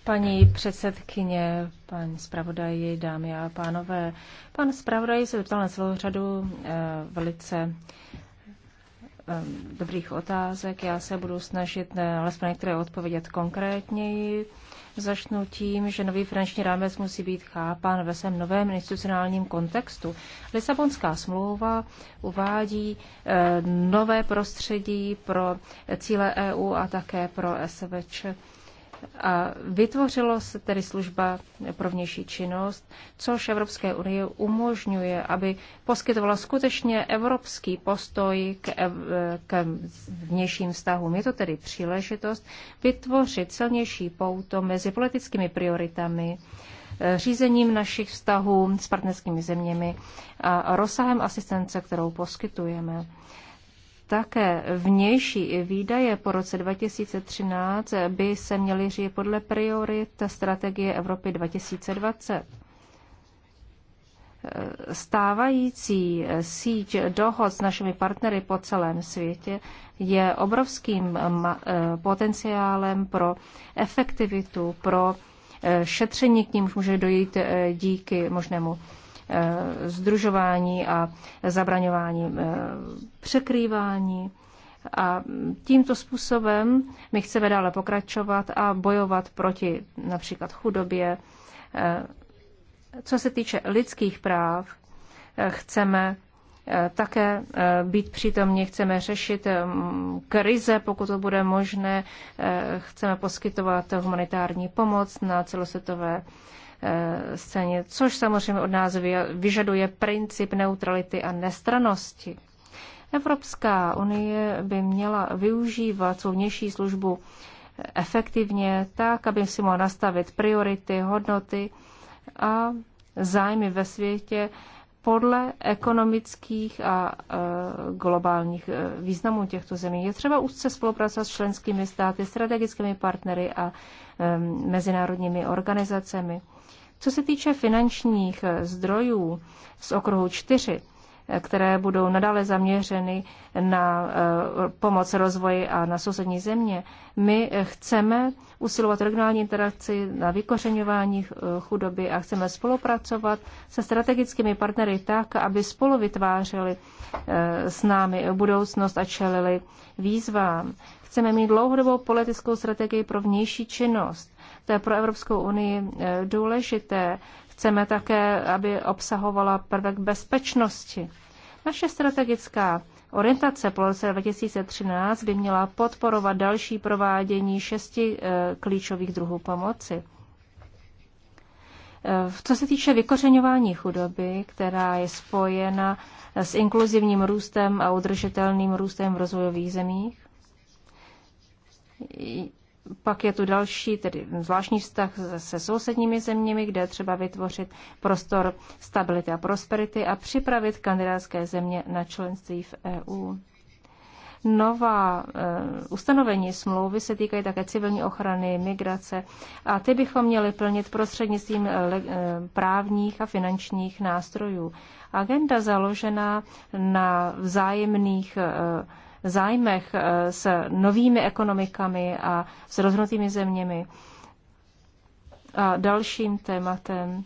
Paní předsedkyně, paní zpravodaji, dámy a pánové, pan zpravodaj se zeptal na celou řadu eh, velice dobrých otázek. Já se budu snažit alespoň některé odpovědět konkrétněji. Začnu tím, že nový finanční rámec musí být chápán ve svém novém institucionálním kontextu. Lisabonská smlouva uvádí eh, nové prostředí pro cíle EU a také pro SVČ. A vytvořilo se tedy služba pro vnější činnost, což Evropské unie umožňuje, aby poskytovala skutečně evropský postoj k, ev- k vnějším vztahům. Je to tedy příležitost vytvořit silnější pouto mezi politickými prioritami, eh, řízením našich vztahů s partnerskými zeměmi a rozsahem asistence, kterou poskytujeme. Také vnější výdaje po roce 2013 by se měly řídit podle priorit strategie Evropy 2020. Stávající síť dohod s našimi partnery po celém světě je obrovským eh, potenciálem pro efektivitu, pro eh, šetření, k nímž může dojít eh, díky možnému Eh, združování a zabraňování eh, překrývání. A tímto způsobem my chceme dále pokračovat a bojovat proti například chudobě. Eh, co se týče lidských práv, chceme také být přítomní, chceme řešit mm, krize, pokud to bude možné, chceme poskytovat humanitární pomoc na celosvětové Eh, scéně, což samozřejmě od nás vyžaduje princip neutrality a nestranosti. Evropská unie by měla využívat svou vnější službu efektivně tak, aby si mohla nastavit priority, hodnoty a zájmy ve světě podle ekonomických a eh, globálních eh, významů těchto zemí. Je třeba úzce spolupracovat s členskými státy, strategickými partnery a mezinárodními organizacemi. Co se týče finančních eh, zdrojů z okruhu 4, eh, které budou nadále zaměřeny na eh, pomoc rozvoji a na sousední země. My chceme usilovat regionální interakci na vykořenování chudoby a chceme spolupracovat se strategickými partnery tak, aby spolu vytvářeli s námi budoucnost a čelili výzvám. Chceme mít dlouhodobou politickou strategii pro vnější činnost to je pro Evropskou unii eh, důležité. Chceme také, aby obsahovala prvek bezpečnosti. Naše strategická orientace po roce 2013 by měla podporovat další provádění šesti eh, klíčových druhů pomoci. Eh, co se týče vykořenování chudoby, která je spojena s inkluzivním růstem a udržitelným růstem v rozvojových zemích, pak je tu další, tedy zvláštní vztah se sousedními zeměmi, kde je třeba vytvořit prostor stability a prosperity a připravit kandidátské země na členství v EU. Nová uh, ustanovení smlouvy se týkají také civilní ochrany, migrace a ty bychom měli plnit prostřednictvím eh, le, eh, právních a finančních nástrojů. Agenda založená na vzájemných uh, zájmech eh, s novými ekonomikami a s rozhodnutými zeměmi. A dalším tématem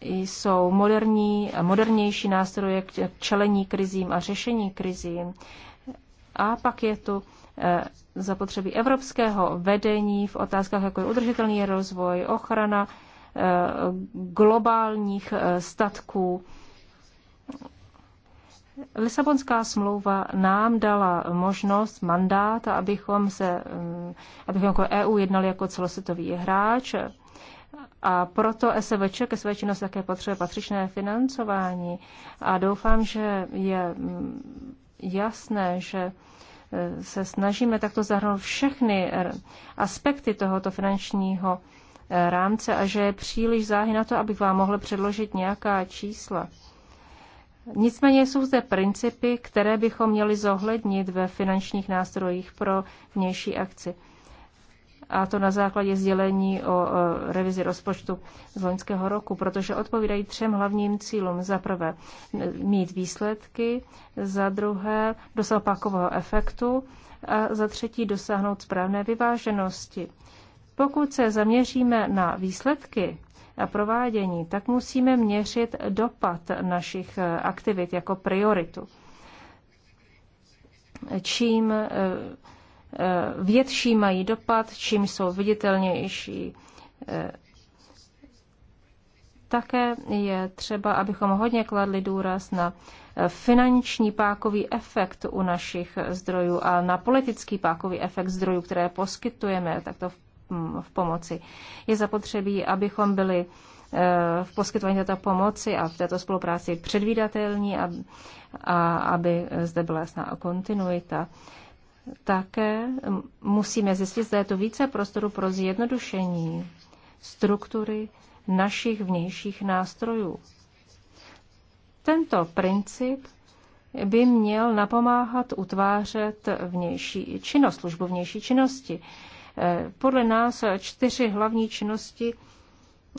jsou moderní modernější nástroje k čelení krizím a řešení krizím. A pak je tu eh, zapotřebí evropského vedení v otázkách, jako je udržitelný rozvoj, ochrana eh, globálních statků Lisabonská smlouva nám dala možnost, mandát, abychom, se, mm, abychom jako EU jednali jako celosvětový hráč. A proto SVČ ke své činnosti také potřebuje patřičné financování. A doufám, že je mm, jasné, že e, se snažíme takto zahrnout všechny aspekty tohoto finančního e, rámce a že je příliš záhy na to, abych vám mohl předložit nějaká čísla. Nicméně jsou zde principy, které bychom měli zohlednit ve finančních nástrojích pro vnější akci. A to na základě sdělení o revizi rozpočtu z loňského roku, protože odpovídají třem hlavním cílům. Za prvé mít výsledky, za druhé dosah pákového efektu a za třetí dosáhnout správné vyváženosti. Pokud se zaměříme na výsledky, a provádění, tak musíme měřit dopad našich eh, aktivit jako prioritu. Čím eh, eh, větší mají dopad, čím jsou viditelnější. Také je třeba, abychom hodně kladli důraz na finanční pákový efekt u našich zdrojů a na politický pákový efekt zdrojů, které poskytujeme takto v Mm, v pomoci. Je zapotřebí, abychom byli eh, v poskytování této pomoci a v této spolupráci předvídatelní a, a aby zde byla jasná kontinuita. Také musíme zjistit, zda je tu více prostoru pro zjednodušení struktury našich vnějších nástrojů. Tento princip by měl napomáhat utvářet vnější činnost, službu vnější činnosti. Podle nás čtyři hlavní činnosti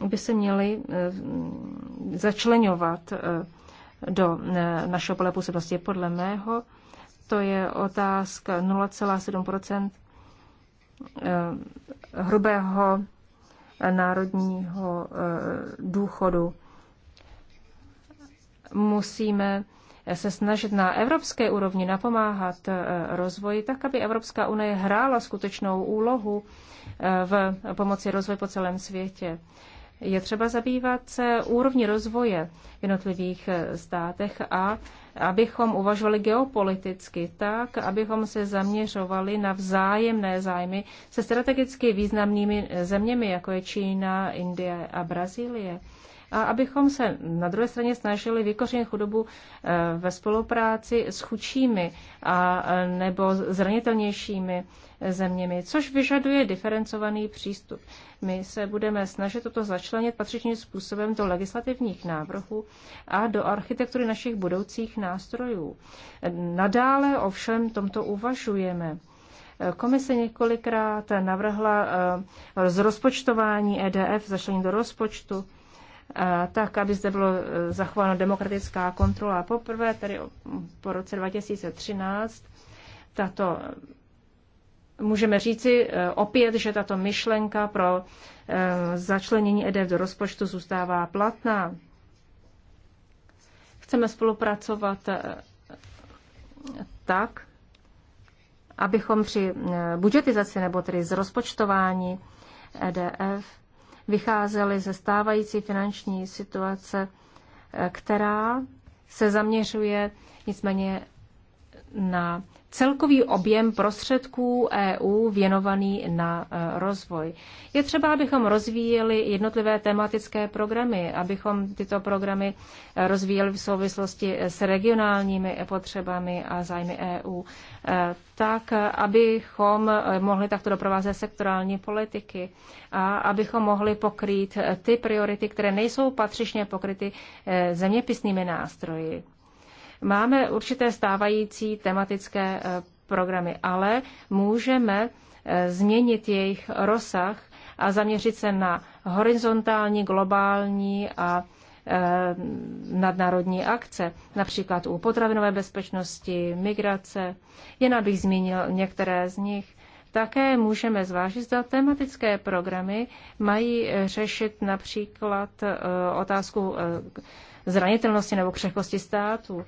by se měly eh, začlenovat eh, do eh, našeho pole působnosti. Podle mého to je otázka 0,7 hrubého národního důchodu. Musíme se snažit na evropské úrovni napomáhat eh, rozvoji, tak aby Evropská unie hrála skutečnou úlohu eh, v pomoci rozvoji po celém světě. Je třeba zabývat se úrovní rozvoje v jednotlivých eh, státech a abychom uvažovali geopoliticky tak, abychom se zaměřovali na vzájemné zájmy se strategicky významnými zeměmi, jako je Čína, Indie a Brazílie a abychom se na druhé straně snažili vykořenit chudobu eh, ve spolupráci s chudšími a eh, nebo zranitelnějšími eh, zeměmi, což vyžaduje diferencovaný přístup. My se budeme snažit toto začlenit patřičným způsobem do legislativních návrhů a do architektury našich budoucích nástrojů. Nadále ovšem tomto uvažujeme. Komise několikrát navrhla z rozpočtování EDF začlenění do rozpočtu tak, aby zde bylo e, zachována demokratická kontrola. Poprvé tedy po roce 2013 tato můžeme říci e, opět, že tato myšlenka pro e, začlenění EDF do rozpočtu zůstává platná. Chceme spolupracovat tak, abychom při budžetizaci nebo tedy z rozpočtování EDF vycházeli ze stávající finanční situace, eh, která se zaměřuje nicméně na celkový objem prostředků EU věnovaný na e, rozvoj. Je třeba, abychom rozvíjeli jednotlivé tematické programy, abychom tyto programy e, rozvíjeli v souvislosti s regionálními potřebami a zájmy EU, e, tak abychom mohli takto doprovázet sektorální politiky a abychom mohli pokrýt ty priority, které nejsou patřičně pokryty zeměpisnými nástroji. Máme určité stávající tematické eh, programy, ale můžeme eh, změnit jejich rozsah a zaměřit se na horizontální, globální a eh, nadnárodní akce, například u potravinové bezpečnosti, migrace. Jen abych zmínil některé z nich. Také můžeme zvážit, zda tematické programy mají řešit například otázku zranitelnosti nebo křehkosti států.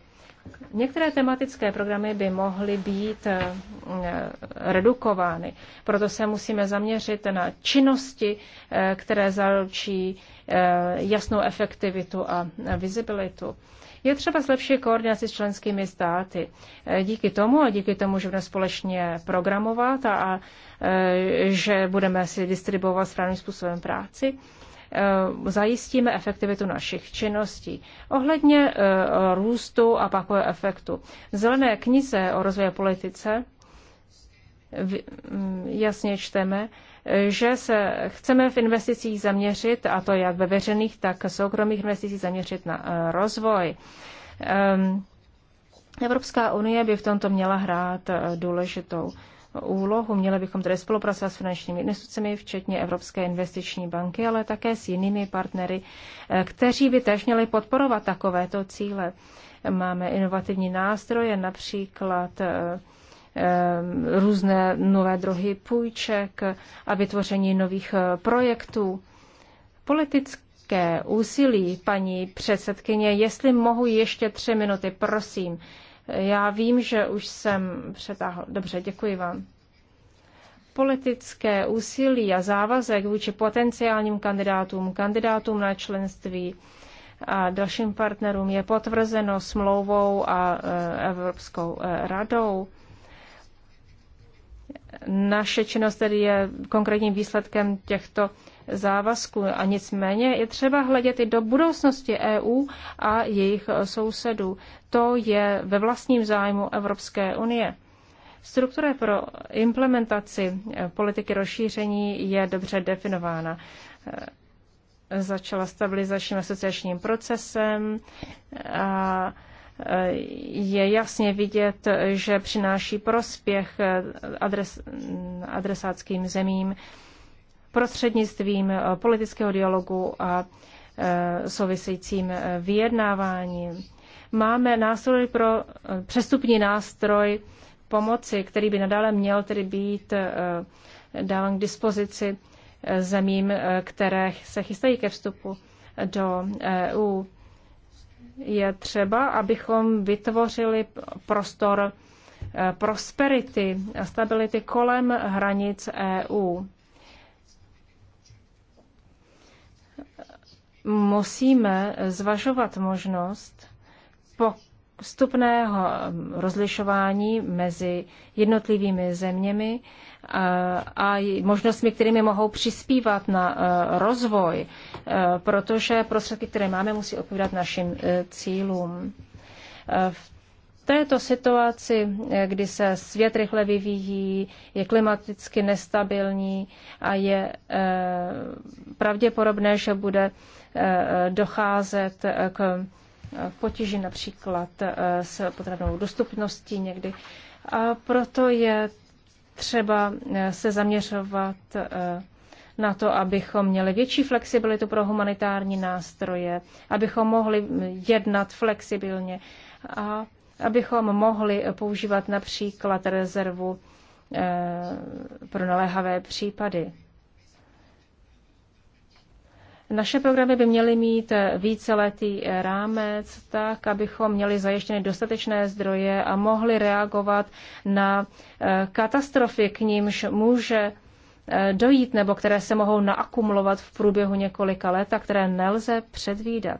Některé tematické programy by mohly být eh, redukovány, proto se musíme zaměřit na činnosti, eh, které zaručí eh, jasnou efektivitu a vizibilitu. Je třeba zlepšit koordinaci s členskými státy. Díky tomu a díky tomu, že budeme společně programovat a, a že budeme si distribuovat správným způsobem práci, Eh, zajistíme efektivitu našich činností. Ohledně eh, růstu a pakové efektu. V zelené knize o rozvoje politice mm, jasně čteme, eh, že se chceme v investicích zaměřit, a to jak ve veřejných, tak soukromých investicích zaměřit na rozvoj. Ehm, Evropská unie by v tomto měla hrát důležitou úlohu. Měli bychom tedy spolupracovat s finančními institucemi, včetně Evropské investiční banky, ale také s jinými partnery, eh, kteří by tež měli podporovat takovéto cíle. Máme inovativní nástroje, například eh, eh, různé nové druhy půjček a vytvoření nových projektů. Politické úsilí, paní předsedkyně, jestli mohu ještě tři minuty, prosím. Já vím, že už jsem přetáhl. Dobře, děkuji vám. Politické úsilí a závazek vůči potenciálním kandidátům, kandidátům na členství a dalším partnerům je potvrzeno smlouvou a e, Evropskou e, radou naše činnost tedy je konkrétním výsledkem těchto závazků. A nicméně je třeba hledět i do budoucnosti EU a jejich sousedů. To je ve vlastním zájmu Evropské unie. Struktura pro implementaci politiky rozšíření je dobře definována. Začala stabilizačním asociačním procesem a je jasně vidět, že přináší prospěch adres, adresátským zemím prostřednictvím politického dialogu a e, souvisejícím e, vyjednáváním. Máme nástroj pro e, přestupní nástroj pomoci, který by nadále měl tedy být dáván k dispozici zemím, které se chystají ke vstupu do EU je třeba, abychom vytvořili prostor eh, prosperity a stability kolem hranic EU. Musíme zvažovat možnost postupného rozlišování mezi jednotlivými zeměmi, a možnostmi, kterými mohou přispívat na e, rozvoj, e, protože prostředky, které máme, musí odpovídat našim e, cílům. V této situaci, kdy se svět rychle vyvíjí, je klimaticky nestabilní a je pravděpodobné, že bude docházet k potíži například s potravnou dostupností někdy. A proto je třeba eh, se zaměřovat eh, na to, abychom měli větší flexibilitu pro humanitární nástroje, abychom mohli mm, jednat flexibilně a abychom mohli používat například rezervu eh, pro naléhavé případy. Naše programy by měly mít víceletý rámec, tak abychom měli zajištěny dostatečné zdroje a mohli reagovat na eh, katastrofy, k nímž může eh, dojít nebo které se mohou naakumulovat v průběhu několika let a které nelze předvídat.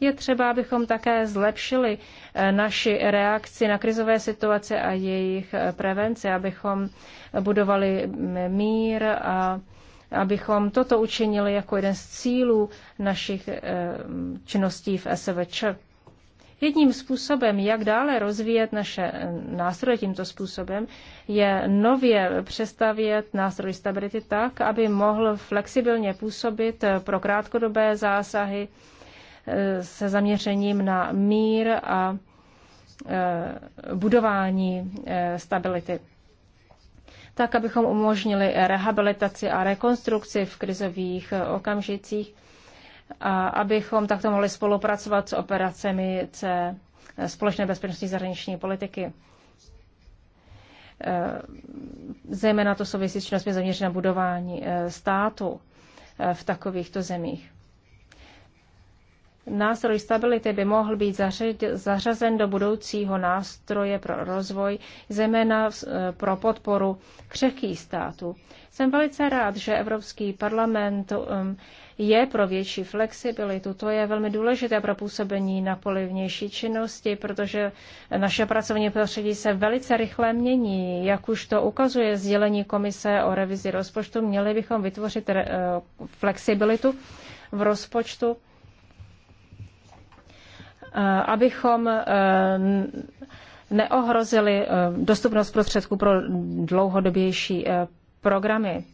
Je třeba, abychom také zlepšili eh, naši reakci na krizové situace a jejich prevenci, abychom budovali mír a abychom toto učinili jako jeden z cílů našich eh, činností v SVČ. Jedním způsobem, jak dále rozvíjet naše eh, nástroje tímto způsobem, je nově přestavět nástroj stability tak, aby mohl flexibilně působit eh, pro krátkodobé zásahy se zaměřením na mír a budování stability tak abychom umožnili rehabilitaci a rekonstrukci v krizových okamžicích a abychom takto mohli spolupracovat s operacemi C společné bezpečnostní zahraniční politiky. E, zejména to souvisí s činnostmi zaměřené na budování e, státu e, v takovýchto zemích. Nástroj stability by mohl být zařazen do budoucího nástroje pro rozvoj, zejména eh, pro podporu křehkých států. Jsem velice rád, že Evropský parlament um, je pro větší flexibilitu. To je velmi důležité pro působení na polivnější činnosti, protože naše pracovní prostředí se velice rychle mění. Jak už to ukazuje sdělení komise o revizi rozpočtu, měli bychom vytvořit eh, flexibilitu v rozpočtu Eh, abychom eh, neohrozili eh, dostupnost prostředků pro dlouhodobější programy.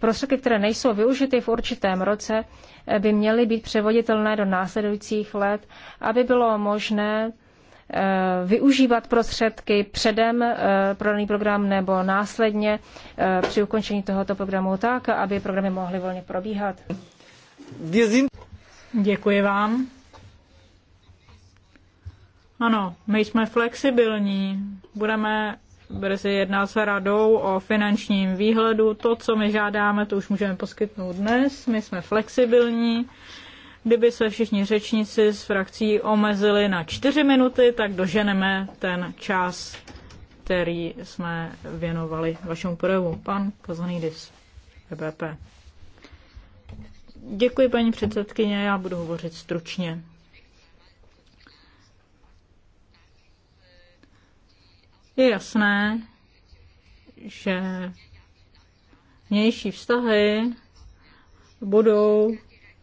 Prostředky, které nejsou využity v určitém roce, by měly být převoditelné do následujících let, aby bylo možné využívat prostředky předem pro daný program nebo následně při ukončení tohoto programu tak, aby programy mohly volně probíhat. Děkuji vám. Ano, my jsme flexibilní. Budeme brzy jednat s radou o finančním výhledu. To, co my žádáme, to už můžeme poskytnout dnes. My jsme flexibilní. Kdyby se všichni řečníci z frakcí omezili na čtyři minuty, tak doženeme ten čas, který jsme věnovali vašemu projevu. Pan Kozanidis, BBP. E Děkuji, paní předsedkyně, já budu hovořit stručně. Je jasné, že vnější vztahy budou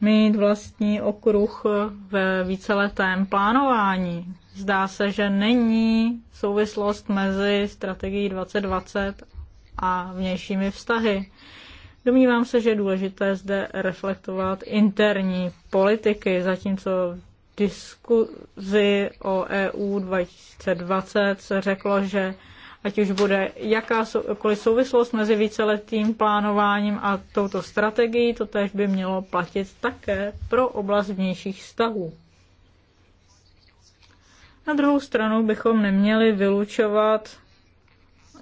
mít vlastní okruh ve víceletém plánování. Zdá se, že není souvislost mezi strategií 2020 a vnějšími vztahy. Domnívám se, že je důležité zde reflektovat interní politiky, zatímco v diskuzi o EU 2020 se řeklo, že ať už bude jakákoliv souvislost mezi víceletým plánováním a touto strategií, to tež by mělo platit také pro oblast vnějších vztahů. Na druhou stranu bychom neměli vylučovat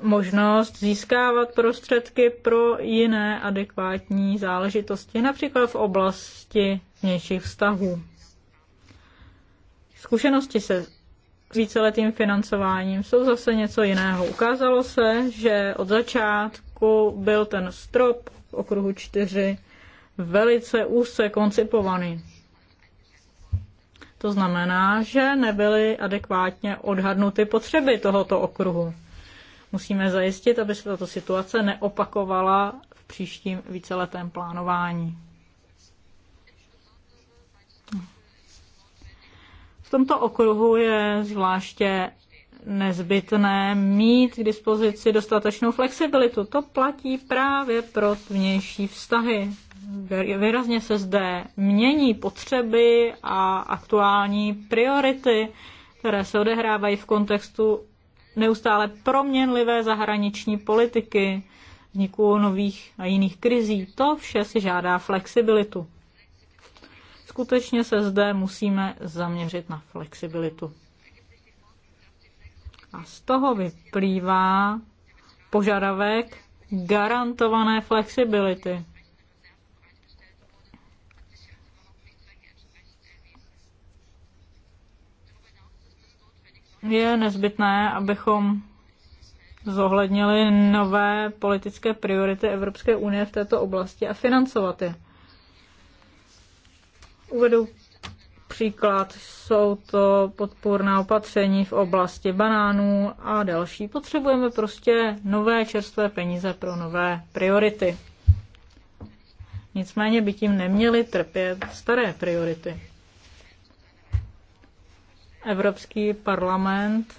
možnost získávat prostředky pro jiné adekvátní záležitosti, například v oblasti vnějších vztahů. Zkušenosti se víceletým financováním jsou zase něco jiného. Ukázalo se, že od začátku byl ten strop v okruhu 4 velice úzce koncipovaný. To znamená, že nebyly adekvátně odhadnuty potřeby tohoto okruhu. Musíme zajistit, aby se tato situace neopakovala v příštím víceletém plánování. V tomto okruhu je zvláště nezbytné mít k dispozici dostatečnou flexibilitu. To platí právě pro vnější vztahy. Výrazně se zde mění potřeby a aktuální priority, které se odehrávají v kontextu neustále proměnlivé zahraniční politiky, vzniku nových a jiných krizí. To vše si žádá flexibilitu. Skutečně se zde musíme zaměřit na flexibilitu. A z toho vyplývá požadavek garantované flexibility. je nezbytné, abychom zohlednili nové politické priority Evropské unie v této oblasti a financovat je. Uvedu příklad, jsou to podpůrná opatření v oblasti banánů a další. Potřebujeme prostě nové čerstvé peníze pro nové priority. Nicméně by tím neměly trpět staré priority. Evropský parlament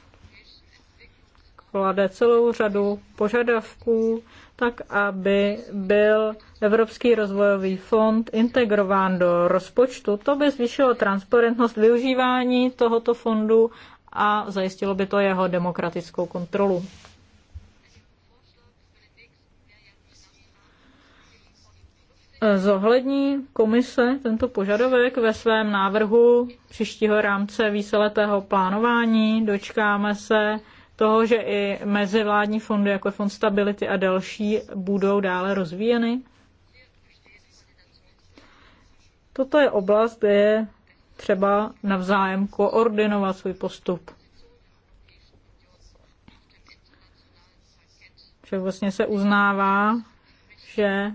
klade celou řadu požadavků, tak aby byl Evropský rozvojový fond integrován do rozpočtu. To by zvýšilo transparentnost využívání tohoto fondu a zajistilo by to jeho demokratickou kontrolu. Zohlední komise tento požadavek ve svém návrhu příštího rámce víceletého plánování. Dočkáme se toho, že i mezivládní fondy, jako je Fond stability a další, budou dále rozvíjeny. Toto je oblast, kde je třeba navzájem koordinovat svůj postup. Že vlastně se uznává, že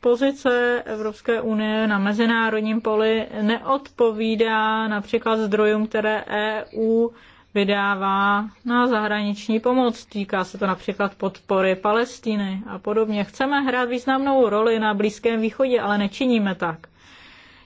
pozice Evropské unie na mezinárodním poli neodpovídá například zdrojům, které EU vydává na zahraniční pomoc. Týká se to například podpory Palestiny a podobně. Chceme hrát významnou roli na Blízkém východě, ale nečiníme tak.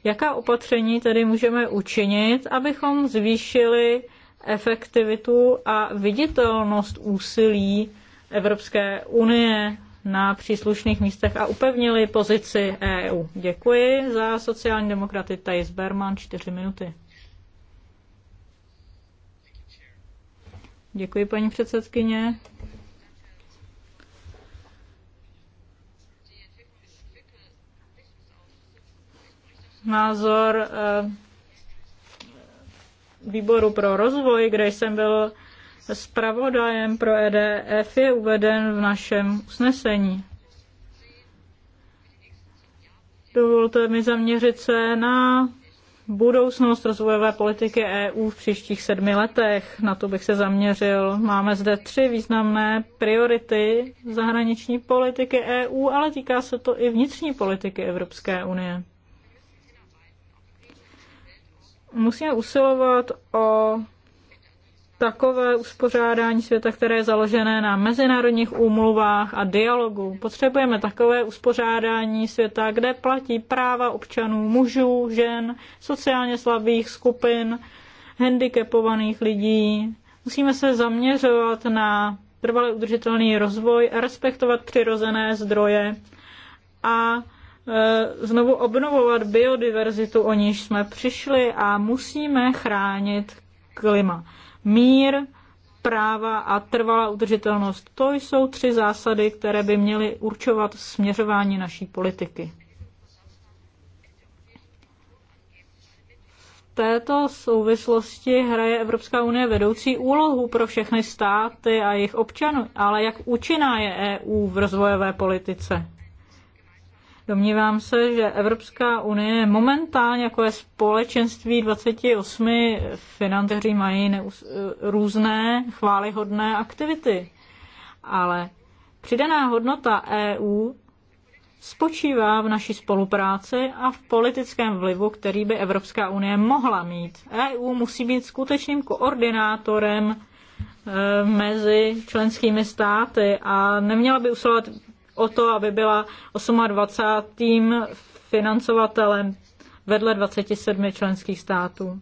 Jaká opatření tedy můžeme učinit, abychom zvýšili efektivitu a viditelnost úsilí Evropské unie na příslušných místech a upevnili pozici EU. Děkuji za sociální demokraty Thijs Berman, čtyři minuty. Děkuji, paní předsedkyně. Názor eh, výboru pro rozvoj, kde jsem byl Spravodajem pro EDF je uveden v našem usnesení. Dovolte mi zaměřit se na budoucnost rozvojové politiky EU v příštích sedmi letech. Na to bych se zaměřil. Máme zde tři významné priority zahraniční politiky EU, ale týká se to i vnitřní politiky Evropské unie. Musíme usilovat o takové uspořádání světa, které je založené na mezinárodních úmluvách a dialogu. Potřebujeme takové uspořádání světa, kde platí práva občanů, mužů, žen, sociálně slabých skupin, handicapovaných lidí. Musíme se zaměřovat na trvalý udržitelný rozvoj, respektovat přirozené zdroje a e, znovu obnovovat biodiverzitu, o níž jsme přišli a musíme chránit klima mír, práva a trvalá udržitelnost. To jsou tři zásady, které by měly určovat směřování naší politiky. této souvislosti hraje Evropská unie vedoucí úlohu pro všechny státy a jejich občany, ale jak účinná je EU v rozvojové politice? Domnívám se, že Evropská unie momentálně jako je společenství 28 financeří mají různé chválihodné aktivity. Ale přidaná hodnota EU spočívá v naší spolupráci a v politickém vlivu, který by Evropská unie mohla mít. EU musí být skutečným koordinátorem eh, mezi členskými státy a neměla by usilovat o to, aby byla 28. financovatelem vedle 27 členských států.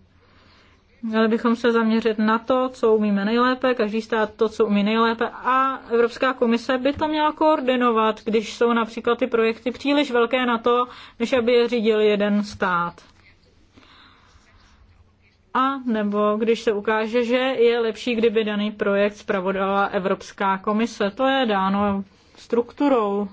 Měli bychom se zaměřit na to, co umíme nejlépe, každý stát to, co umí nejlépe a Evropská komise by to měla koordinovat, když jsou například ty projekty příliš velké na to, než aby je řídil jeden stát. A nebo když se ukáže, že je lepší, kdyby daný projekt zpravodala Evropská komise. To je dáno strukturou.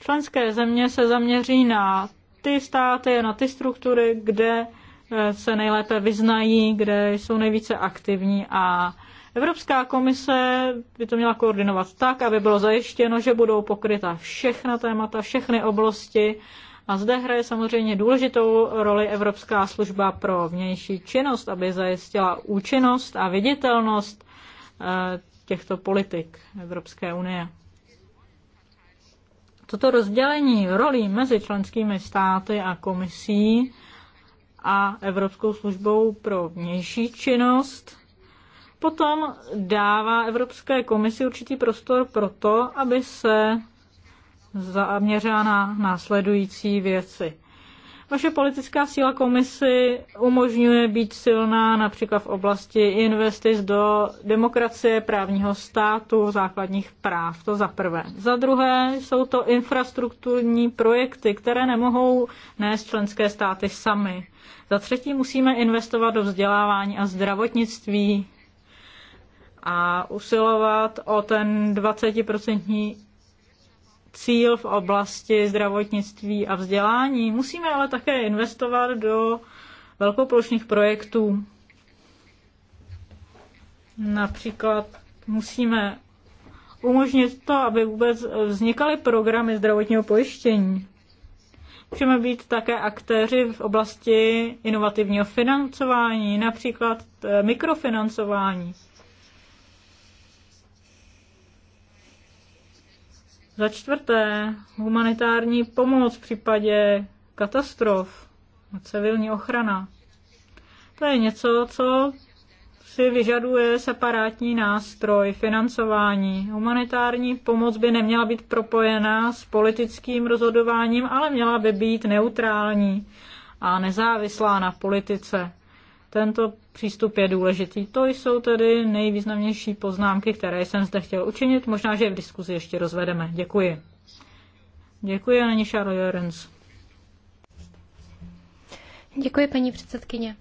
Členské země se zaměří na ty státy, na ty struktury, kde eh, se nejlépe vyznají, kde jsou nejvíce aktivní a Evropská komise by to měla koordinovat tak, aby bylo zajištěno, že budou pokryta všechna témata, všechny oblasti a zde hraje samozřejmě důležitou roli Evropská služba pro vnější činnost, aby zajistila účinnost a viditelnost eh, těchto politik Evropské unie. Toto rozdělení rolí mezi členskými státy a komisí a Evropskou službou pro vnější činnost potom dává Evropské komisi určitý prostor pro to, aby se zaměřila na následující věci. Vaše politická síla komisy umožňuje být silná například v oblasti investic do demokracie, právního státu, základních práv, to za prvé. Za druhé jsou to infrastrukturní projekty, které nemohou nést členské státy sami. Za třetí musíme investovat do vzdělávání a zdravotnictví a usilovat o ten 20% cíl v oblasti zdravotnictví a vzdělání. Musíme ale také investovat do velkoplošných projektů. Například musíme umožnit to, aby vůbec vznikaly programy zdravotního pojištění. Můžeme být také aktéři v oblasti inovativního financování, například eh, mikrofinancování. Za čtvrté, humanitární pomoc v případě katastrof a civilní ochrana. To je něco, co si vyžaduje separátní nástroj financování. Humanitární pomoc by neměla být propojená s politickým rozhodováním, ale měla by být neutrální a nezávislá na politice. Tento přístup je důležitý. To jsou tedy nejvýznamnější poznámky, které jsem zde chtěl učinit. Možná, že je v diskuzi ještě rozvedeme. Děkuji. Děkuji a Šaro Jorens. Děkuji, paní předsedkyně.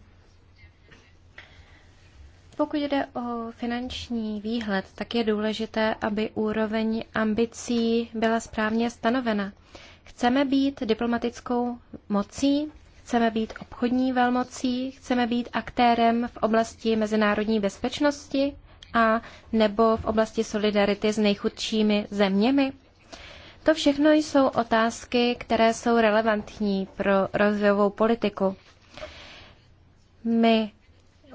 Pokud jde o finanční výhled, tak je důležité, aby úroveň ambicí byla správně stanovena. Chceme být diplomatickou mocí, Chceme být obchodní velmocí, chceme být aktérem v oblasti mezinárodní bezpečnosti a nebo v oblasti solidarity s nejchudšími zeměmi? To všechno jsou otázky, které jsou relevantní pro rozvojovou politiku. My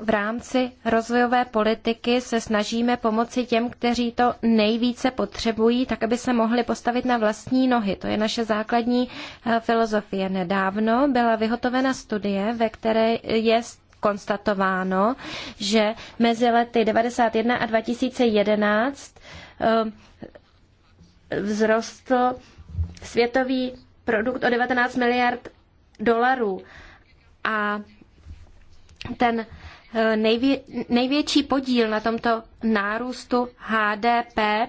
v rámci rozvojové politiky se snažíme pomoci těm, kteří to nejvíce potřebují, tak aby se mohli postavit na vlastní nohy. To je naše základní eh, filozofie. Nedávno byla vyhotovena studie, ve které je konstatováno, že mezi lety 91 a 2011 eh, vzrostl světový produkt o 19 miliard dolarů a ten nejvě, největší podíl na tomto nárůstu HDP eh,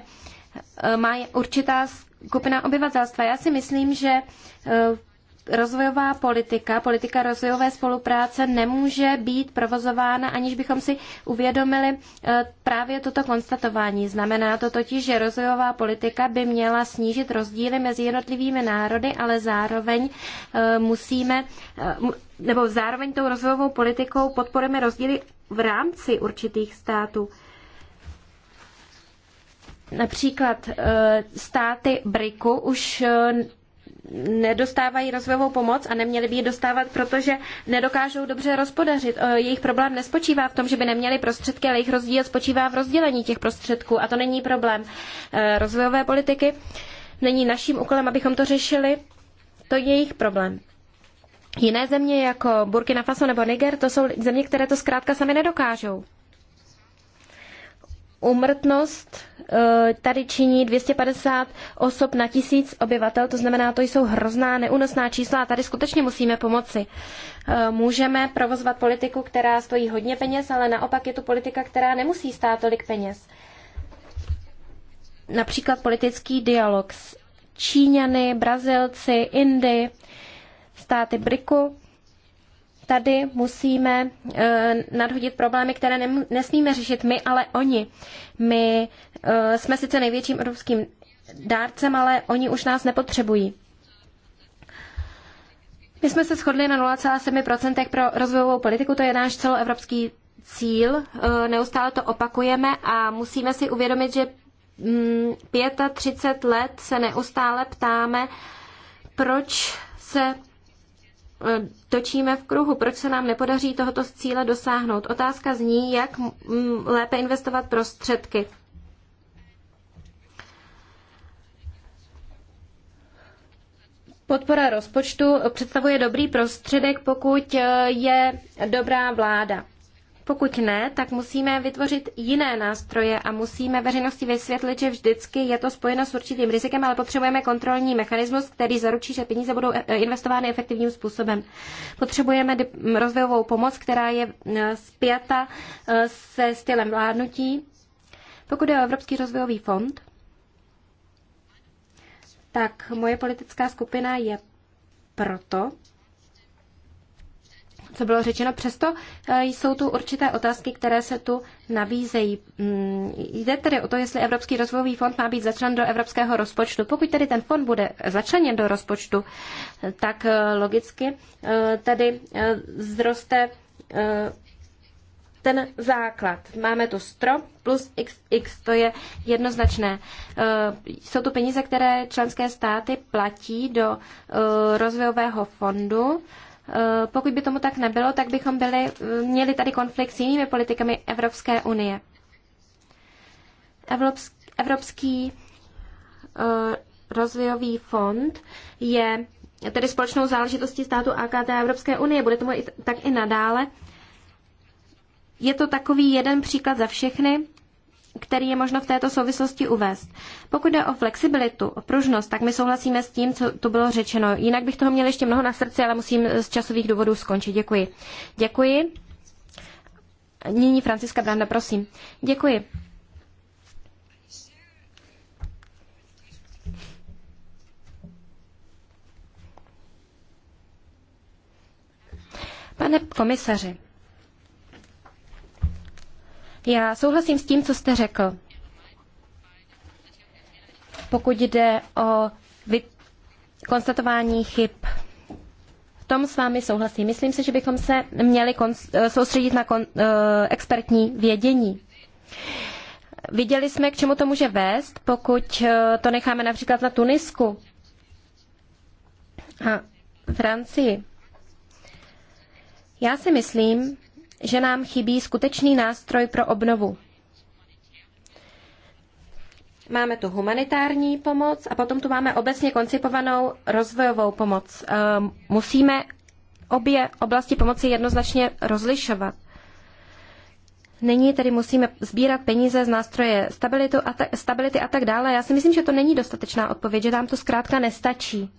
má určitá skupina obyvatelstva. Já si myslím, že eh, rozvojová politika, politika rozvojové spolupráce nemůže být provozována, aniž bychom si uvědomili eh, právě toto konstatování. Znamená to totiž, že rozvojová politika by měla snížit rozdíly mezi jednotlivými národy, ale zároveň eh, musíme, eh, nebo zároveň tou rozvojovou politikou podporujeme rozdíly v rámci určitých států. Například státy BRICu už nedostávají rozvojovou pomoc a neměli by ji dostávat, protože nedokážou dobře rozpodařit. Eh, jejich problém nespočívá v tom, že by neměli prostředky, ale jejich rozdíl spočívá v rozdělení těch prostředků a to není problém eh, rozvojové politiky. Není naším úkolem, abychom to řešili. To je jejich problém. Jiné země jako Burkina Faso nebo Niger, to jsou země, které to zkrátka sami nedokážou. Umrtnost e, tady činí 250 osob na tisíc obyvatel, to znamená, to jsou hrozná, neúnosná čísla a tady skutečně musíme pomoci. E, můžeme provozovat politiku, která stojí hodně peněz, ale naopak je to politika, která nemusí stát tolik peněz. Například politický dialog s Číňany, Brazilci, Indy, státy BRICu tady musíme eh, nadhodit problémy, které nesmíme řešit my, ale oni. My eh, jsme sice největším evropským dárcem, ale oni už nás nepotřebují. My jsme se shodli na 0,7% pro rozvojovou politiku, to je náš celoevropský cíl, eh, neustále to opakujeme a musíme si uvědomit, že 35 mm, let se neustále ptáme, proč se Eh, točíme v kruhu, proč se nám nepodaří tohoto cíle dosáhnout. Otázka zní, jak mm, lépe investovat prostředky. Podpora rozpočtu představuje dobrý prostředek, pokud eh, je dobrá vláda. Pokud ne, tak musíme vytvořit jiné nástroje a musíme veřejnosti vysvětlit, že vždycky je to spojeno s určitým rizikem, ale potřebujeme kontrolní mechanismus, který zaručí, že peníze budou eh, eh, investovány efektivním způsobem. Potřebujeme rozvojovou pomoc, která je zpěta eh, se stylem vládnutí. Pokud je o Evropský rozvojový fond, tak moje politická skupina je proto, co bylo řečeno. Přesto eh, jsou tu určité otázky, které se tu nabízejí. Mm, jde tedy o to, jestli Evropský rozvojový fond má být začlen do evropského rozpočtu. Pokud tedy ten fond bude začleněn do rozpočtu, eh, tak eh, logicky tedy zroste ten základ. Máme tu strop plus XX, to je jednoznačné. Jsou to peníze, které členské státy platí do rozvojového fondu Eh, pokud by tomu tak nebylo, tak bychom byli, eh, měli tady konflikt s jinými politikami Evropské unie. Evropský, Evropský eh, rozvojový fond je tedy společnou záležitostí státu AKT a Evropské unie. Bude tomu i, tak i nadále. Je to takový jeden příklad za všechny který je možno v této souvislosti uvést. Pokud jde o flexibilitu, o pružnost, tak my souhlasíme s tím, co tu bylo řečeno. Jinak bych toho měl ještě mnoho na srdci, ale musím z časových důvodů skončit. Děkuji. Děkuji. Nyní Franciska Branda, prosím. Děkuji. Pane komisaři, já souhlasím s tím, co jste řekl. Pokud jde o vy... konstatování chyb, v tom s vámi souhlasím. Myslím si, že bychom se měli kon... soustředit na kon... Eh, expertní vědění. Viděli jsme, k čemu to může vést, pokud eh, to necháme například na Tunisku a Francii. Já si myslím, že nám chybí skutečný nástroj pro obnovu. Máme tu humanitární pomoc a potom tu máme obecně koncipovanou rozvojovou pomoc. Ehm, musíme obě oblasti pomoci jednoznačně rozlišovat. Nyní tedy musíme sbírat peníze z nástroje stabilitu a ta, stability a tak dále. Já si myslím, že to není dostatečná odpověď, že nám to zkrátka nestačí.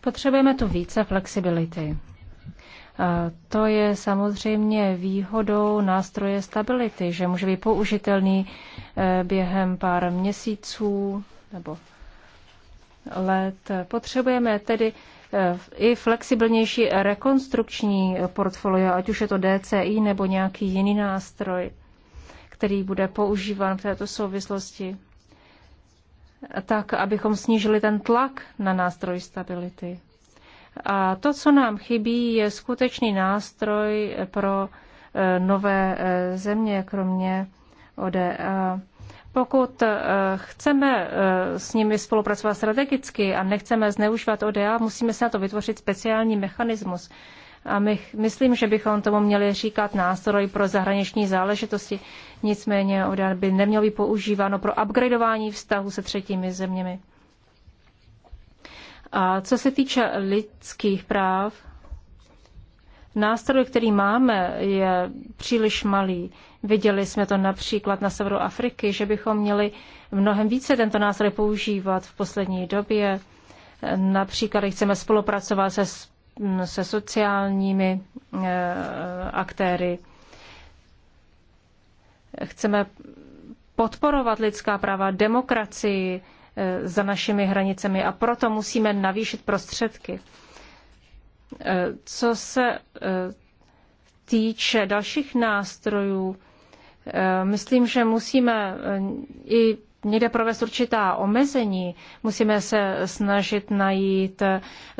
Potřebujeme tu více flexibility. To je samozřejmě výhodou nástroje stability, že může být použitelný eh, během pár měsíců nebo let. Potřebujeme tedy eh, i flexibilnější rekonstrukční portfolio, ať už je to DCI nebo nějaký jiný nástroj, který bude používán v této souvislosti, tak abychom snížili ten tlak na nástroj stability. A to, co nám chybí, je skutečný nástroj pro eh, nové eh, země, kromě ODA. Pokud eh, chceme s nimi spolupracovat strategicky a nechceme zneužívat ODA, musíme se na to vytvořit speciální mechanismus. A my, myslím, že bychom tomu měli říkat nástroj pro zahraniční záležitosti. Nicméně ODA by nemělo být používáno pro upgradeování vztahu se třetími zeměmi. A co se týče lidských práv, nástroj, který máme, je příliš malý. Viděli jsme to například na severu Afriky, že bychom měli mnohem více tento nástroj používat v poslední době. Například chceme spolupracovat se, se sociálními e, aktéry. Chceme podporovat lidská práva, demokracii, Eh, za našimi hranicemi a proto musíme navýšit prostředky. Eh, co se eh, týče dalších nástrojů, myslím, že musíme i někde provést určitá omezení. Musíme se snažit najít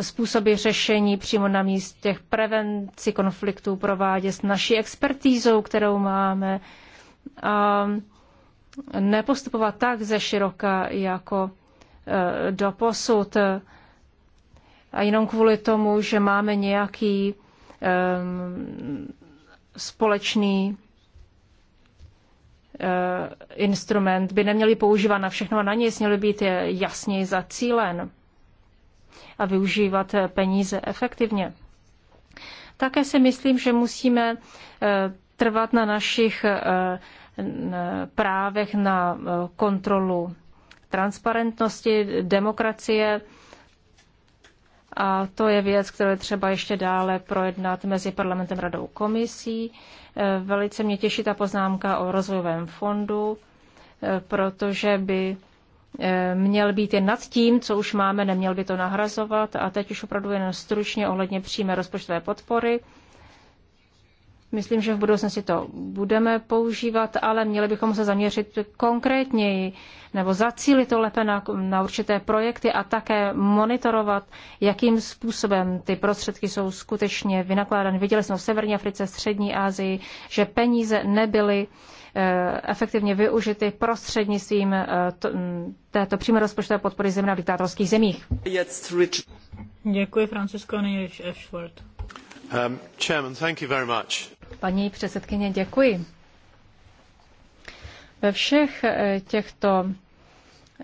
způsoby řešení přímo na místě prevenci konfliktů provádět s naší expertízou, kterou máme nepostupovat tak ze široka jako e, do posud a jenom kvůli tomu, že máme nějaký um, společný e, instrument, by neměli používat na všechno a na nic, měli být jasněji zacílen a využívat peníze efektivně. Také si myslím, že musíme trvat na našich právech na e, kontrolu transparentnosti, demokracie. A to je věc, kterou je třeba ještě dále projednat mezi parlamentem, radou, komisí. E, velice mě těší ta poznámka o rozvojovém fondu, e, protože by měl být jen nad tím, co už máme, neměl by to nahrazovat. A teď už opravdu jen stručně ohledně přímé rozpočtové podpory. Myslím, že v budoucnosti to budeme používat, ale měli bychom se zaměřit konkrétněji nebo zacílit to lépe na, na určité projekty a také monitorovat, jakým způsobem ty prostředky jsou skutečně vynakládány. Viděli jsme v Severní Africe, Střední Asii, že peníze nebyly eh, efektivně využity prostřednictvím eh, této přímé rozpočtové podpory země v diktátorských zemích. Děkuji, Francisco Ashford. Um, chairman, thank you very much. Paní předsedkyně, děkuji. Ve všech eh, těchto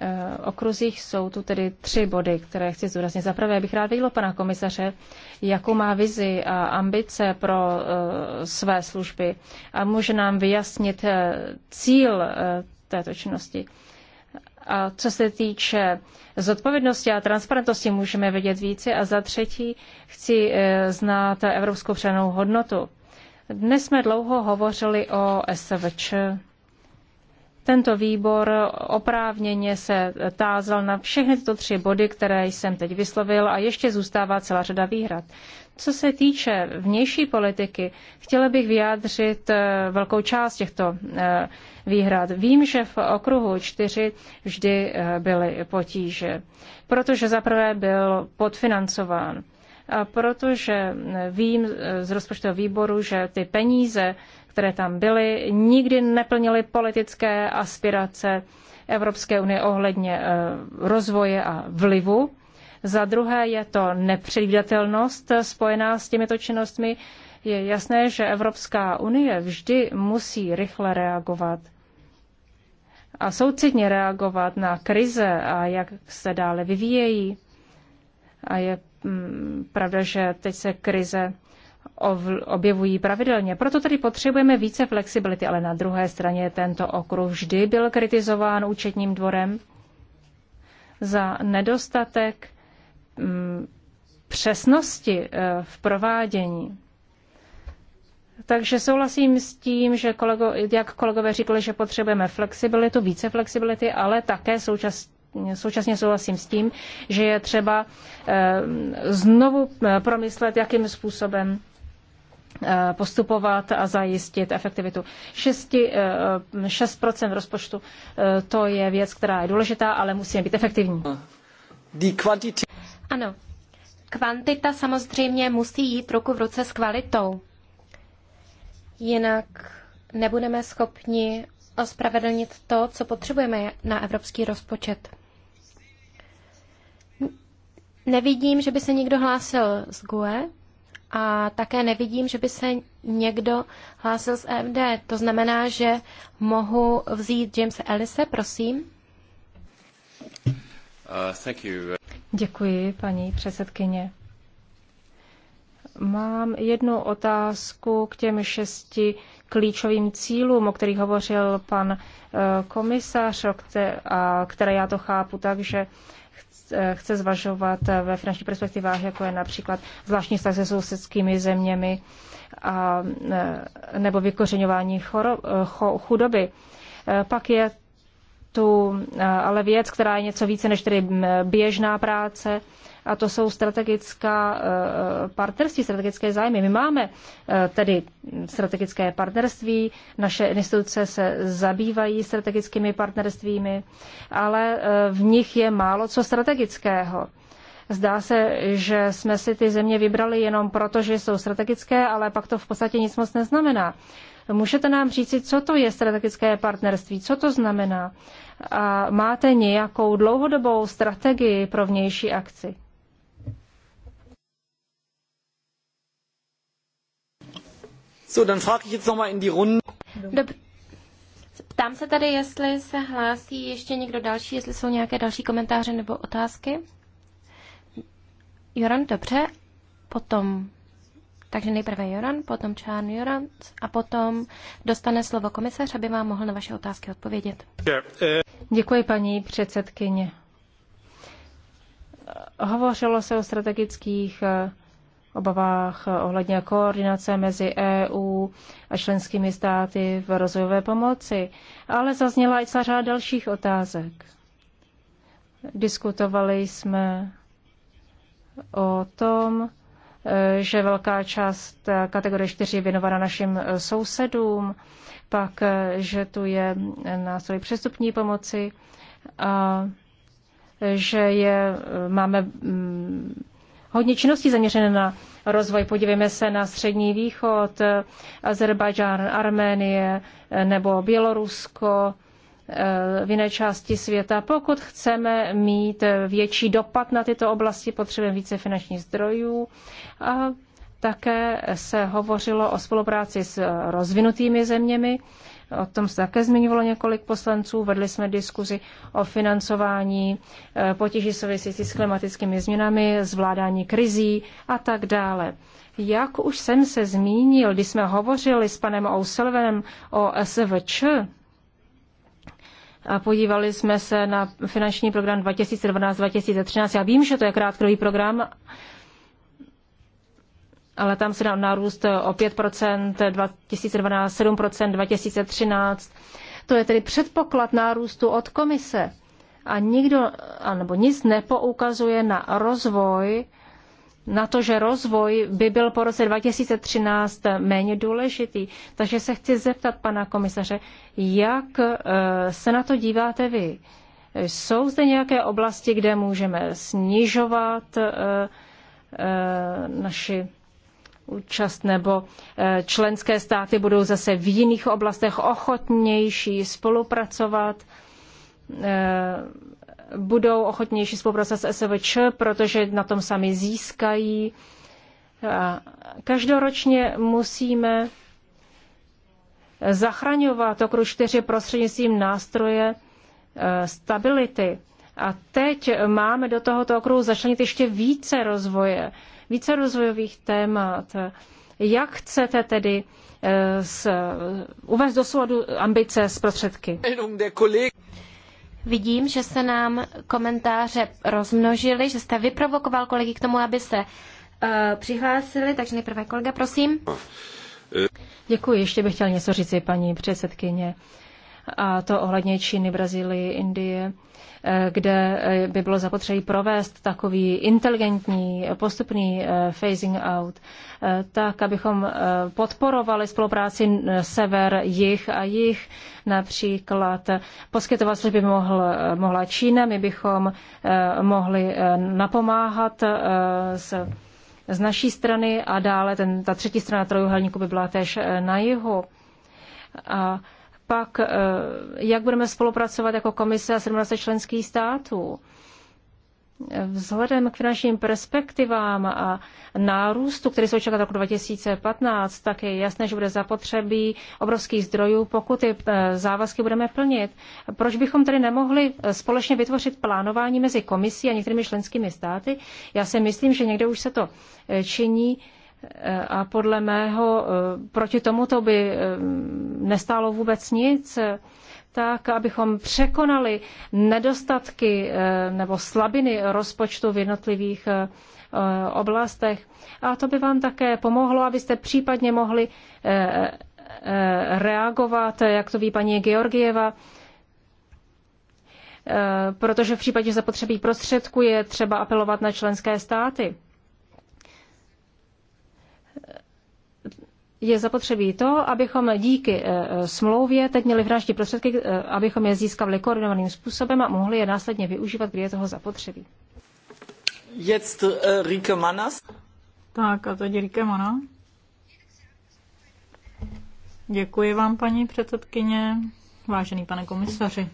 eh, okruzích jsou tu tedy tři body, které chci zdůraznit. Za prvé bych rád viděla pana komisaře, jakou má vizi a ambice pro eh, své služby a může nám vyjasnit cíl této činnosti. A co se týče zodpovědnosti a transparentnosti, můžeme vidět více. A za třetí chci znát evropskou přenou hodnotu. Dnes jsme dlouho hovořili o SVČ. Tento výbor oprávněně se tázal na všechny tyto tři body, které jsem teď vyslovil a ještě zůstává celá řada výhrad. Co se týče vnější politiky, chtěla bych vyjádřit eh, velkou část těchto eh, výhrad. Vím, že v okruhu čtyři vždy eh, byly potíže, protože zaprvé byl podfinancován protože vím z rozpočtového výboru, že ty peníze, které tam byly, nikdy neplnily politické aspirace Evropské unie ohledně e, rozvoje a vlivu. Za druhé je to nepředvídatelnost spojená s těmito činnostmi. Je jasné, že Evropská unie vždy musí rychle reagovat a soucitně reagovat na krize a jak se dále vyvíjejí. A je Mm, pravda, že teď se krize objevují pravidelně. Proto tedy potřebujeme více flexibility, ale na druhé straně tento okruh vždy byl kritizován účetním dvorem za nedostatek mm, přesnosti eh, v provádění. Takže souhlasím s tím, že kolego, jak kolegové říkali, že potřebujeme flexibilitu, více flexibility, ale také součas, současně souhlasím s tím, že je třeba eh, znovu eh, promyslet, jakým způsobem eh, postupovat a zajistit efektivitu. 6, 6 rozpočtu to je věc, která je důležitá, ale musíme být efektivní. Ano, kvantita samozřejmě musí jít ruku v ruce s kvalitou. Jinak nebudeme schopni ospravedlnit to, co potřebujeme na evropský rozpočet. Nevidím, že by se někdo hlásil z GUE a také nevidím, že by se někdo hlásil z EFD. To znamená, že mohu vzít Jamesa Ellise, prosím. Uh, thank you. Děkuji, paní předsedkyně. Mám jednu otázku k těm šesti klíčovým cílům, o kterých hovořil pan eh, komisař, a které já to chápu takže Eh, chce zvažovat eh, ve finančních perspektivách, jako je například zvláštní vztah se sousedskými zeměmi a, eh, nebo vykořenování chudoby. Pak je tu eh, ale věc, která je něco více než tedy běžná práce, a to jsou strategická eh, eh, partnerství, strategické zájmy. My máme tedy strategické partnerství, naše instituce se zabývají strategickými partnerstvími, ale v nich je málo co strategického. Zdá se, že jsme si ty země vybrali jenom proto, že jsou strategické, ale pak to v podstatě nic moc neznamená. Můžete nám říci, co to je strategické partnerství, co to znamená? A máte nějakou dlouhodobou strategii pro vnější akci? So, dann frage ich jetzt noch mal in die Runde. Dobr- Ptám se tady, jestli se hlásí ještě někdo další, jestli jsou nějaké další komentáře nebo otázky. Joran, dobře. Potom takže nejprve Joran, potom Čán Joran a potom dostane slovo komisař, aby vám mohl na vaše otázky odpovědět. Děkuji, paní předsedkyně. Hovořilo se o strategických eh, obavách eh, ohledně koordinace mezi EU a členskými státy v rozvojové pomoci, ale zazněla i celá řada dalších otázek. Diskutovali jsme o tom, že velká část kategorie 4 je věnována našim sousedům, pak, že tu je nástroj přestupní pomoci, a že je, máme mm, hodně činností zaměřené na rozvoj. Podívejme se na Střední východ, Azerbajdžán, Arménie nebo Bělorusko Eh, v jiné části světa. Pokud chceme mít větší dopad na tyto oblasti, potřebujeme více finančních zdrojů a také se hovořilo o spolupráci s rozvinutými zeměmi. O tom se také zmiňovalo několik poslanců. Vedli jsme diskuzi o financování eh, potíží související s klimatickými změnami, zvládání krizí a tak dále. Jak už jsem se zmínil, když jsme hovořili s panem O'Sullivanem o SVČ, a podívali jsme se na finanční program 2012-2013. Já vím, že to je krátkodobý program, ale tam se dá nárůst o 5%, 2012 7%, 2013. To je tedy předpoklad nárůstu od komise. A nikdo, anebo nic nepoukazuje na rozvoj na to, že rozvoj by byl po roce 2013 méně důležitý. Takže se chci zeptat pana komisaře, jak eh, se na to díváte vy? Jsou zde nějaké oblasti, kde můžeme snižovat eh, eh, naši účast nebo členské státy budou zase v jiných oblastech ochotnější spolupracovat? budou ochotnější spolupracovat s SVČ, protože na tom sami získají. Každoročně musíme zachraňovat okruh 4 prostřednictvím nástroje e, stability. A teď máme do tohoto okruhu začlenit ještě více rozvoje, více rozvojových témat. Jak chcete tedy e, s, uvést do souladu ambice z prostředky? Vidím, že se nám komentáře rozmnožily, že jste vyprovokoval kolegy k tomu, aby se uh, přihlásili. Takže nejprve kolega, prosím. Děkuji, ještě bych chtěl něco říct, paní předsedkyně. A to ohledně Číny, Brazílie, Indie. Eh, kde eh, by bylo zapotřebí provést takový inteligentní eh, postupný phasing out, tak abychom podporovali spolupráci sever, jich a jich, například poskytovat služby mohl, mohla Čína, my bychom mohli napomáhat s z naší strany a dále ten, ta třetí strana trojuhelníku by byla též na jihu. A pak eh, jak budeme spolupracovat jako komise a 17 členských států. Vzhledem k finančním perspektivám a nárůstu, který se očekává roku 2015, tak je jasné, že bude zapotřebí obrovských zdrojů, pokud ty eh, závazky budeme plnit. Proč bychom tedy nemohli eh, společně vytvořit plánování mezi komisí a některými členskými státy? Já si myslím, že někde už se to činí a podle mého eh, proti tomuto by eh, nestálo vůbec nic, tak abychom překonali nedostatky eh, nebo slabiny rozpočtu v jednotlivých oblastech. A to by vám také pomohlo, abyste případně mohli reagovat, jak to ví paní Georgieva, protože v případě zapotřebí prostředku je třeba apelovat na členské státy. je zapotřebí to, abychom díky e, smlouvě teď měli finanční prostředky, e, abychom je získali koordinovaným způsobem a mohli je následně využívat, kdy je toho zapotřebí. Jetzt e, Rike Manas. Tak a teď Rike Mana. Děkuji vám, paní předsedkyně, vážený pane komisaři.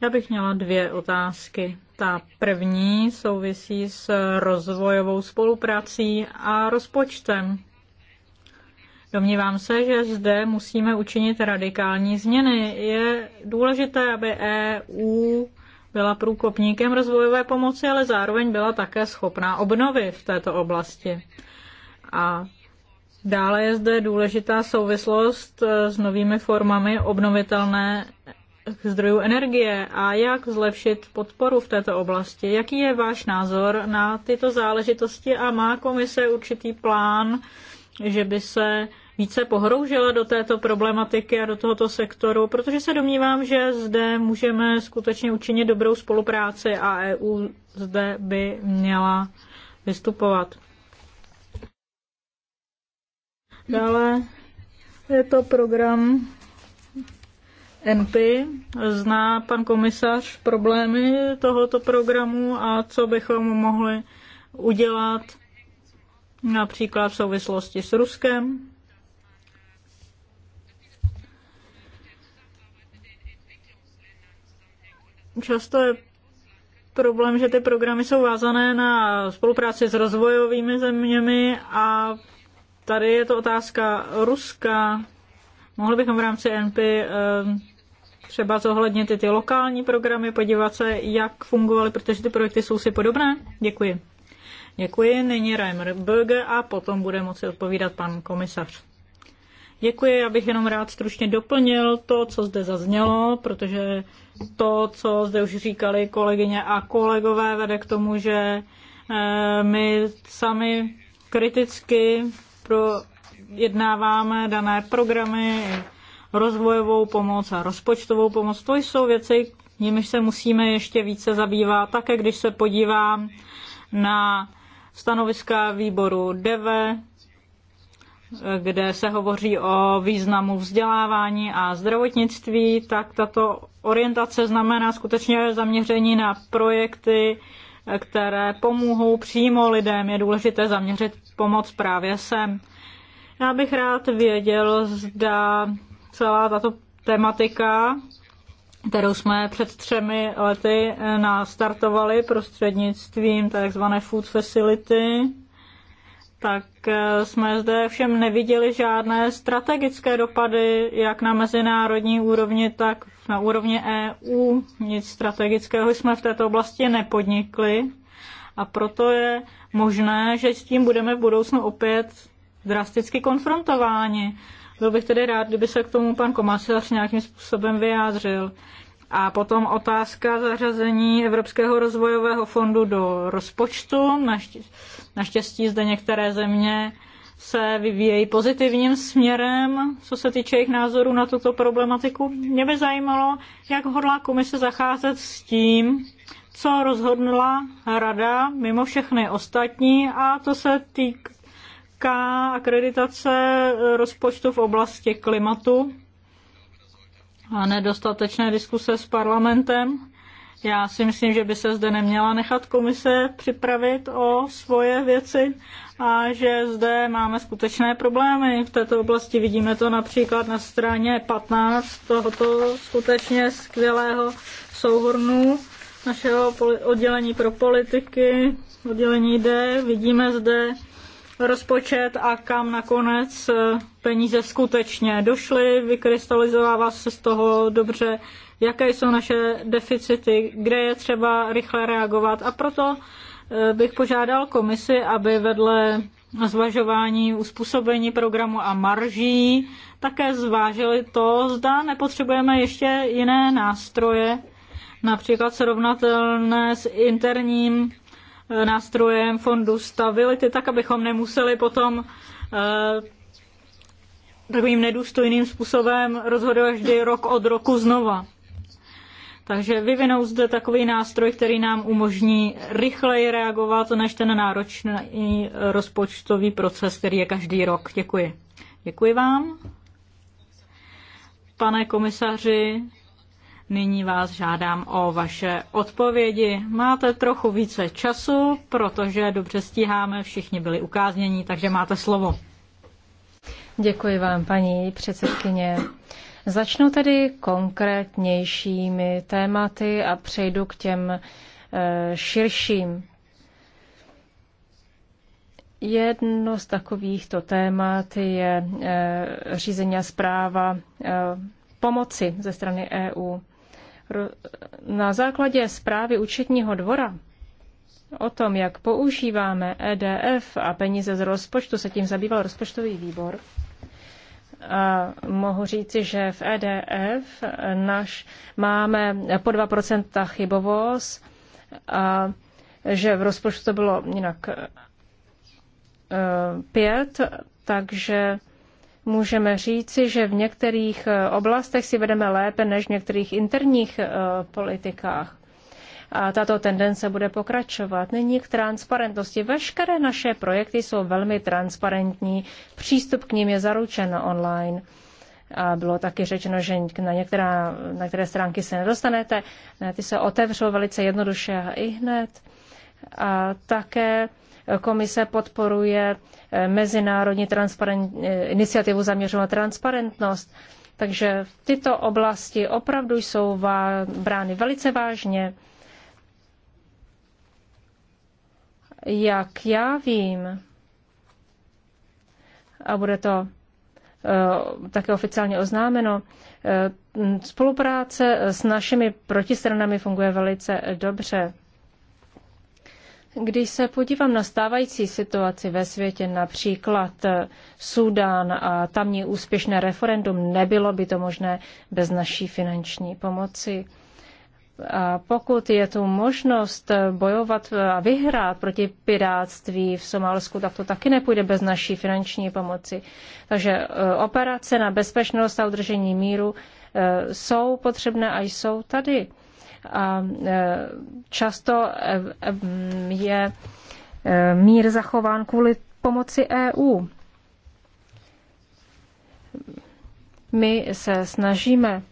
Já bych měla dvě otázky. Ta první souvisí s rozvojovou spoluprací a rozpočtem. Domnívám se, že zde musíme učinit radikální změny. Je důležité, aby EU byla průkopníkem rozvojové pomoci, ale zároveň byla také schopná obnovy v této oblasti. A dále je zde důležitá souvislost eh, s novými formami obnovitelné zdrojů energie a jak zlepšit podporu v této oblasti. Jaký je váš názor na tyto záležitosti a má komise určitý plán, že by se více pohroužila do této problematiky a do tohoto sektoru, protože se domnívám, že zde můžeme skutečně učinit dobrou spolupráci a EU zde by měla vystupovat. Dále je to program NP. Zná pan komisař problémy tohoto programu a co bychom mohli udělat například v souvislosti s Ruskem. Často je problém, že ty programy jsou vázané na spolupráci s rozvojovými zeměmi a tady je to otázka Ruska. Mohli bychom v rámci NP eh, třeba zohlednit i ty lokální programy, podívat se, jak fungovaly, protože ty projekty jsou si podobné? Děkuji. Děkuji, nyní Reimer Böge a potom bude moci odpovídat pan komisař. Děkuji, já bych jenom rád stručně doplnil to, co zde zaznělo, protože to, co zde už říkali kolegyně a kolegové, vede k tomu, že eh, my sami kriticky projednáváme dané programy, rozvojovou pomoc a rozpočtovou pomoc. To jsou věci, nimiž se musíme ještě více zabývat, také když se podívám na stanoviska výboru DEVE, kde se hovoří o významu vzdělávání a zdravotnictví, tak tato orientace znamená skutečně zaměření na projekty, které pomohou přímo lidem. Je důležité zaměřit pomoc právě sem. Já bych rád věděl, zda celá tato tematika kterou jsme před třemi lety eh, nastartovali prostřednictvím tzv. food facility, tak eh, jsme zde všem neviděli žádné strategické dopady, jak na mezinárodní úrovni, tak na úrovni EU. Nic strategického jsme v této oblasti nepodnikli a proto je možné, že s tím budeme v budoucnu opět drasticky konfrontováni. Byl bych tedy rád, kdyby se k tomu pan komisař nějakým způsobem vyjádřil. A potom otázka zařazení Evropského rozvojového fondu do rozpočtu. Naštěstí zde některé země se vyvíjejí pozitivním směrem, co se týče jejich názoru na tuto problematiku. Mě by zajímalo, jak hodlá komise zacházet s tím, co rozhodnula rada mimo všechny ostatní a to se týk, týká akreditace rozpočtu v oblasti klimatu a nedostatečné diskuse s parlamentem. Já si myslím, že by se zde neměla nechat komise připravit o svoje věci a že zde máme skutečné problémy v této oblasti. Vidíme to například na straně 15 tohoto skutečně skvělého souhrnu našeho oddělení pro politiky, oddělení D. Vidíme zde rozpočet a kam nakonec eh, peníze skutečně došly, vykrystalizovává se z toho dobře, jaké jsou naše deficity, kde je třeba rychle reagovat a proto eh, bych požádal komisi, aby vedle zvažování uspůsobení programu a marží také zvážili to, zda nepotřebujeme ještě jiné nástroje, například srovnatelné s interním nástrojem fondu stability, tak abychom nemuseli potom eh, takovým nedůstojným způsobem rozhodovat vždy rok od roku znova. Takže vyvinou zde takový nástroj, který nám umožní rychleji reagovat než ten náročný rozpočtový proces, který je každý rok. Děkuji. Děkuji vám. Pane komisaři, Nyní vás žádám o vaše odpovědi. Máte trochu více času, protože dobře stíháme, všichni byli ukáznění, takže máte slovo. Děkuji vám, paní předsedkyně. Začnu tedy konkrétnějšími tématy a přejdu k těm eh, širším. Jedno z takovýchto témat je eh, řízení a zpráva eh, pomoci ze strany EU. Na základě zprávy účetního dvora o tom, jak používáme EDF a peníze z rozpočtu, se tím zabýval rozpočtový výbor. A mohu říci, že v EDF naš máme po 2% chybovost a že v rozpočtu to bylo jinak 5, e, takže můžeme říci, že v některých eh, oblastech si vedeme lépe než v některých interních eh, politikách. A tato tendence bude pokračovat. Nyní k transparentnosti. Veškeré naše projekty jsou velmi transparentní, přístup k ním je zaručen online. A bylo taky řečeno, že na, některá, na některé stránky se nedostanete, ty se otevřou velice jednoduše a i hned. A také Komise podporuje eh, mezinárodní transparent, eh, iniciativu zaměřenou na transparentnost. Takže tyto oblasti opravdu jsou brány velice vážně. Jak já vím, a bude to eh, také oficiálně oznámeno. Spolupráce s našimi protistranami funguje velice dobře. Když se podívám na stávající situaci ve světě, například eh, Súdán a tamní úspěšné referendum, nebylo by to možné bez naší finanční pomoci. A pokud je tu možnost eh, bojovat eh, a vyhrát proti pirátství v Somálsku, tak to taky nepůjde bez naší finanční pomoci. Takže operace na bezpečnost a udržení míru jsou potřebné a jsou tady a e, často e, e, je mír zachován kvůli pomoci EU. My se snažíme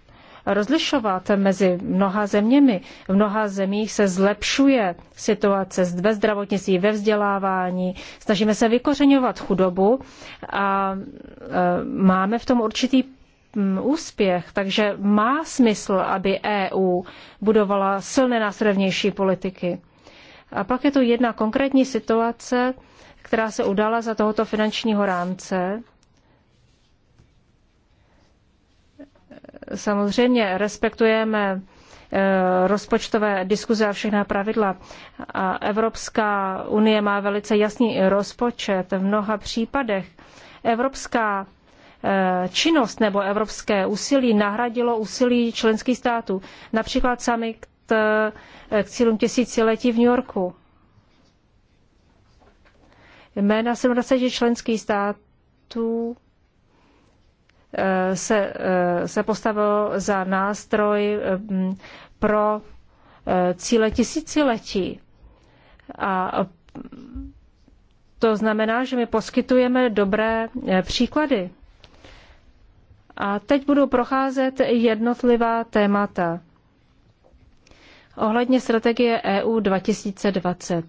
rozlišovat mezi mnoha zeměmi. V mnoha zemích se zlepšuje situace ve zdravotnictví, ve vzdělávání. Snažíme se vykořenovat chudobu a máme v tom určitý Mm, úspěch, takže má smysl, aby EU budovala silné následovnější politiky. A pak je tu jedna konkrétní situace, která se udala za tohoto finančního rámce. Samozřejmě respektujeme eh, rozpočtové diskuze a všechna pravidla. A Evropská unie má velice jasný rozpočet v mnoha případech. Evropská Eh, činnost nebo evropské úsilí nahradilo úsilí členských států. Například summit eh, k cílům tisíciletí v New Yorku. Jména 70 členských států eh, se, se postavilo za nástroj mm, pro cíle tisíciletí. A mm, to znamená, že my poskytujeme dobré příklady. A teď budu procházet jednotlivá témata. Ohledně strategie EU 2020.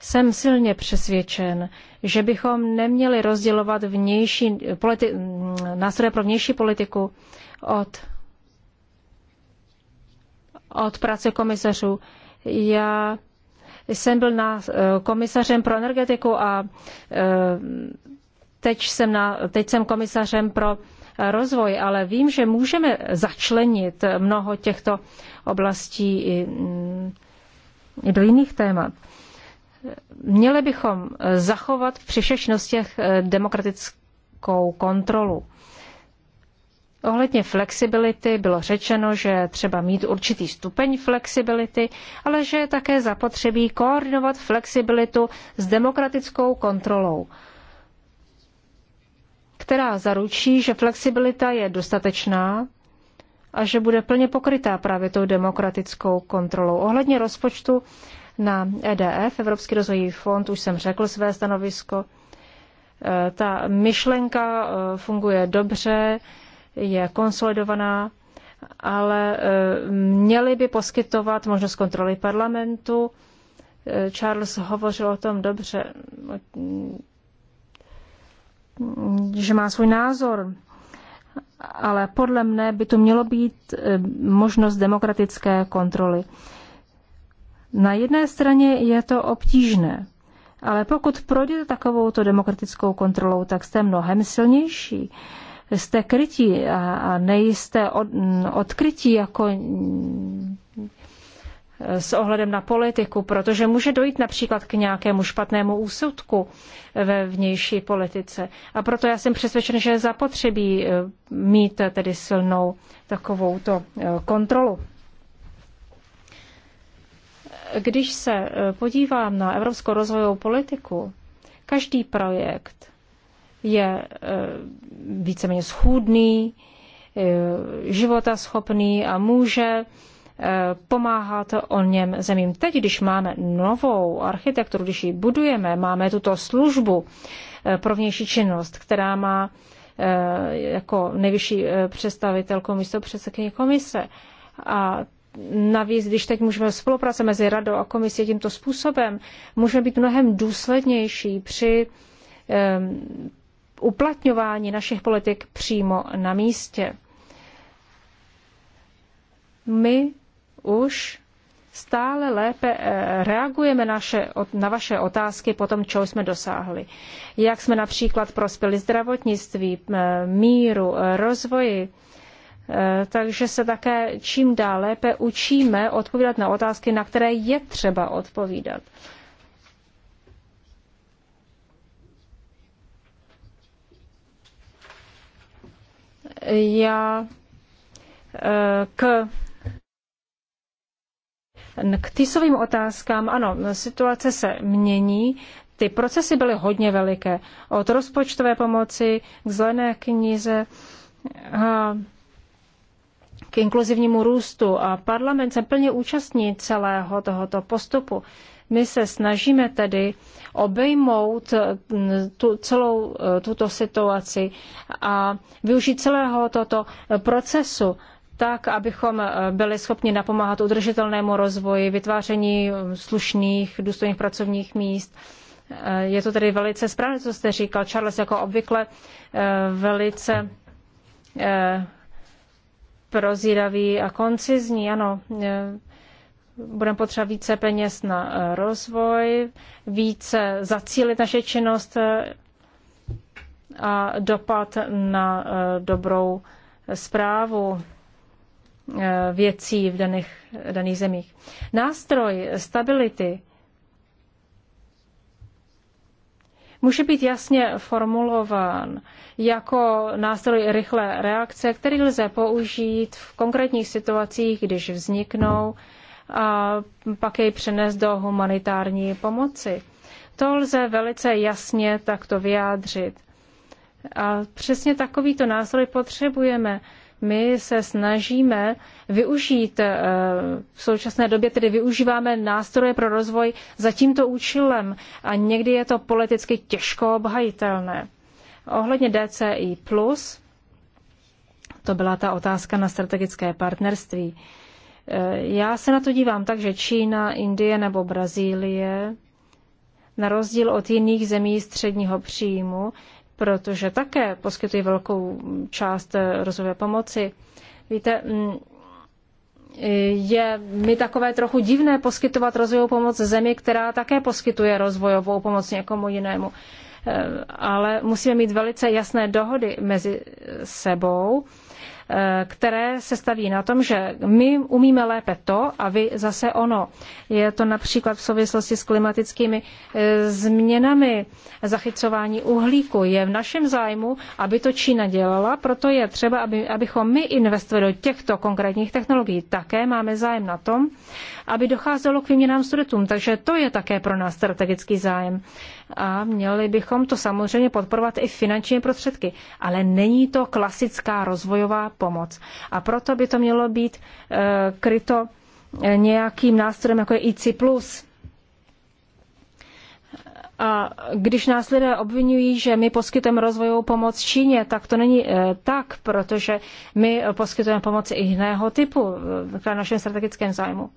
Jsem silně přesvědčen, že bychom neměli rozdělovat vnější politi- nástroje pro vnější politiku od, od práce komisařů. Já jsem byl na, eh, komisařem pro energetiku a eh, teď jsem, na, teď jsem komisařem pro rozvoj, ale vím, že můžeme začlenit mnoho těchto oblastí i, mm, i do jiných témat. Měli bychom zachovat při těch eh, demokratickou kontrolu. Ohledně flexibility bylo řečeno, že třeba mít určitý stupeň flexibility, ale že je také zapotřebí koordinovat flexibilitu s demokratickou kontrolou která zaručí, že flexibilita je dostatečná a že bude plně pokrytá právě tou demokratickou kontrolou. Ohledně rozpočtu na EDF, Evropský rozvojový fond, už jsem řekl své stanovisko. E, ta myšlenka e, funguje dobře, je konsolidovaná, ale e, měli by poskytovat možnost kontroly parlamentu. Charles hovořil o tom dobře, že má svůj názor, ale podle mne by to mělo být eh, možnost demokratické kontroly. Na jedné straně je to obtížné, ale pokud projdete takovou demokratickou kontrolou, tak jste mnohem silnější. Jste krytí a, nejste mm, odkrytí jako s ohledem na politiku, protože může dojít například k nějakému špatnému úsudku ve vnější politice. A proto já jsem přesvědčen, že je zapotřebí eh, mít tedy silnou takovouto eh, kontrolu. Když se eh, podívám na evropskou rozvojovou politiku, každý projekt je víceméně schůdný, životaschopný a může Eh, pomáhat o něm zemím. Teď, když máme novou architekturu, když ji budujeme, máme tuto službu eh, pro vnější činnost, která má eh, jako nejvyšší představitelkou místo předsedkyně komise. A navíc, když teď můžeme spolupráce mezi radou a komisí tímto způsobem, můžeme být mnohem důslednější při um, uplatňování našich politik přímo na místě. My už stále lépe eh, reagujeme naše, na vaše otázky po tom, čeho jsme dosáhli. Jak jsme například prospěli zdravotnictví, eh, míru, eh, rozvoji. Takže se také čím dál lépe učíme odpovídat na otázky, na které je třeba odpovídat. Já k k tisovým otázkám, ano, situace se mění. Ty procesy byly hodně veliké. Od rozpočtové pomoci k zelené knize k inkluzivnímu růstu a parlament se plně účastní celého tohoto postupu. My se snažíme tedy obejmout mm, tu, celou e, tuto situaci a využít celého tohoto procesu tak, abychom eh, byli schopni napomáhat udržitelnému rozvoji, vytváření eh, slušných, důstojných pracovních míst. Eh, je to tedy velice správně, co jste říkal, Charles, jako obvykle velice prozíravý a koncizní, ano. Budeme potřebovat více peněz na rozvoj, více zacílit naše činnost a dopad na dobrou zprávu. Eh, věcí v daných, daných zemích. Nástroj stability může být jasně formulován jako nástroj rychlé reakce, který lze použít v konkrétních situacích, když vzniknou, a pak jej přenést do humanitární pomoci. To lze velice jasně takto vyjádřit. A přesně takovýto nástroj potřebujeme, my se snažíme využít eh, v současné době, tedy využíváme nástroje pro rozvoj za tímto účelem a někdy je to politicky těžko obhajitelné. Ohledně DCI+, to byla ta otázka na strategické partnerství. Eh, já se na to dívám tak, že Čína, Indie nebo Brazílie, na rozdíl od jiných zemí středního příjmu, protože také poskytují velkou část eh, rozvojové pomoci. Víte, mm, je mi takové trochu divné poskytovat rozvojovou pomoc zemi, která také poskytuje rozvojovou pomoc někomu jinému. Eh, ale musíme mít velice jasné dohody mezi sebou Eh, které se staví na tom, že my umíme lépe to a vy zase ono. Je to například v souvislosti s klimatickými eh, změnami. Zachycování uhlíku je v našem zájmu, aby to Čína dělala, proto je třeba, aby, abychom my investovali do těchto konkrétních technologií. Také máme zájem na tom, aby docházelo k výměnám studentům, takže to je také pro nás strategický zájem a měli bychom to samozřejmě podporovat i finanční prostředky. Ale není to klasická rozvojová pomoc. A proto by to mělo být e, kryto e, nějakým nástrojem, jako je IC+. A když nás lidé obvinují, že my poskytujeme rozvojovou pomoc Číně, tak to není e, tak, protože my poskytujeme pomoc i jiného typu v našem strategickém zájmu.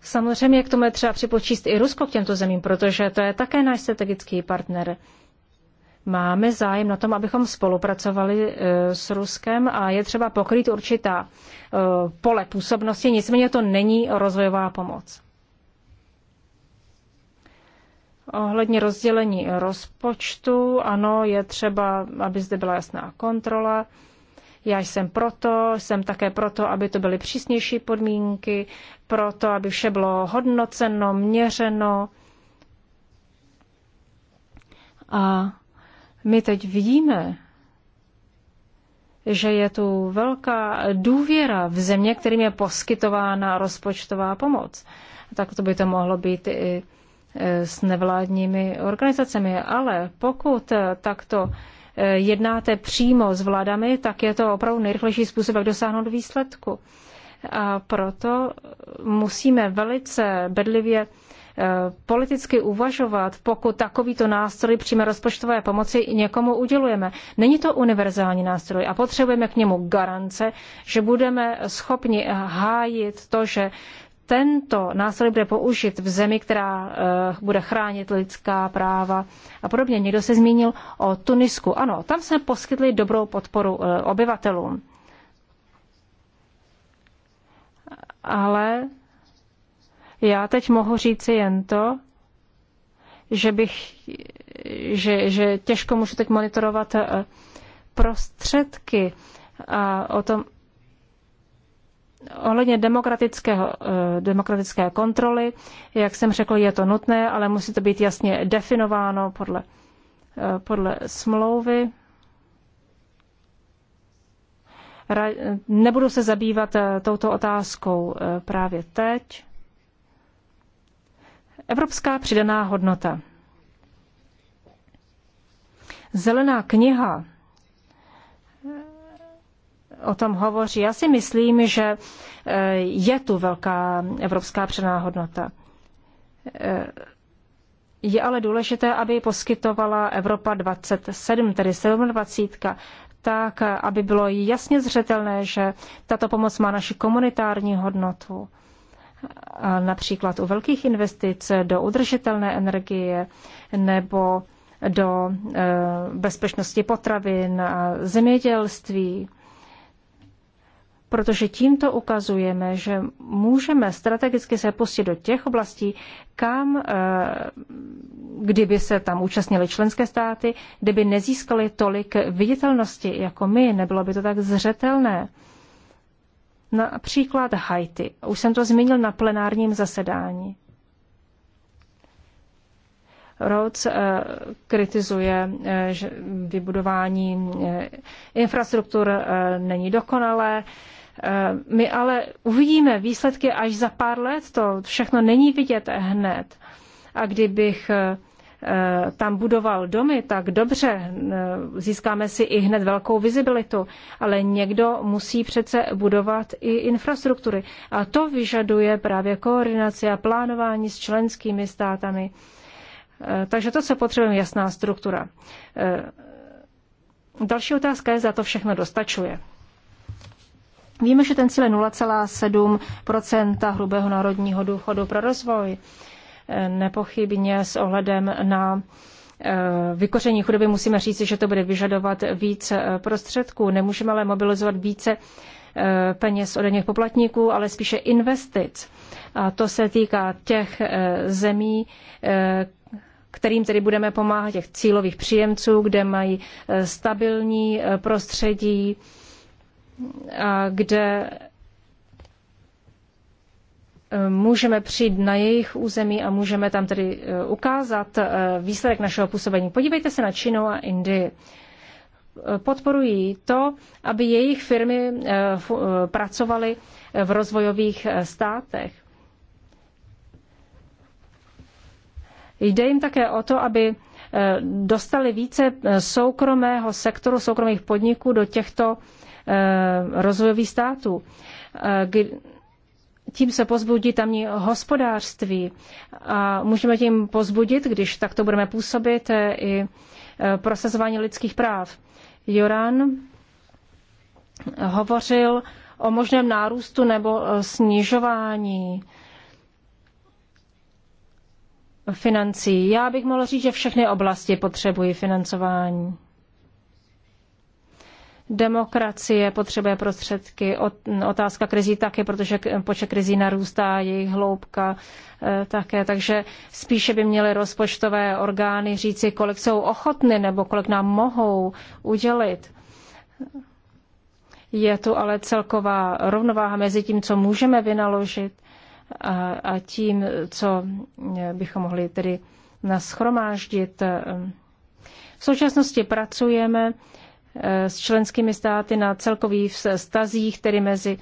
Samozřejmě k tomu je třeba připočíst i Rusko k těmto zemím, protože to je také náš strategický partner. Máme zájem na tom, abychom spolupracovali e, s Ruskem a je třeba pokrýt určitá e, pole působnosti, nicméně to není rozvojová pomoc. Ohledně rozdělení rozpočtu, ano, je třeba, aby zde byla jasná kontrola. Já jsem proto, jsem také proto, aby to byly přísnější podmínky, proto, aby vše bylo hodnoceno, měřeno. A my teď vidíme, že je tu velká důvěra v země, kterým je poskytována rozpočtová pomoc. Tak to by to mohlo být i e, s nevládními organizacemi. Ale pokud e, takto Eh, jednáte přímo s vládami, tak je to opravdu nejrychlejší způsob, jak dosáhnout výsledku. A proto musíme velice bedlivě eh, politicky uvažovat, pokud takovýto nástroj přímé rozpočtové pomoci někomu udělujeme. Není to univerzální nástroj a potřebujeme k němu garance, že budeme schopni hájit to, že tento nástroj bude použit v zemi, která eh, bude chránit lidská práva a podobně. Někdo se zmínil o Tunisku. Ano, tam jsme poskytli dobrou podporu eh, obyvatelům. Ale já teď mohu říci jen to, že bych, že, že těžko můžu teď monitorovat eh, prostředky a o tom, ohledně demokratického, eh, demokratické kontroly, jak jsem řekl, je to nutné, ale musí to být jasně definováno podle, eh, podle smlouvy. Nebudu se zabývat eh, touto otázkou právě teď. Evropská přidaná hodnota. Zelená kniha o tom hovoří. Já si myslím, že e, je tu velká evropská přená hodnota. E, je ale důležité, aby poskytovala Evropa 27, tedy 27, tak, aby bylo jasně zřetelné, že tato pomoc má naši komunitární hodnotu. A například u velkých investic do udržitelné energie nebo do e, bezpečnosti potravin a zemědělství protože tímto ukazujeme, že můžeme strategicky se pustit do těch oblastí, kam, eh, kdyby se tam účastnili členské státy, kdyby nezískali tolik viditelnosti jako my, nebylo by to tak zřetelné. Například Haiti. Už jsem to zmínil na plenárním zasedání. Rhodes eh, kritizuje, eh, že vybudování infrastruktur není dokonalé, Eh, my ale uvidíme výsledky až za pár let, to všechno není vidět hned. A kdybych eh, eh, tam budoval domy, tak dobře, získáme si i hned velkou vizibilitu, ale někdo musí přece budovat i infrastruktury. A to vyžaduje právě koordinaci, a plánování s členskými státami. Takže to se potřebuje jasná struktura. Další otázka je, za to všechno dostačuje. Víme, že ten cíl je 0,7 hrubého národního důchodu pro rozvoj. Nepochybně s ohledem na eh, vykoření chudoby musíme říct, že to bude vyžadovat více eh, prostředků. Nemůžeme ale mobilizovat více eh, peněz od daných poplatníků, ale spíše investic. A to se týká těch zemí, kterým tedy budeme pomáhat, těch cílových příjemců, kde mají stabilní prostředí, kde e, můžeme přijít na jejich území a můžeme tam tedy e, ukázat e, výsledek našeho působení. Podívejte se na Čínu a Indii. Podporují to, aby jejich firmy pracovaly v rozvojových státech. Jde jim také o to, aby dostali více soukromého sektoru, soukromých podniků do těchto Eh, rozvojových států. Eh, tím se pozbudí tamní hospodářství a můžeme tím pozbudit, když takto budeme působit, eh, i prosazování lidských práv. Joran hovořil o možném nárůstu nebo snižování financí. Já bych mohl říct, že všechny oblasti potřebují financování. Demokracie potřebuje prostředky, otázka krizí také, protože počet krizí narůstá, jejich hloubka eh, také, takže spíše by měly rozpočtové orgány říci, kolik jsou ochotny nebo kolik nám mohou udělit. Je tu ale celková rovnováha mezi tím, co můžeme vynaložit a, a tím, co eh, bychom mohli tedy naschromáždit. V současnosti pracujeme s členskými státy na celkových vztazích, tedy mezi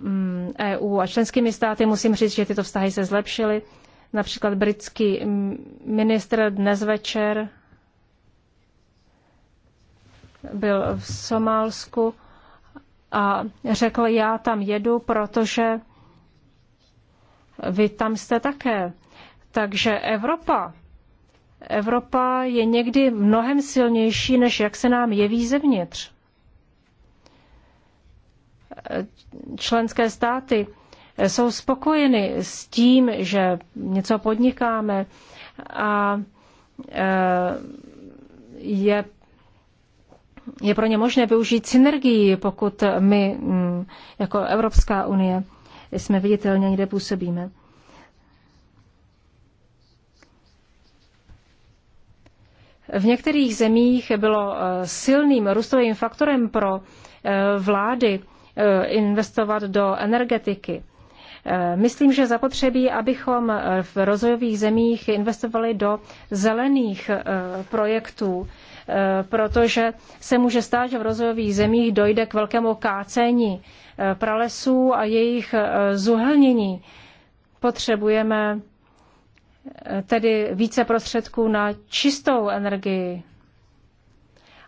mm, EU a členskými státy. Musím říct, že tyto vztahy se zlepšily. Například britský ministr dnes večer byl v Somálsku a řekl, já tam jedu, protože vy tam jste také. Takže Evropa Evropa je někdy mnohem silnější, než jak se nám jeví zevnitř. Členské státy jsou spokojeny s tím, že něco podnikáme a e, je, je pro ně možné využít synergii, pokud my jako Evropská unie jsme viditelně někde působíme. V některých zemích bylo eh, silným růstovým faktorem pro eh, vlády eh, investovat do energetiky. Myslím, že zapotřebí, abychom v rozvojových zemích investovali do zelených projektů, protože se může stát, že v rozvojových zemích dojde k velkému kácení pralesů a jejich zuhelnění. Potřebujeme tedy více prostředků na čistou energii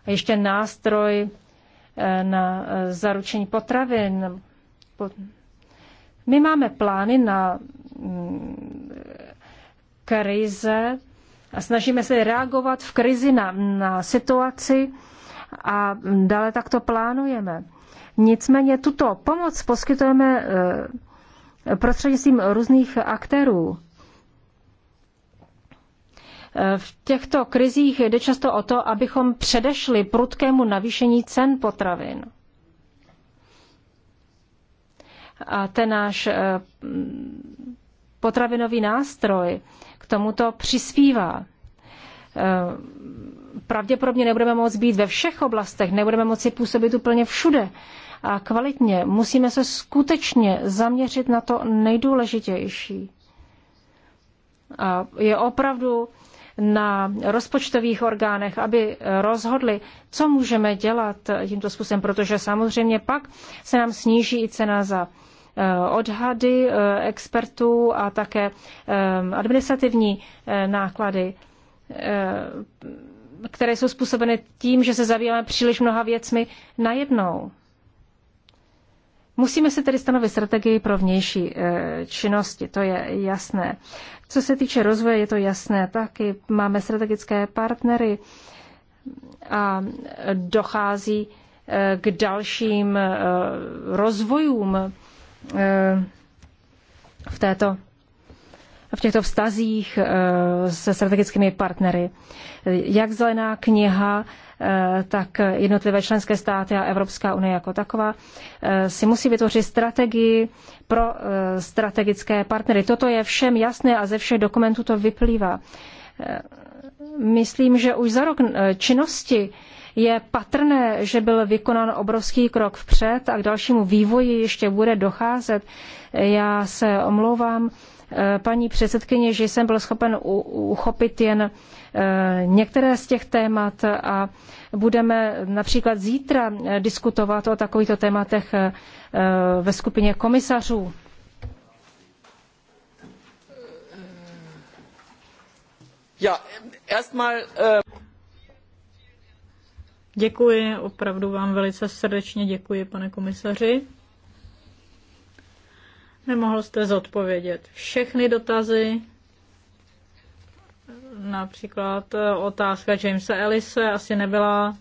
a ještě nástroj eh, na eh, zaručení potravin. My máme plány na mm, krize a snažíme se reagovat v krizi na, na situaci a dále takto plánujeme. Nicméně tuto pomoc poskytujeme eh, prostřednictvím různých aktérů. V těchto krizích jde často o to, abychom předešli prudkému navýšení cen potravin. A ten náš eh, potravinový nástroj k tomuto přispívá. Eh, pravděpodobně nebudeme moci být ve všech oblastech, nebudeme moci působit úplně všude a kvalitně. Musíme se skutečně zaměřit na to nejdůležitější. A je opravdu na rozpočtových orgánech, aby rozhodli, co můžeme dělat tímto způsobem, protože samozřejmě pak se nám sníží i cena za eh, odhady eh, expertů a také eh, administrativní náklady, které jsou způsobeny tím, že se zabýváme příliš mnoha věcmi najednou. Musíme si tedy stanovit strategii pro vnější eh, činnosti, to je jasné. Co se týče rozvoje, je to jasné. Taky máme strategické partnery a dochází eh, k dalším eh, rozvojům v této v těchto vztazích eh, se strategickými partnery. Jak zelená kniha, eh, tak jednotlivé členské státy a Evropská unie jako taková eh, si musí vytvořit strategii pro strategické partnery. Toto je všem jasné a ze všech dokumentů to vyplývá. Myslím, že už za rok činnosti je patrné, že byl vykonán obrovský krok vpřed a k dalšímu vývoji ještě bude docházet. Já se omlouvám Eh, paní předsedkyně, že jsem byl schopen uchopit jen eh, některé z těch témat a budeme například zítra eh, diskutovat o takovýchto tématech ve skupině komisařů. Ja, erstmal, Děkuji, opravdu vám velice srdečně děkuji, pane komisaři. Nemohl jste zodpovědět všechny dotazy, například eh, otázka Jamesa Ellise asi nebyla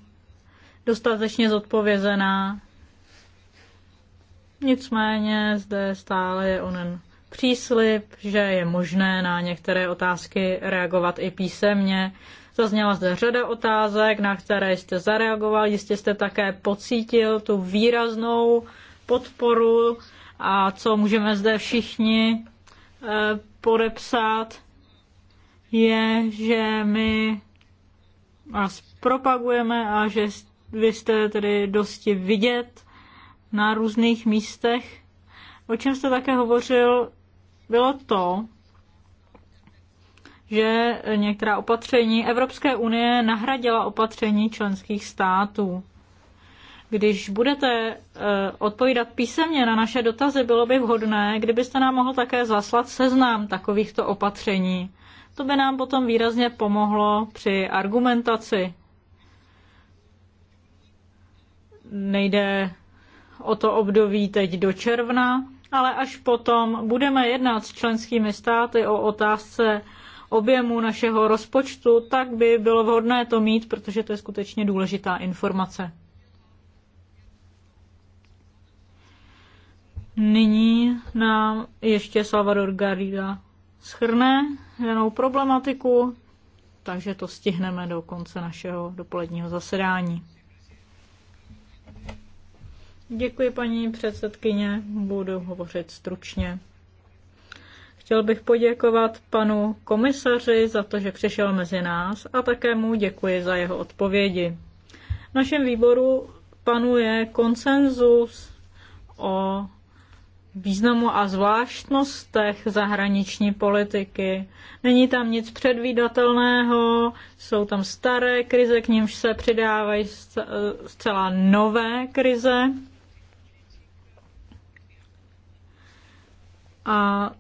dostatečně zodpovězená. Nicméně zde stále je onen příslip, že je možné na některé otázky reagovat i písemně. Zazněla zde řada otázek, na které jste zareagoval. Jistě jste také pocítil tu výraznou podporu a co můžeme zde všichni eh, podepsat, je, že my vás propagujeme a že vy jste tedy dosti vidět na různých místech. O čem jste také hovořil, bylo to, že některá opatření Evropské unie nahradila opatření členských států. Když budete eh, odpovídat písemně na naše dotazy, bylo by vhodné, kdybyste nám mohl také zaslat seznam takovýchto opatření. To by nám potom výrazně pomohlo při argumentaci. Nejde o to období teď do června, ale až potom budeme jednat s členskými státy o otázce objemu našeho rozpočtu, tak by bylo vhodné to mít, protože to je skutečně důležitá informace. Nyní nám ještě Salvador Garriga schrne danou problematiku, takže to stihneme do konce našeho dopoledního zasedání. Děkuji, paní předsedkyně, budu hovořit stručně. Chtěl bych poděkovat panu komisaři za to, že přišel mezi nás a také mu děkuji za jeho odpovědi. V našem výboru panuje konsenzus o významu a zvláštnostech zahraniční politiky. Není tam nic předvídatelného, jsou tam staré krize, k nímž se přidávají zcela nové krize. A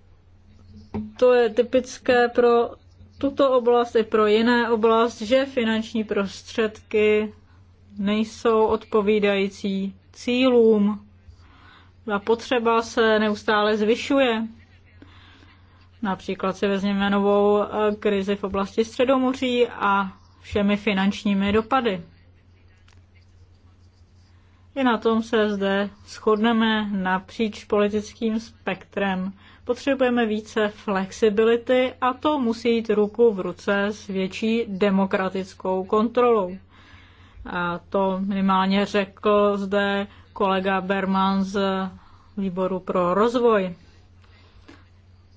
to je typické pro tuto oblast i pro jiné oblast, že finanční prostředky nejsou odpovídající cílům a potřeba se neustále zvyšuje. Například si vezměme novou eh, krizi v oblasti Středomoří a všemi finančními dopady. I na tom se zde shodneme napříč politickým spektrem. Potřebujeme více flexibility a to musí jít ruku v ruce s větší demokratickou kontrolou. A to minimálně řekl zde kolega Berman z výboru pro rozvoj.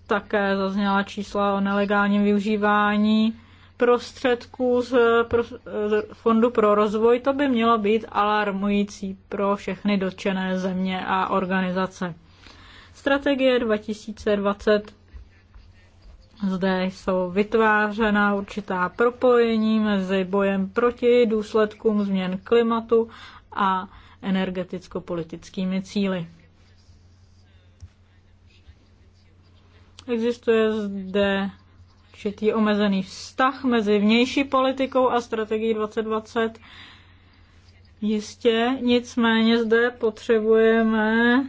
Také zazněla čísla o nelegálním využívání prostředků z, Fondu pro rozvoj. To by mělo být alarmující pro všechny dotčené země a organizace. Strategie 2020 zde jsou vytvářena určitá propojení mezi bojem proti důsledkům změn klimatu a energeticko-politickými cíly. Existuje zde určitý omezený vztah mezi vnější politikou a strategií 2020. Jistě, nicméně zde potřebujeme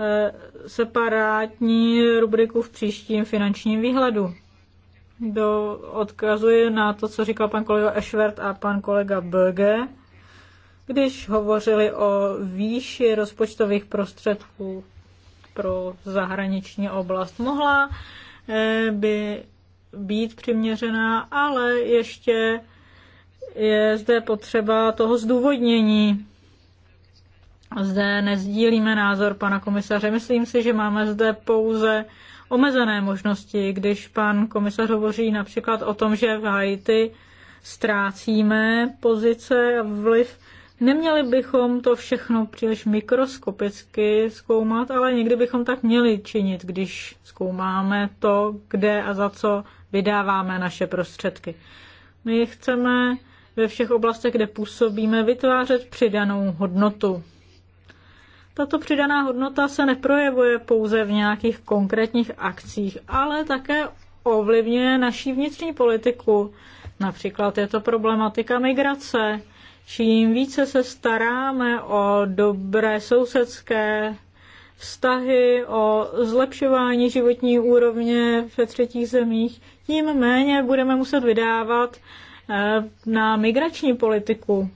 eh, separátní rubriku v příštím finančním výhledu. Do, odkazuji na to, co říkal pan kolega Ešvert a pan kolega Böge když hovořili o výši rozpočtových prostředků pro zahraniční oblast. Mohla eh, by být přiměřená, ale ještě je zde potřeba toho zdůvodnění. Zde nezdílíme názor pana komisaře. Myslím si, že máme zde pouze omezené možnosti, když pan komisař hovoří například o tom, že v Haiti ztrácíme pozice a vliv, Neměli bychom to všechno příliš mikroskopicky zkoumat, ale někdy bychom tak měli činit, když zkoumáme to, kde a za co vydáváme naše prostředky. My chceme ve všech oblastech, kde působíme, vytvářet přidanou hodnotu. Tato přidaná hodnota se neprojevuje pouze v nějakých konkrétních akcích, ale také ovlivňuje naší vnitřní politiku. Například je to problematika migrace, Čím více se staráme o dobré sousedské vztahy, o zlepšování životní úrovně ve třetích zemích, tím méně budeme muset vydávat eh, na migrační politiku.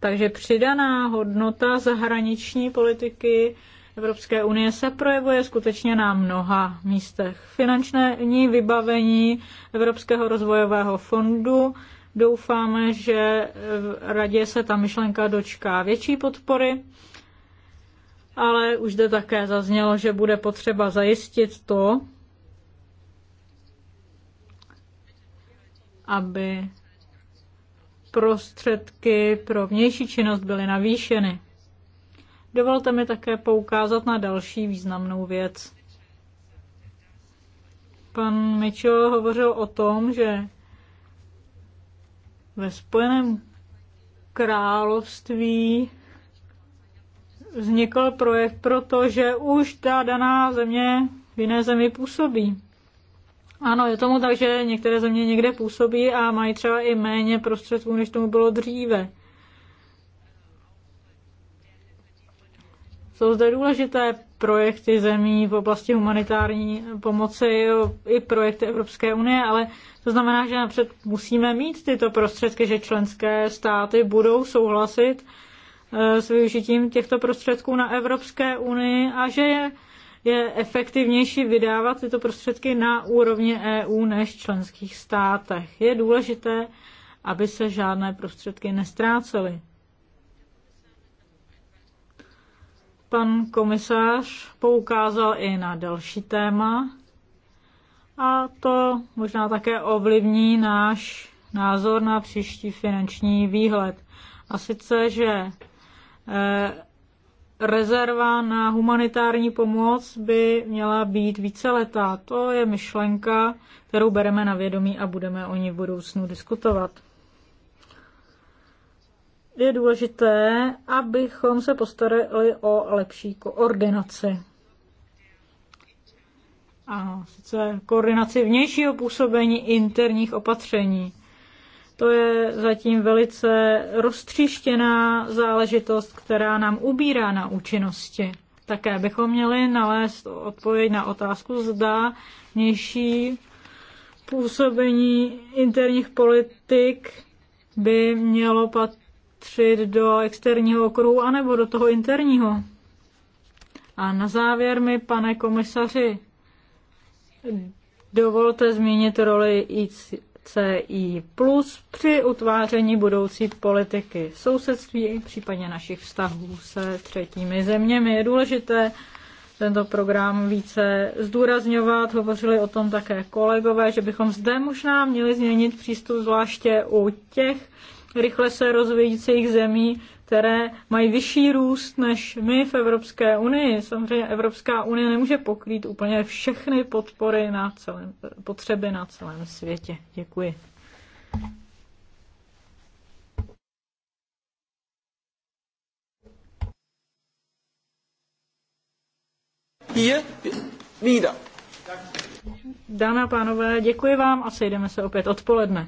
Takže přidaná hodnota zahraniční politiky Evropské unie se projevuje skutečně na mnoha místech. Finanční vybavení Evropského rozvojového fondu Doufáme, že v radě se ta myšlenka dočká větší podpory, ale už zde také zaznělo, že bude potřeba zajistit to, aby prostředky pro vnější činnost byly navýšeny. Dovolte mi také poukázat na další významnou věc. Pan Mitchell hovořil o tom, že ve Spojeném království vznikl projekt, protože už ta daná země v jiné zemi působí. Ano, je tomu tak, že některé země někde působí a mají třeba i méně prostředků, než tomu bylo dříve. Jsou zde důležité projekty zemí v oblasti humanitární pomoci, i projekty Evropské unie, ale to znamená, že napřed musíme mít tyto prostředky, že členské státy budou souhlasit eh, s využitím těchto prostředků na Evropské unii a že je, je efektivnější vydávat tyto prostředky na úrovni EU než členských státech. Je důležité, aby se žádné prostředky nestrácely. Pan komisář poukázal i na další téma a to možná také ovlivní náš názor na příští finanční výhled. A sice, že eh, rezerva na humanitární pomoc by měla být víceletá. To je myšlenka, kterou bereme na vědomí a budeme o ní v budoucnu diskutovat je důležité, abychom se postarali o lepší koordinaci. A sice koordinaci vnějšího působení interních opatření. To je zatím velice roztříštěná záležitost, která nám ubírá na účinnosti. Také bychom měli nalézt odpověď na otázku, zda vnější působení interních politik by mělo pat patřit do externího okruhu anebo do toho interního. A na závěr mi, pane komisaři, dovolte zmínit roli ICI plus při utváření budoucí politiky sousedství, případně našich vztahů se třetími zeměmi. Je důležité tento program více zdůrazňovat. Hovořili o tom také kolegové, že bychom zde možná měli změnit přístup zvláště u těch rychle se rozvíjících zemí, které mají vyšší růst než my v Evropské unii. Samozřejmě Evropská unie nemůže pokrýt úplně všechny podpory na celém, potřeby na celém světě. Děkuji. Je vída. Dámy a pánové, děkuji vám a sejdeme se opět odpoledne.